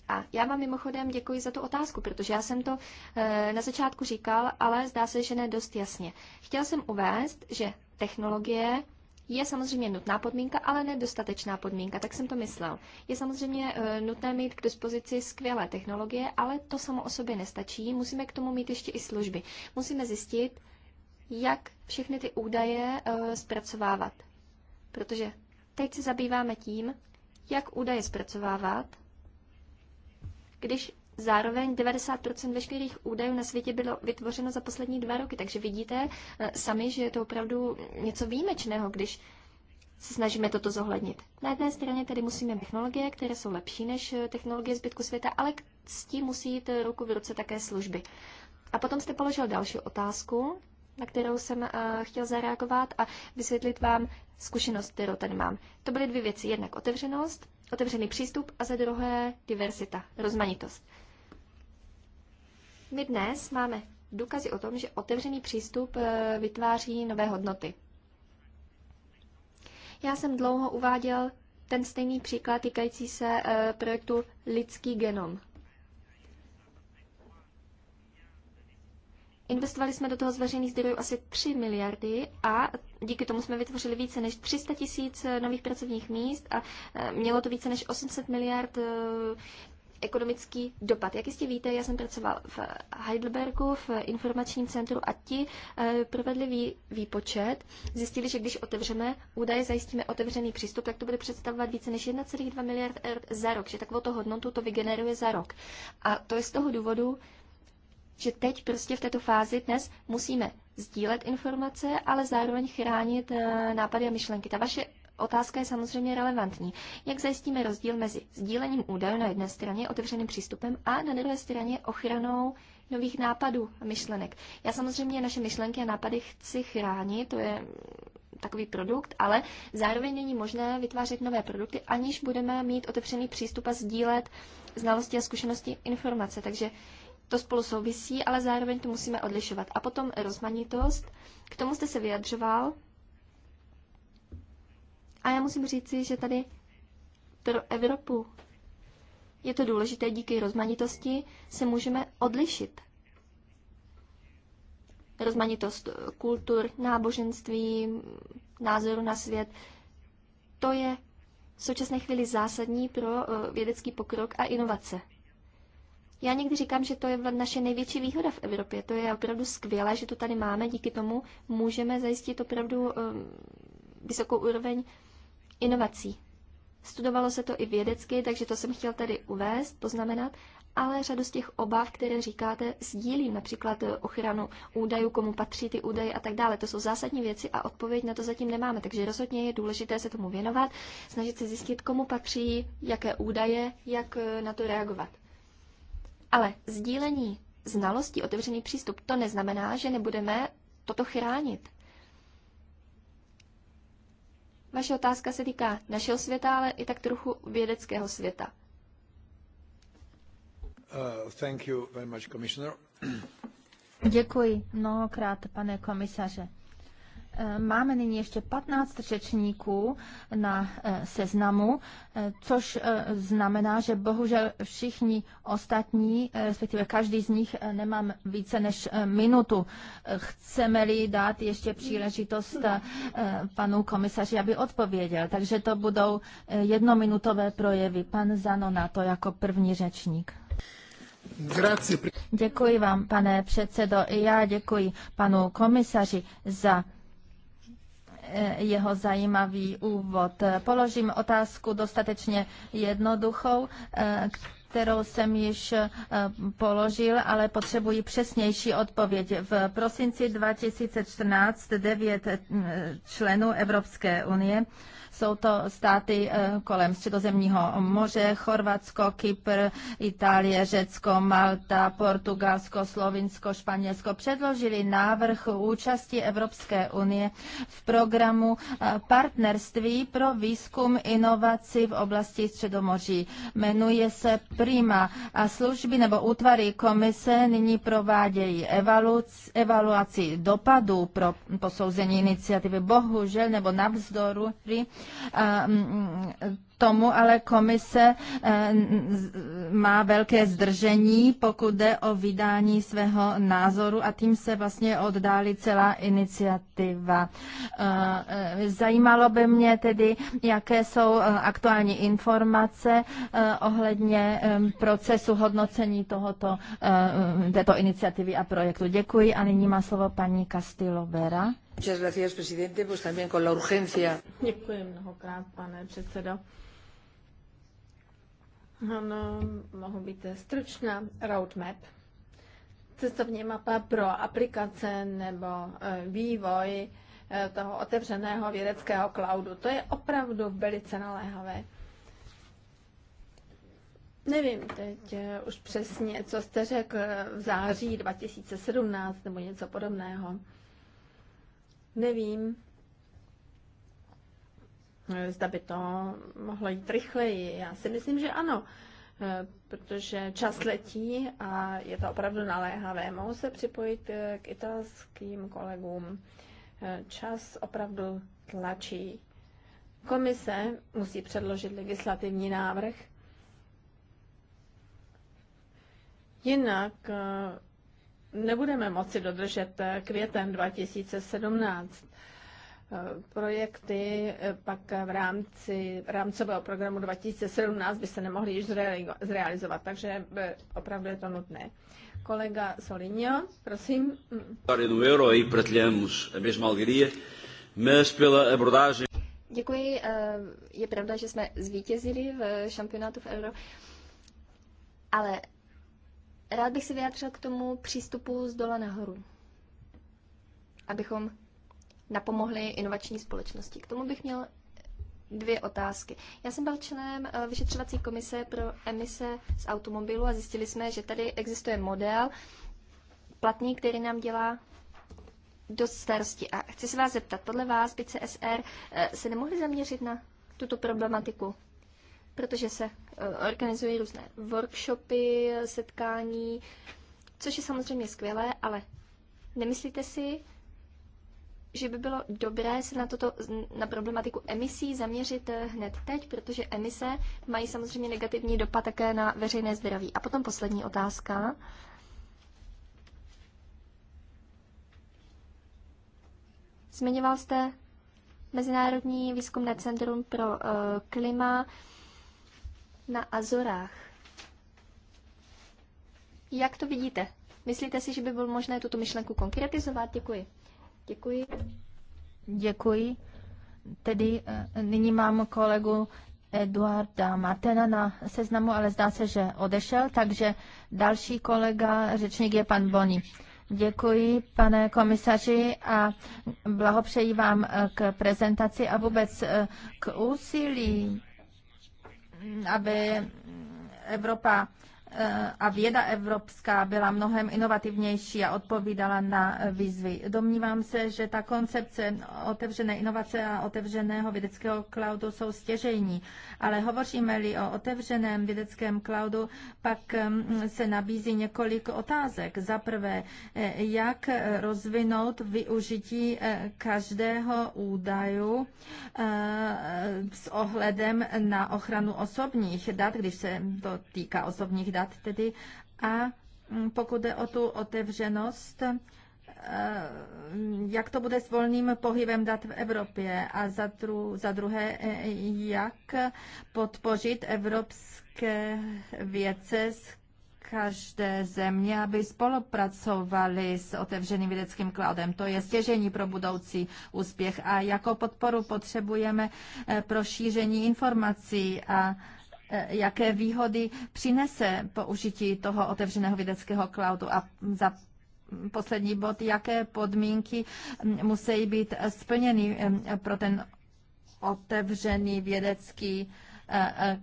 A já vám mimochodem děkuji za tu otázku, protože já jsem to eh, na začátku říkal, ale zdá se, že ne dost jasně. Chtěl jsem uvést, že technologie je samozřejmě nutná podmínka, ale nedostatečná podmínka, tak jsem to myslel. Je samozřejmě e, nutné mít k dispozici skvělé technologie, ale to samo o sobě nestačí. Musíme k tomu mít ještě i služby. Musíme zjistit, jak všechny ty údaje e, zpracovávat. Protože teď se zabýváme tím, jak údaje zpracovávat, když Zároveň 90% veškerých údajů na světě bylo vytvořeno za poslední dva roky, takže vidíte eh, sami, že je to opravdu něco výjimečného, když se snažíme toto zohlednit. Na jedné straně tedy musíme technologie, které jsou lepší než eh, technologie zbytku světa, ale s tím musí jít eh, ruku v ruce také služby. A potom jste položil další otázku, na kterou jsem chtěl zareagovat a vysvětlit vám zkušenost, kterou tady mám. To byly dvě věci. Jednak otevřenost, otevřený přístup a za druhé diversita, rozmanitost. My dnes máme důkazy o tom, že otevřený přístup eh, vytváří nové hodnoty. Já jsem dlouho uváděl ten stejný příklad týkající se eh, projektu Lidský genom. Investovali jsme do toho z veřejných zdrojů asi 3 miliardy a díky tomu jsme vytvořili více než 300 tisíc eh, nových pracovních míst a mělo to více než 800 miliard ekonomický dopad. Jak jistě víte, já jsem pracoval v Heidelbergu, v informačním centru a ti eh, provedli výpočet. Zjistili, že když otevřeme údaje, zajistíme otevřený přístup, tak to bude představovat více než 1,2 miliard eur za rok, že takovou to hodnotu to vygeneruje za rok. A to je z toho důvodu, že teď prostě v této fázi dnes musíme sdílet informace, ale zároveň chránit eh, nápady a myšlenky. Ta vaše otázka je samozřejmě relevantní. Jak zajistíme rozdíl mezi sdílením údajů na jedné straně, otevřeným přístupem a na druhé straně ochranou nových nápadů a myšlenek. Já samozřejmě naše myšlenky a nápady chci chránit, to je takový produkt, ale zároveň není možné vytvářet nové produkty, aniž budeme mít otevřený přístup a sdílet znalosti a zkušenosti informace. Takže to spolu souvisí, ale zároveň to musíme odlišovat. A potom rozmanitost, k tomu jste se vyjadřoval, a já musím říci, že tady pro Evropu je to důležité, díky rozmanitosti se můžeme odlišit. Rozmanitost kultur, náboženství, názoru na svět, to je v současné chvíli zásadní pro eh, vědecký pokrok a inovace. Já někdy říkám, že to je naše největší výhoda v Evropě. To je opravdu skvělé, že to tady máme. Díky tomu můžeme zajistit opravdu eh, vysokou úroveň inovací. Studovalo se to i vědecky, takže to jsem chtěl tady uvést, poznamenat, ale řadu z těch obav, které říkáte, sdílím, například ochranu údajů, komu patří ty údaje a tak dále. To jsou zásadní věci a odpověď na to zatím nemáme, takže rozhodně je důležité se tomu věnovat, snažit se zjistit, komu patří, jaké údaje, jak eh, na to reagovat. Ale sdílení znalostí, otevřený přístup, to neznamená, že nebudeme toto chránit. Vaše otázka se týká našeho světa, ale i tak trochu vědeckého světa. Uh, thank you very much, Děkuji mnohokrát, pane komisaře. Eh, máme nyní ještě 15 řečníků na eh, seznamu, eh, což znamená, že bohužel všichni ostatní, respektive každý z nich, nemám více než minutu. Chceme-li dát ještě příležitost panu komisaři, aby odpověděl. Takže to budou jednominutové projevy. Pan Zanona to jako první řečník. Děkuji vám, pane předsedo. I já děkuji panu komisaři za jeho zajímavý úvod. Položím otázku dostatečně jednoduchou, eh, kterou jsem již eh, položil, ale potřebuji přesnější odpověď. V prosinci 2014 devět mm, eh, členů Evropské unie jsou to státy eh, kolem Středozemního moře, Chorvatsko, Kypr, Itálie, Řecko, Malta, Portugalsko, Slovinsko, Španělsko předložili návrh účasti Evropské unie v programu eh, partnerství pro výzkum inovací v oblasti Středomoří. Jmenuje se Prima a služby nebo útvary komise nyní provádějí evaluaci, evaluaci dopadů pro posouzení iniciativy. Bohužel nebo navzdory Mm, tomu ale komise e, má velké zdržení, pokud jde o vydání svého názoru a tím se vlastně oddálí celá iniciativa. E, e, zajímalo by mě tedy, jaké jsou aktuální informace ohledně procesu hodnocení tohoto, této iniciativy a projektu. Děkuji a nyní má slovo paní Castillo Vera. Muchas gracias, presidente. Pues también con la urgencia. Děkuji mnohokrát, pane předsedo. Ano, mohu být stručná. Roadmap. Cestovní mapa pro aplikace nebo e, vývoj e, toho otevřeného vědeckého cloudu. To je opravdu velice naléhavé. Nevím teď e, už přesně, co jste řekl v září 2017 nebo něco podobného. Nevím, zda by to mohlo jít rychleji. Já si myslím, že ano, eh, protože čas letí a je to opravdu naléhavé. Mohu se připojit eh, k italským kolegům. Eh, čas opravdu tlačí. Komise musí předložit legislativní návrh. Jinak nebudeme moci dodržet eh, květen 2017. Eh, projekty eh, pak v rámci rámcového programu 2017 by se nemohly již zrealizovat, takže opravdu je to nutné. Kolega Soligno, prosím. do euro, i partilhamos a mesma alegria, pela abordagem... Děkuji. Je pravda, že jsme zvítězili v šampionátu v euro, ale Rád bych se vyjádřil k tomu přístupu z dola nahoru, abychom napomohli inovační společnosti. K tomu bych měl dvě otázky. Já jsem byl členem eh, vyšetřovací komise pro emise z automobilu a zjistili jsme, že tady existuje model platný, který nám dělá dost starosti. A chci se vás zeptat, podle vás by CSR eh, se nemohli zaměřit na tuto problematiku? protože se eh, organizují různé workshopy, setkání, což je samozřejmě skvělé, ale nemyslíte si, že by bylo dobré se na, toto, na problematiku emisí zaměřit eh, hned teď, protože emise mají samozřejmě negativní dopad také na veřejné zdraví. A potom poslední otázka. Zmiňoval jste Mezinárodní výzkumné centrum pro eh, klima, na Azorách. Jak to vidíte? Myslíte si, že by bylo možné tuto myšlenku konkretizovat? Děkuji. Děkuji. Děkuji. Tedy eh, nyní mám kolegu Eduarda Matena na seznamu, ale zdá se, že odešel, takže další kolega, řečník je pan Boni. Děkuji, pane komisaři, a blahopřeji vám eh, k prezentaci a vůbec eh, k úsilí aby Evropa Eh, a věda evropská byla mnohem inovativnější a odpovídala na výzvy. Domnívám se, že ta koncepce otevřené inovace a otevřeného vědeckého cloudu jsou stěžejní, ale hovoříme-li o otevřeném vědeckém cloudu, pak mm, se nabízí několik otázek. Za prvé, eh, jak rozvinout využití eh, každého údaju s ohledem na ochranu osobních dat, když se to týká osobních dat, dat tedy a mm, pokud jde o tu otevřenost, eh, jak to bude s volným pohybem dat v Evropě a za, dru, za druhé, eh, jak podpořit evropské vědce z každé země, aby spolupracovali s otevřeným vědeckým cloudem. To je stěžení pro budoucí úspěch a jako podporu potřebujeme eh, pro šíření informací a E, jaké výhody přinese použití toho otevřeného vědeckého cloudu a za poslední bod, jaké podmínky musí být splněny e, pro ten otevřený vědecký e,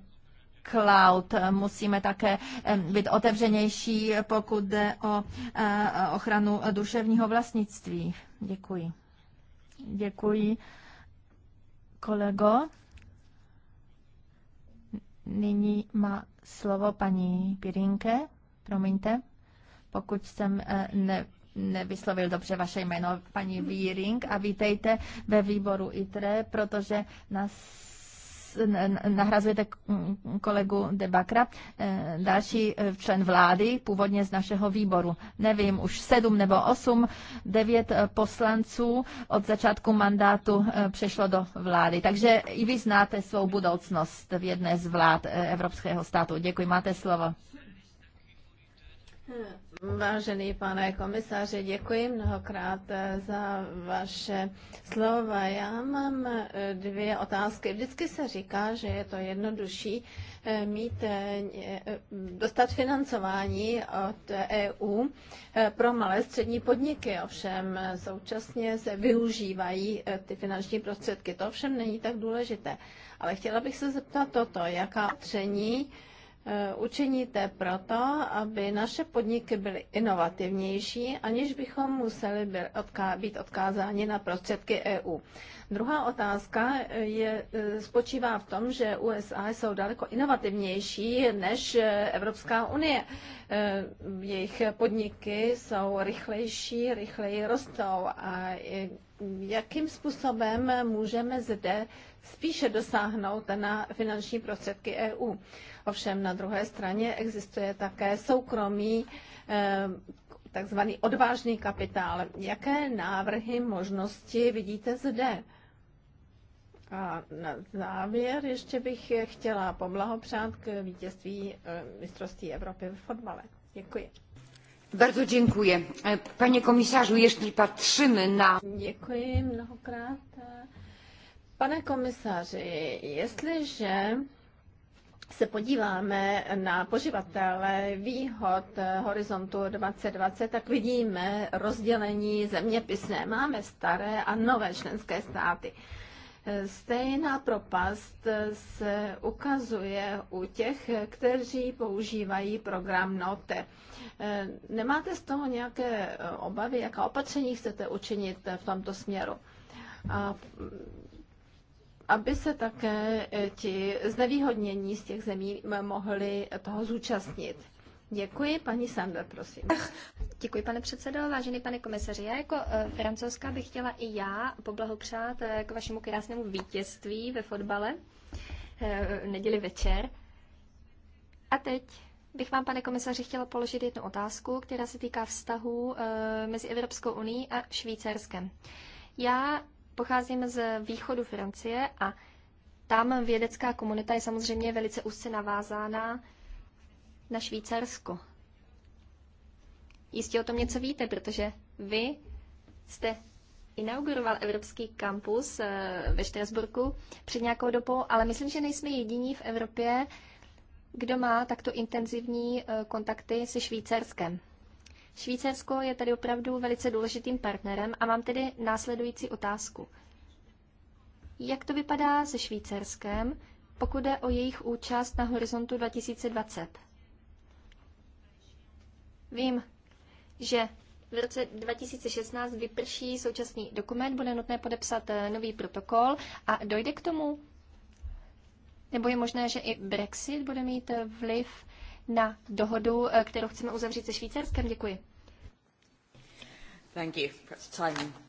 cloud. Musíme také být otevřenější, pokud jde o ochranu duševního vlastnictví. Děkuji. Děkuji, kolego. Nyní má slovo paní Pirinke, promiňte, pokud jsem eh, ne, nevyslovil dobře vaše jméno, paní Víring, a vítejte ve výboru ITRE, protože nás nahrazujete mm, kolegu Debakra, eh, další eh, člen vlády, původně z našeho výboru. Nevím, už sedm nebo osm, devět eh, poslanců od začátku mandátu přešlo do vlády. Takže i vy znáte svou budoucnost v jedné z vlád Evropského státu. Děkuji, máte slovo. Vážený pane komisaři, děkuji mnohokrát eh, za vaše slova. Já mám eh, dvě otázky. Vždycky se říká, že je to jednodušší eh, mít, dostat financování od EU pro malé střední podniky. Ovšem současně se využívají ty finanční prostředky. To ovšem není tak důležité. Ale chtěla bych se zeptat toto, jaká opatření Eh, učiníte proto, aby naše podniky byly inovativnější, aniž bychom museli být odkázáni na prostředky EU. Druhá otázka eh, je, eh, spočívá v tom, že USA jsou daleko inovativnější než Evropská unie. Jejich podniky jsou rychlejší, rychleji rostou a jakým způsobem můžeme zde spíše dosáhnout na finanční prostředky EU. Ovšem na druhé straně existuje také soukromý eh, takzvaný odvážný kapitál. Jaké návrhy, možnosti vidíte zde? A na závěr ještě bych chtěla poblahopřát k vítězství eh, mistrovství Evropy v fotbale. Děkuji. Bardzo dziękuję. E, panie komisarzu, jeśli patrzymy na... Děkuji mnohokrát. Pane komisaři, jestliže se podíváme na poživatele výhod Horizontu 2020, tak vidíme rozdělení zeměpisné. Máme staré a nové členské státy. Stejná propast se ukazuje u těch, kteří používají program NOTE. Nemáte z toho nějaké obavy, jaká opatření chcete učinit v tomto směru? A aby se také eh, ti znevýhodnění z těch zemí mohli toho zúčastnit. Děkuji, paní Sander, prosím. Děkuji, pane předsedo, vážený pane komisaři. Já jako e, francouzská bych chtěla i já poblahopřát e, k vašemu krásnému vítězství ve fotbale e, neděli večer. A teď bych vám, pane komisaři, chtěla položit jednu otázku, která se týká e, mezi Evropskou unii a Švýcarskem. Já Pocházím z východu Francie a tam vědecká komunita je samozřejmě velice úzce navázána na Švýcarsko. Jistě o tom něco víte, protože vy jste inauguroval Evropský kampus eh, ve Štrasburku před nějakou dobou, ale myslím, že nejsme jediní v Evropě, kdo má takto intenzivní eh, kontakty se Švýcarskem. Švýcarsko je tady opravdu velice důležitým partnerem a mám tedy následující otázku. Jak to vypadá se Švýcarskem, pokud jde o jejich účast na horizontu 2020? Vím, že v roce 2016 vyprší současný dokument, bude nutné podepsat eh, nový protokol a dojde k tomu? Nebo je možné, že i Brexit bude mít eh, vliv na dohodu, eh, kterou chceme uzavřít se Švýcarskem. Děkuji.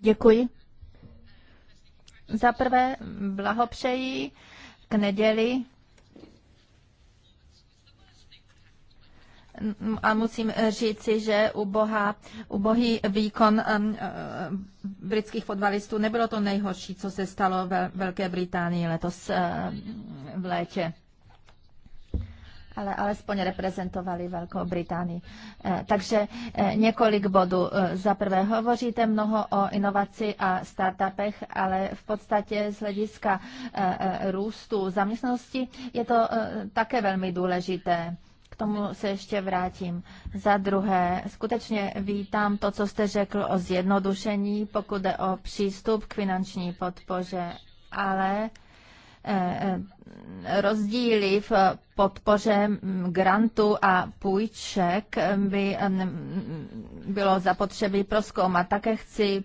Děkuji. Za prvé blahopřeji k neděli a musím eh, říci, že uboha, ubohý výkon eh, britských fotbalistů nebylo to nejhorší, co se stalo ve Velké Británii letos v létě ale alespoň reprezentovali Velkou Británii. Eh, takže eh, několik bodů. Eh, za prvé, hovoříte mnoho o inovaci a startupech, ale v podstatě z hlediska růstu zaměstnanosti je to také velmi důležité K tomu se ještě vrátím. Za druhé, skutečně vítám to, co jste řekl o zjednodušení, pokud jde o přístup k finanční podpoře, ale Eh, eh, rozdíly v podpoře grantu a půjček by eh, bylo zapotřebí proskoumat. Také chci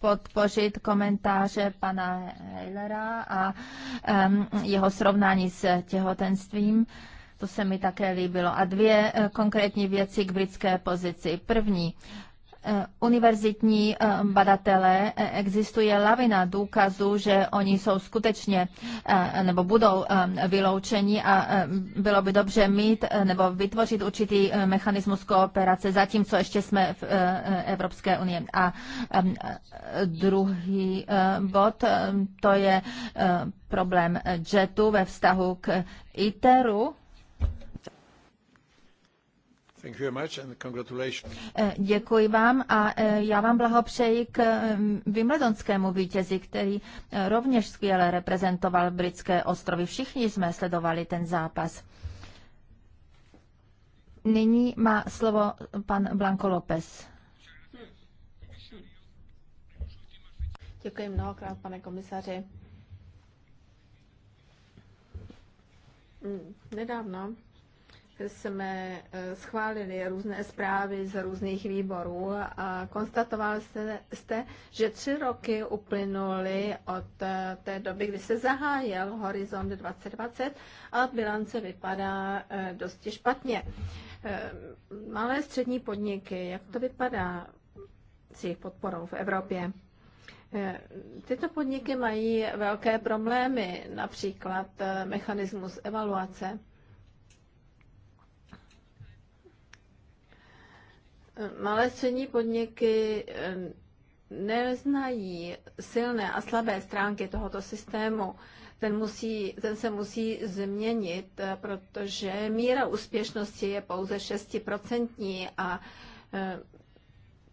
podpořit komentáře pana Heilera a jeho srovnání s těhotenstvím. To se mi také líbilo. A dvě konkrétní věci k britské pozici. První, Eh, univerzitní eh, badatele eh, existuje lavina důkazů, že oni jsou skutečně nebo budou vyloučeni a bylo by dobře mít nebo vytvořit určitý mechanismus kooperace, zatímco ještě jsme v Evropské unii. A druhý bod, to je problém JETu ve vztahu k ITERu Eh, děkuji vám a eh, já vám blahopřeji k mm, vimledonskému vítězi, který eh, rovněž skvěle reprezentoval britské ostrovy. Všichni jsme sledovali ten zápas. Nyní má slovo pan Blanco López. Děkuji mnohokrát, pane komisaři. Mm, nedávno jsme eh, schválili různé zprávy z různých výborů a konstatoval jste, že tři roky uplynuly od eh, té doby, kdy se zahájil Horizont 2020 a bilance vypadá eh, dosti špatně. Malé střední podniky, jak to vypadá s jejich podporou v Evropě? Tyto podniky mají velké problémy, například mechanismus evaluace Malé střední podniky eh, neznají silné a slabé stránky tohoto systému. Ten, musí, ten se musí změnit, eh, protože míra úspěšnosti je pouze 6% a eh,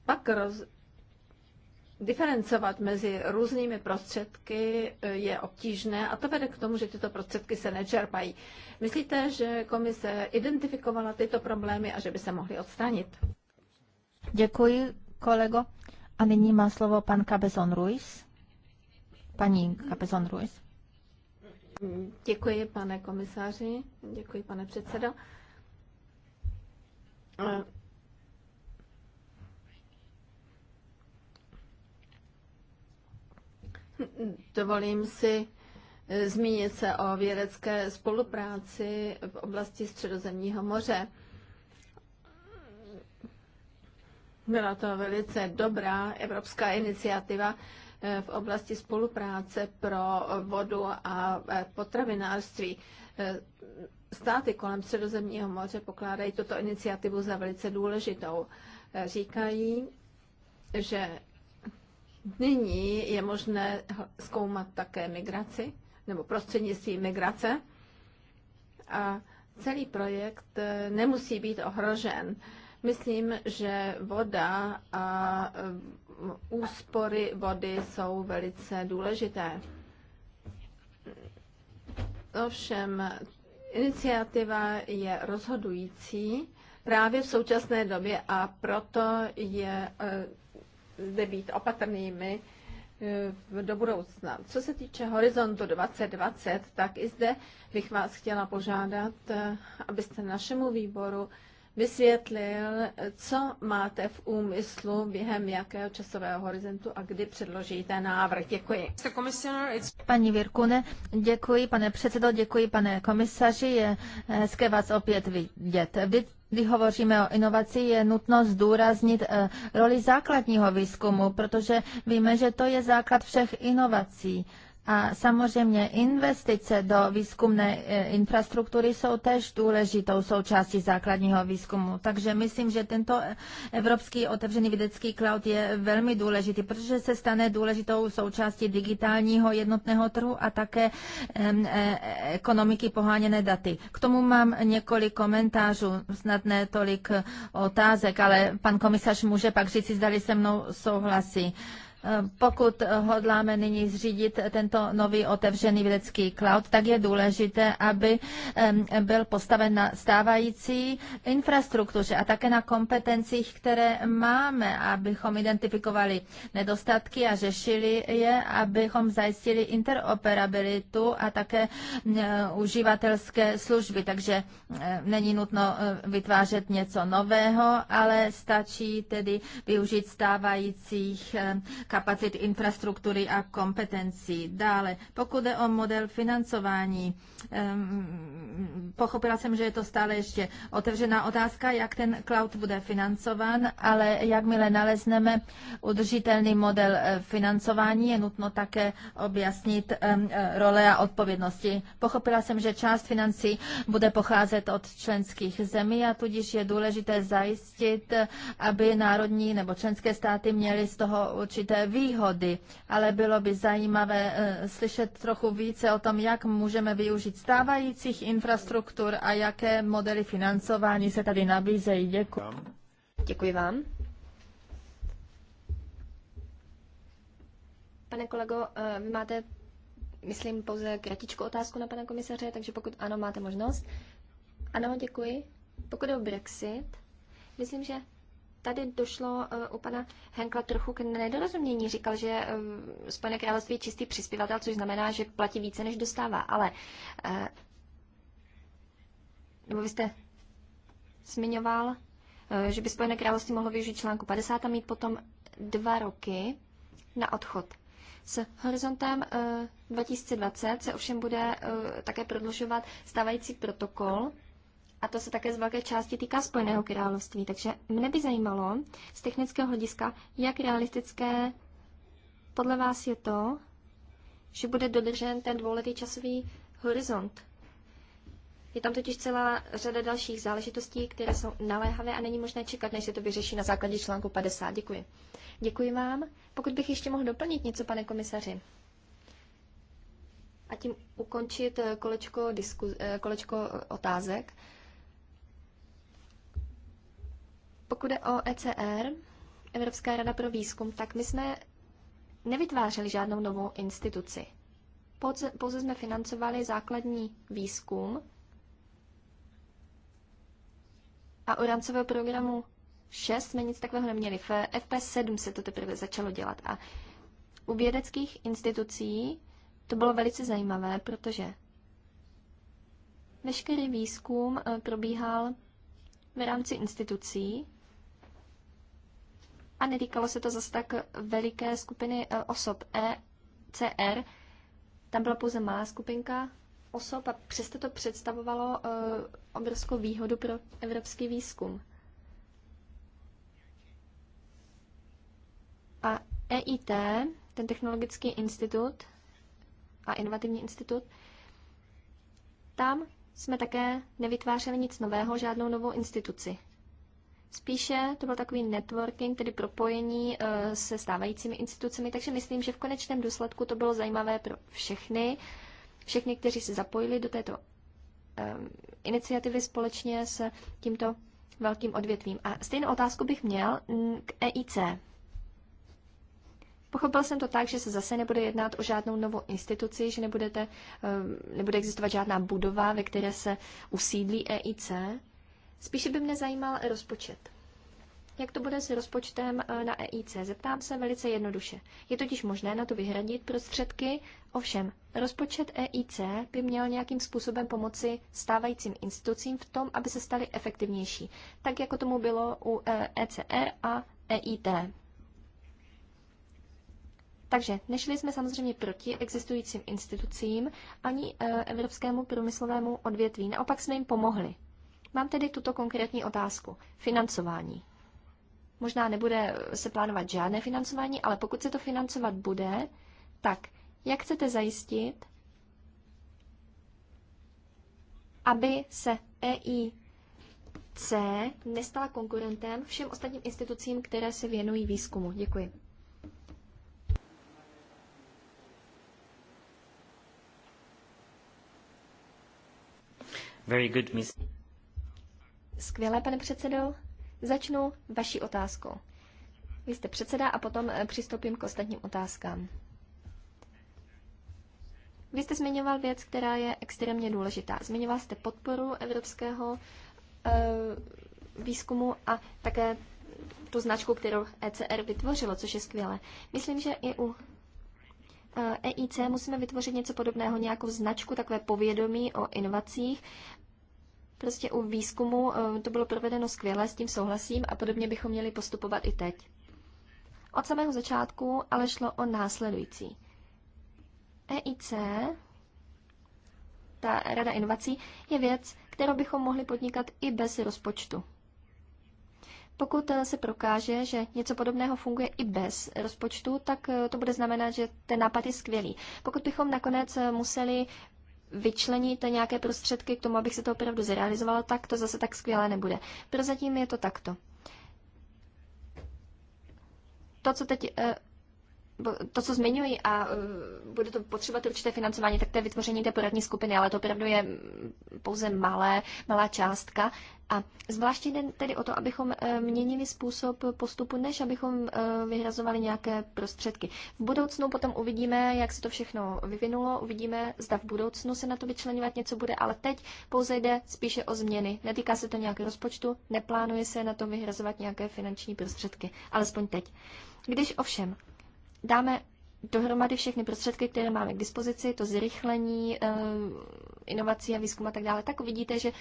pak roz, diferencovat mezi různými prostředky je obtížné a to vede k tomu, že tyto prostředky se nečerpají. Myslíte, že komise identifikovala tyto problémy a že by se mohly odstranit? Děkuji, kolego. A nyní má slovo pan Cabezon Ruiz. Paní Cabezon Ruiz. Děkuji, pane komisáři. Děkuji, pane předsedo. Dovolím si zmínit se o vědecké spolupráci v oblasti Středozemního moře. Byla to velice dobrá evropská iniciativa eh, v oblasti spolupráce pro vodu a eh, potravinářství. Eh, státy kolem Středozemního moře pokládají tuto iniciativu za velice důležitou. Říkají, že nyní je možné zkoumat také migraci nebo prostřednictví migrace a celý projekt nemusí být ohrožen Myslím, že voda a um, úspory vody jsou velice důležité. Ovšem, iniciativa je rozhodující právě v současné době a proto je uh, zde být opatrnými uh, do budoucna. Co se týče horizontu 2020, tak i zde bych vás chtěla požádat, uh, abyste našemu výboru vysvětlil, co máte v úmyslu, během jakého časového horizontu a kdy předložíte návrh. Děkuji. Paní Virkune, děkuji, pane předsedo, děkuji, pane komisaři, je eh, hezké vás opět vidět. Vy když hovoříme o inovaci, je nutno zdůraznit eh, roli základního výzkumu, protože víme, že to je základ všech inovací. A samozřejmě investice do výzkumné e, infrastruktury jsou tež důležitou součástí základního výzkumu. Takže myslím, že tento evropský otevřený vědecký cloud je velmi důležitý, protože se stane důležitou součástí digitálního jednotného trhu a také e, ekonomiky poháněné daty. K tomu mám několik komentářů, snad ne tolik otázek, ale pan komisař může pak říct, zdali se mnou souhlasí. Pokud hodláme nyní zřídit tento nový otevřený vědecký cloud, tak je důležité, aby byl postaven na stávající infrastruktuře a také na kompetencích, které máme, abychom identifikovali nedostatky a řešili je, abychom zajistili interoperabilitu a také uživatelské služby. Takže není nutno vytvářet něco nového, ale stačí tedy využít stávajících kapacit infrastruktury a kompetencí. Dále, pokud je o model financování, pochopila jsem, že je to stále ještě otevřená otázka, jak ten cloud bude financován, ale jakmile nalezneme udržitelný model eh, financování, je nutno také objasnit eh, role a odpovědnosti. Pochopila jsem, že část financí bude pocházet od členských zemí a tudíž je důležité zajistit, aby národní nebo členské státy měly z toho určité výhody, ale bylo by zajímavé eh, slyšet trochu více o tom, jak můžeme využít stávajících infrastruktur a jaké modely financování se tady nabízejí. Děkuji. Děkuji vám. Pane kolego, eh, vy máte, myslím, pouze kratičku otázku na pana komisaře, takže pokud ano, máte možnost. Ano, děkuji. Pokud je o Brexit, myslím, že tady došlo eh, u pana Henkla trochu k nedorozumění. Říkal, že eh, Spojené království je čistý přispěvatel, což znamená, že platí více, než dostává. Ale eh, nebo vy jste zmiňoval, že by Spojené království mohlo využít článku 50 a mít potom dva roky na odchod. S horizontem 2020 se ovšem bude také prodlužovat stávající protokol a to se také z velké části týká Spojeného království. Takže mne by zajímalo z technického hlediska, jak realistické podle vás je to, že bude dodržen ten dvouletý časový horizont. Je tam totiž celá řada dalších záležitostí, které jsou naléhavé a není možné čekat, než se to vyřeší na základě článku 50. Děkuji. Děkuji vám. Pokud bych ještě mohl doplnit něco, pane komisaři, a tím ukončit eh, kolečko, diskuz, eh, kolečko otázek. Pokud je o ECR, Evropská rada pro výzkum, tak my jsme nevytvářeli žádnou novou instituci. Pouze, pouze jsme financovali základní výzkum a u rámcového programu 6 jsme nic takového neměli. V FP7 se to teprve začalo dělat. A u vědeckých institucí to bylo velice zajímavé, protože veškerý výzkum eh, probíhal v rámci institucí a netýkalo se to zase tak veliké skupiny e, osob ECR. Tam byla pouze malá skupinka osob a přesto to představovalo e, obrovskou výhodu pro evropský výzkum. A EIT, ten technologický institut a inovativní institut, tam jsme také nevytvářeli nic nového, žádnou novou instituci. Spíše to byl takový networking, tedy propojení eh, se stávajícími institucemi, takže myslím, že v konečném důsledku to bylo zajímavé pro všechny, všechny, kteří se zapojili do této ehm, iniciativy společně s tímto velkým odvětvím. A stejnou otázku bych měl mm, k EIC. Pochopil jsem to tak, že se zase nebude jednat o žádnou novou instituci, že nebudete, ehm, nebude existovat žádná budova, ve které se usídlí EIC, Spíše by mě zajímal rozpočet. Jak to bude s rozpočtem eh, na EIC? Zeptám se velice jednoduše. Je totiž možné na to vyhradit prostředky, ovšem rozpočet EIC by měl nějakým způsobem pomoci stávajícím institucím v tom, aby se staly efektivnější, tak jako tomu bylo u ECE eh, e a EIT. Takže nešli jsme samozřejmě proti existujícím institucím ani eh, evropskému průmyslovému odvětví, naopak jsme jim pomohli. Mám tedy tuto konkrétní otázku. Financování. Možná nebude se plánovat žádné financování, ale pokud se to financovat bude, tak jak chcete zajistit, aby se EIC nestala konkurentem všem ostatním institucím, které se věnují výzkumu? Děkuji. Very good, miss. Skvělé, pane předsedo. Začnu vaší otázkou. Vy jste předseda a potom eh, přistoupím k ostatním otázkám. Vy jste zmiňoval věc, která je extrémně důležitá. Zmiňoval jste podporu evropského e, výzkumu a také tu značku, kterou ECR vytvořilo, což je skvělé. Myslím, že i u EIC eh, e musíme vytvořit něco podobného, nějakou značku, takové povědomí o inovacích, Prostě u výzkumu eh, to bylo provedeno skvěle, s tím souhlasím a podobně bychom měli postupovat i teď. Od samého začátku ale šlo o následující. EIC, ta Rada inovací, je věc, kterou bychom mohli podnikat i bez rozpočtu. Pokud eh, se prokáže, že něco podobného funguje i bez rozpočtu, tak eh, to bude znamenat, že ten nápad je skvělý. Pokud bychom nakonec museli vyčleníte nějaké prostředky k tomu, abych se to opravdu zrealizovalo, tak to zase tak skvělé nebude. Prozatím je to takto. To, co teď eh, to, co zmiňuji a e, bude to potřebovat určité financování, tak to je vytvoření té poradní skupiny, ale to opravdu je pouze malé, malá částka. A zvláště jde tedy o to, abychom e, měnili způsob postupu, než abychom e, vyhrazovali nějaké prostředky. V budoucnu potom uvidíme, jak se to všechno vyvinulo, uvidíme, zda v budoucnu se na to vyčlenovat něco bude, ale teď pouze jde spíše o změny. Netýká se to nějak rozpočtu, neplánuje se na to vyhrazovat nějaké finanční prostředky, alespoň teď. Když ovšem dáme dohromady všechny prostředky, které máme k dispozici, to zrychlení eh, inovací a výzkum a tak dále, tak vidíte, že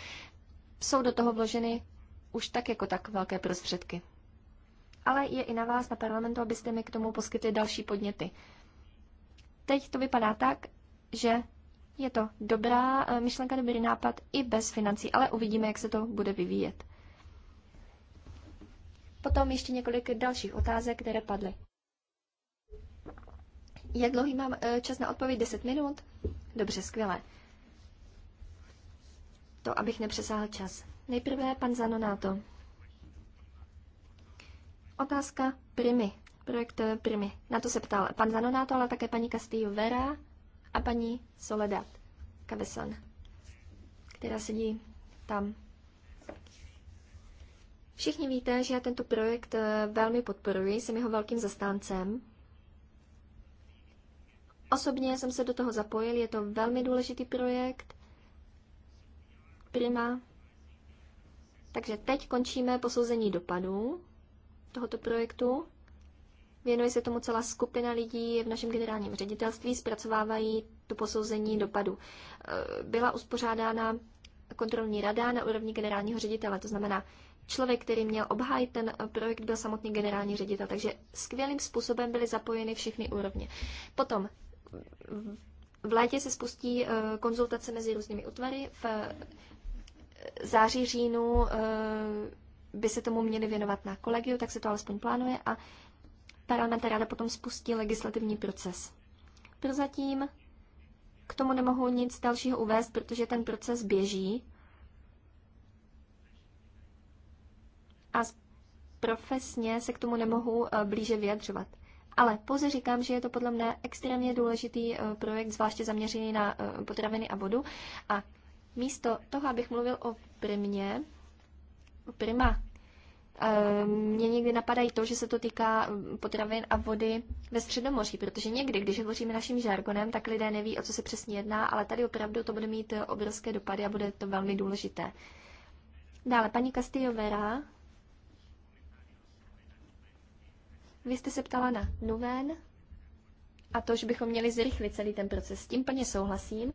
jsou do toho vloženy už tak jako tak velké prostředky. Ale je i na vás, na parlamentu, abyste mi k tomu poskytli další podněty. Teď to vypadá tak, že je to dobrá eh, myšlenka, dobrý nápad i bez financí, ale uvidíme, jak se to bude vyvíjet. Potom ještě několik dalších otázek, které padly. Jak dlouhý mám eh, čas na odpověď? 10 minut? Dobře, skvěle. To, abych nepřesáhl čas. Nejprve pan Zanonáto. Otázka Primy. Projekt eh, Primy. Na to se ptal pan Zanonáto, ale také paní Castillo Vera a paní Soledad Cabeson, která sedí tam. Všichni víte, že já tento projekt eh, velmi podporuji, jsem jeho velkým zastáncem. Osobně jsem se do toho zapojil, je to velmi důležitý projekt. Prima. Takže teď končíme posouzení dopadů tohoto projektu. Věnuje se tomu celá skupina lidí v našem generálním ředitelství, zpracovávají to posouzení dopadu. E, byla uspořádána kontrolní rada na úrovni generálního ředitele, to znamená, člověk, který měl obhájit ten projekt, byl samotný generální ředitel, takže skvělým způsobem byly zapojeny všechny úrovně. Potom v létě se spustí eh, konzultace mezi různými útvary, v eh, září, říjnu eh, by se tomu měli věnovat na kolegiu, tak se to alespoň plánuje a parlament ráda potom spustí legislativní proces. Prozatím k tomu nemohu nic dalšího uvést, protože ten proces běží a profesně se k tomu nemohu blíže vyjadřovat. Ale pouze říkám, že je to podle mne extrémně důležitý eh, projekt, zvláště zaměřený na eh, potraviny a vodu. A místo toho, abych mluvil o primě, o prima, eh, mě někdy napadají to, že se to týká potravin a vody ve Středomoří, protože někdy, když hovoříme naším žargonem, tak lidé neví, o co se přesně jedná, ale tady opravdu to bude mít obrovské dopady a bude to velmi důležité. Dále paní Castillovera Vy jste se ptala na Nuven a to, že bychom měli zrychlit celý ten proces. S tím plně souhlasím.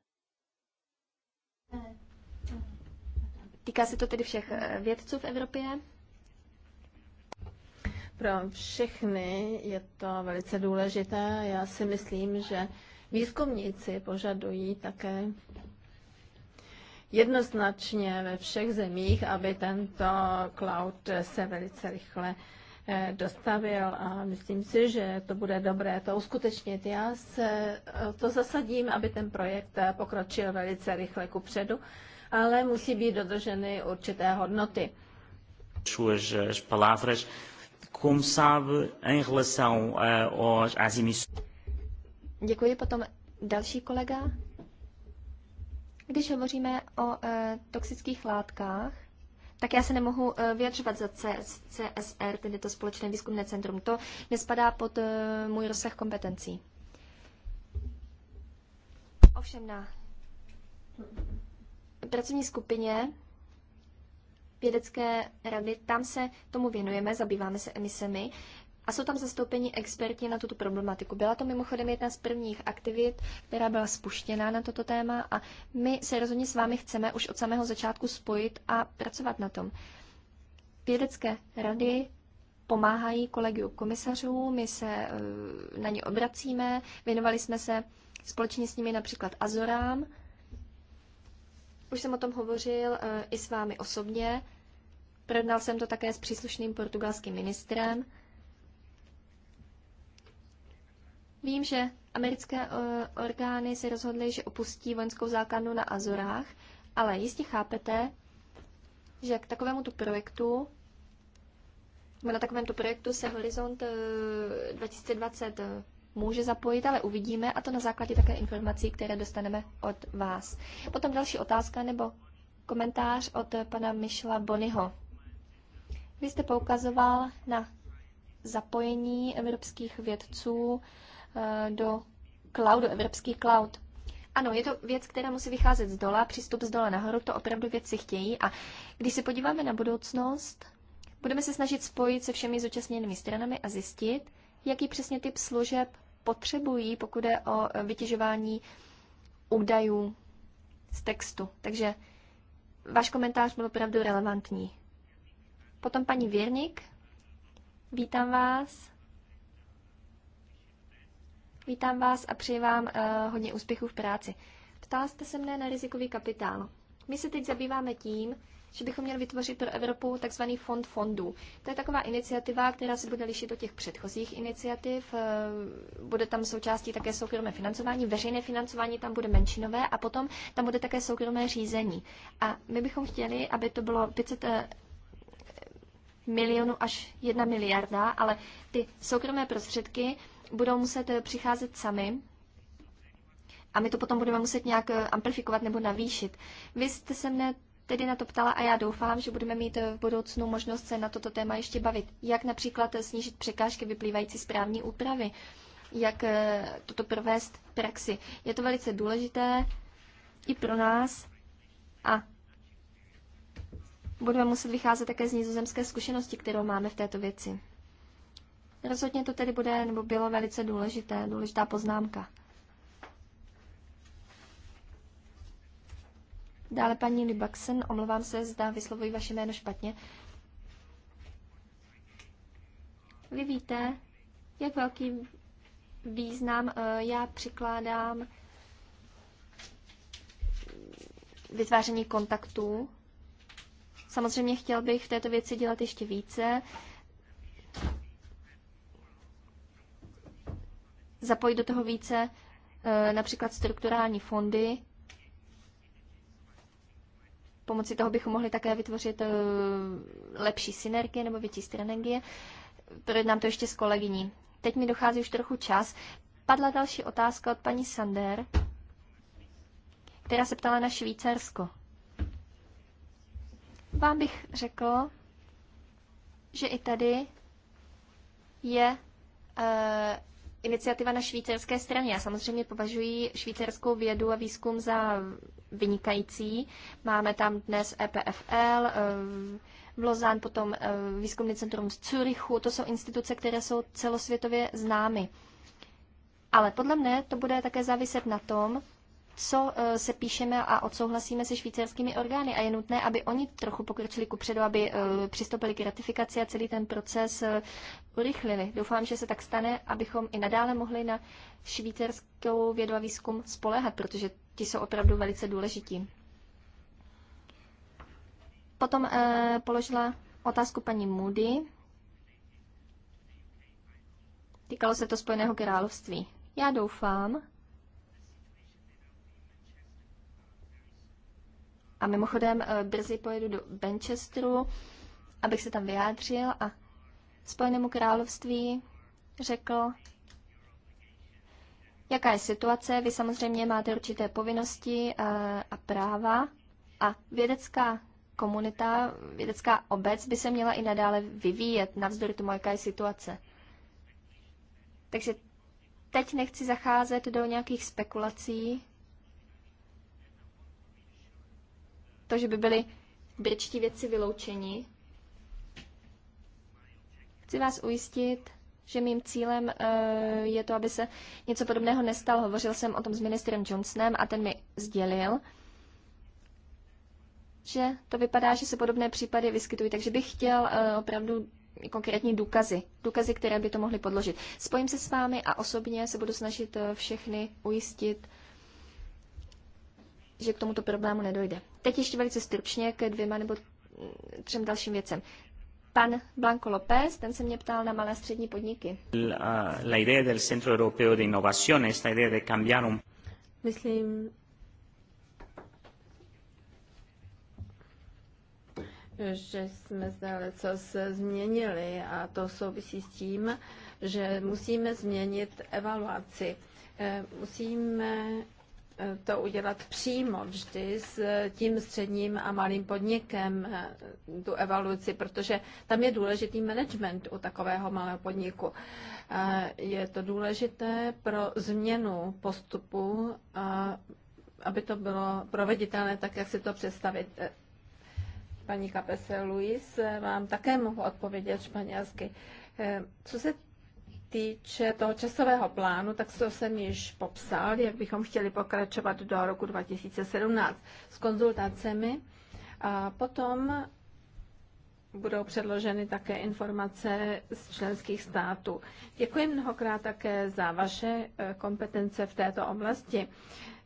Týká se to tedy všech eh, vědců v Evropě? Pro všechny je to velice důležité. Já si myslím, že výzkumníci požadují také jednoznačně ve všech zemích, aby tento cloud se velice rychle Eh, dostavil a myslím si, že to bude dobré to uskutečnit. Já se eh, to zasadím, aby ten projekt eh, pokročil velice rychle ku předu, ale musí být dodrženy určité hodnoty. Suas as palavras, como sabe, em relação aos, às emissões. Děkuji, potom další kolega. Když hovoříme o e, toxických látkách, tak já se nemohu eh, vyjadřovat za CSR, tedy to společné výzkumné centrum. To nespadá pod eh, můj rozsah kompetencí. Ovšem na pracovní skupině vědecké rady, tam se tomu věnujeme, zabýváme se emisemi a jsou tam zastoupení experti na tuto problematiku. Byla to mimochodem jedna z prvních aktivit, která byla spuštěná na toto téma a my se rozhodně s vámi chceme už od samého začátku spojit a pracovat na tom. Vědecké rady pomáhají kolegiu komisařů, my se e, na ně obracíme, věnovali jsme se společně s nimi například Azorám. Už jsem o tom hovořil e, i s vámi osobně. Projednal jsem to také s příslušným portugalským ministrem. Vím, že americké eh, orgány se rozhodly, že opustí vojenskou základnu na Azorách, ale jistě chápete, že k takovému tu projektu na takovémto projektu se Horizont 2020 eh, eh, může zapojit, ale uvidíme a to na základě také informací, které dostaneme od vás. Potom další otázka nebo komentář od pana Myšla Bonyho. Vy jste poukazoval na zapojení evropských vědců Eh, do cloudu, evropský cloud. Ano, je to věc, která musí vycházet z dola, přístup z dola nahoru, to opravdu věci chtějí. A když se podíváme na budoucnost, budeme se snažit spojit se všemi zúčastněnými stranami a zjistit, jaký přesně typ služeb potřebují, pokud je o eh, vytěžování údajů z textu. Takže váš komentář byl opravdu relevantní. Potom paní Věrnik, vítám vás. Vítám vás a přeji vám uh, hodně úspěchů v práci. Ptala jste se mne na rizikový kapitál. My se teď zabýváme tím, že bychom měli vytvořit pro Evropu tzv. fond fondů. To je taková iniciativa, která se bude lišit od těch předchozích iniciativ. Eh, bude tam součástí také soukromé financování, veřejné financování tam bude menšinové a potom tam bude také soukromé řízení. A my bychom chtěli, aby to bylo 500 eh, milionů až 1 miliarda, ale ty soukromé prostředky budou muset eh, přicházet sami a my to potom budeme muset nějak eh, amplifikovat nebo navýšit. Vy jste se mne tedy na to ptala a já doufám, že budeme mít eh, v budoucnu možnost se na toto téma ještě bavit. Jak například snížit překážky vyplývající z právní úpravy, jak toto provést v praxi. Je to velice důležité i pro nás a budeme muset vycházet také z nizozemské zkušenosti, kterou máme v této věci. Rozhodně to tedy bude, nebo bylo velice důležité, důležitá poznámka. Dále paní Libaksen, omlouvám se, zda vyslovuji vaše jméno špatně. Vy víte, jak velký význam eh, já přikládám vytváření kontaktů. Samozřejmě chtěl bych v této věci dělat ještě více. zapojit do toho více eh, například strukturální fondy. Pomocí toho bychom mohli také vytvořit eh, lepší synergie nebo větší strategie. Projednám to ještě s kolegyní. Teď mi dochází už trochu čas. Padla další otázka od paní Sander, která se ptala na Švýcarsko. Vám bych řekl, že i tady je eh, iniciativa na švýcarské straně. Já samozřejmě považuji švýcarskou vědu a výzkum za vynikající. Máme tam dnes EPFL, eh, v Lozán, potom eh, výzkumný centrum v Zürichu. To jsou instituce, které jsou celosvětově známy. Ale podle mne to bude také záviset na tom, co eh, se píšeme a odsouhlasíme se švýcarskými orgány a je nutné, aby oni trochu pokročili kupředu, aby eh, přistoupili k ratifikaci a celý ten proces eh, urychlili. Doufám, že se tak stane, abychom i nadále mohli na švýcarskou vědu a výzkum spolehat, protože ti jsou opravdu velice důležití. Potom eh, položila otázku paní Moody. Týkalo se to Spojeného království. Já doufám, A mimochodem eh, brzy pojedu do Manchesteru, abych se tam vyjádřil a Spojenému království řekl, jaká je situace. Vy samozřejmě máte určité povinnosti eh, a práva a vědecká komunita, vědecká obec by se měla i nadále vyvíjet, navzdory tomu, jaká je situace. Takže teď nechci zacházet do nějakých spekulací, to, že by byli britští věci vyloučeni. Chci vás ujistit, že mým cílem eh, je to, aby se něco podobného nestalo. Hovořil jsem o tom s ministrem Johnsonem a ten mi sdělil, že to vypadá, že se podobné případy vyskytují, takže bych chtěl eh, opravdu konkrétní důkazy, důkazy, které by to mohly podložit. Spojím se s vámi a osobně se budu snažit eh, všechny ujistit, že k tomuto problému nedojde. Teď ještě velice stručně ke dvěma nebo třem dalším věcem. Pan Blanco López, ten se mě ptal na malé střední podniky. La, idea del Centro Europeo de Innovación, esta idea de cambiar un... Myslím, že jsme zde co se změnili a to souvisí s tím, že musíme změnit evaluaci. Eh, musíme to udělat přímo vždy s tím středním a malým podnikem, eh, tu evaluaci, protože tam je důležitý management u takového malého podniku. Eh, je to důležité pro změnu postupu, eh, aby to bylo proveditelné tak, jak si to představit. Paní Kapese Luis, vám také mohu odpovědět španělsky. Co se týče toho časového plánu, tak to jsem již popsal, jak bychom chtěli pokračovat do roku 2017 s konzultacemi. A potom budou předloženy také informace z členských států. Děkuji mnohokrát také za vaše e, kompetence v této oblasti.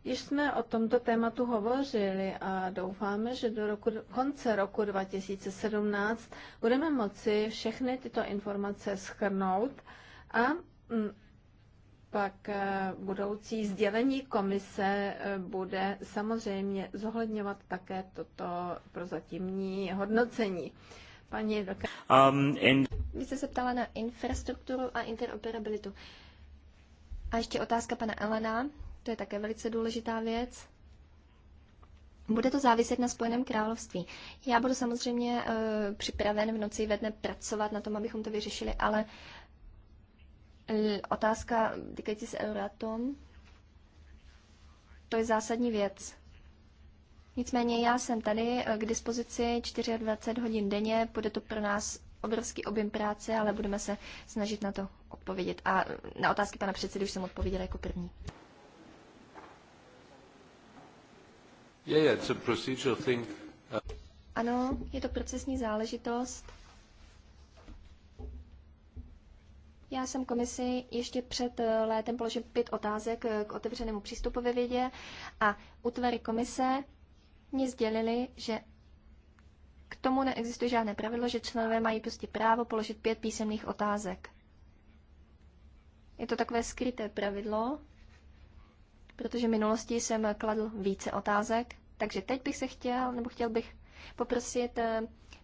Již jsme o tomto tématu hovořili a doufáme, že do roku, konce roku 2017 budeme moci všechny tyto informace schrnout a mm, pak eh, budoucí sdělení komise eh, bude samozřejmě zohledňovat také toto prozatímní hodnocení. Paní Doka. Um, in... Vy jste se ptala na infrastrukturu a interoperabilitu. A ještě otázka pana Elena, to je také velice důležitá věc. Bude to záviset na Spojeném království. Já budu samozřejmě e, připraven v noci ve dne pracovat na tom, abychom to vyřešili, ale E, otázka týkající se Euratom, to je zásadní věc. Nicméně já jsem tady e, k dispozici 24 hodin denně, bude to pro nás obrovský objem práce, ale budeme se snažit na to odpovědět. A na otázky pana předsedy už jsem odpověděla jako první. Ano, je to procesní záležitost. Já jsem komisi ještě před eh, létem položil pět otázek eh, k otevřenému přístupu ve vědě a útvary komise mě sdělili, že k tomu neexistuje žádné pravidlo, že členové mají prostě právo položit pět písemných otázek. Je to takové skryté pravidlo, protože v minulosti jsem kladl více otázek, takže teď bych se chtěl, nebo chtěl bych poprosit eh,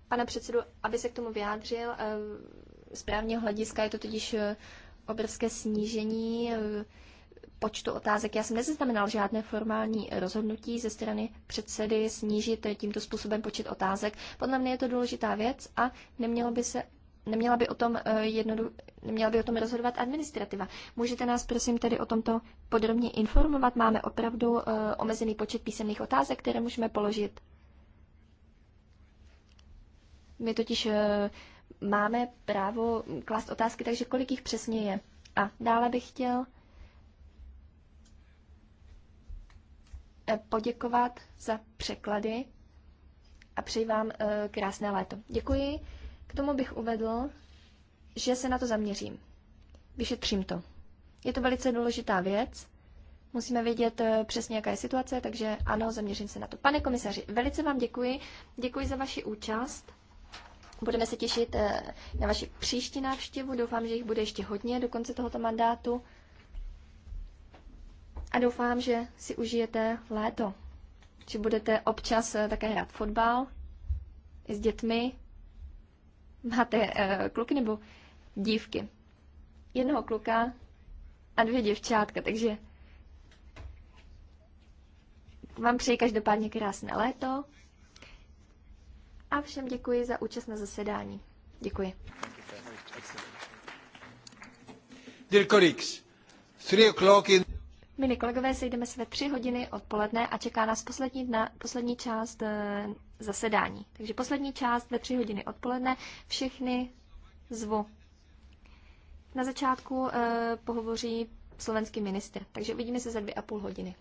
pana předsedu, aby se k tomu vyjádřil správního hlediska je to totiž eh, obrovské snížení eh, počtu otázek. Já jsem nezaznamenal žádné formální rozhodnutí ze strany předsedy snížit eh, tímto způsobem počet otázek. Podle mě je to důležitá věc a nemělo by se neměla by o tom jednodu, neměla by o tom rozhodovat administrativa. Můžete nás prosím tedy o tomto podrobně informovat? Máme opravdu uh, omezený počet písemných otázek, které můžeme položit. My totiž uh, máme právo klást otázky, takže kolik jich přesně je. A dále bych chtěl eh, poděkovat za překlady a přeji vám eh, krásné léto. Děkuji. K tomu bych uvedl, že se na to zaměřím. Vyšetřím to. Je to velice důležitá věc. Musíme vědět eh, přesně, jaká je situace, takže ano, zaměřím se na to. Pane komisaři, velice vám děkuji. Děkuji za vaši účast. Budeme se těšit eh, na vaši příští návštěvu. Doufám, že jich bude ještě hodně do konce tohoto mandátu. A doufám, že si užijete léto. Že budete občas eh, také hrát fotbal i s dětmi. Máte eh, kluky nebo dívky? Jednoho kluka a dvě děvčátka, takže vám přeji každopádně krásné léto a všem děkuji za účast na zasedání. Děkuji. Dear colleagues, three o'clock in... kolegové, sejdeme se ve tři hodiny odpoledne a čeká nás poslední, dna, poslední část e, zasedání. Takže poslední část ve tři hodiny odpoledne všechny zvu. Na začátku e, pohovoří slovenský minister, takže uvidíme se za dvě a půl hodiny.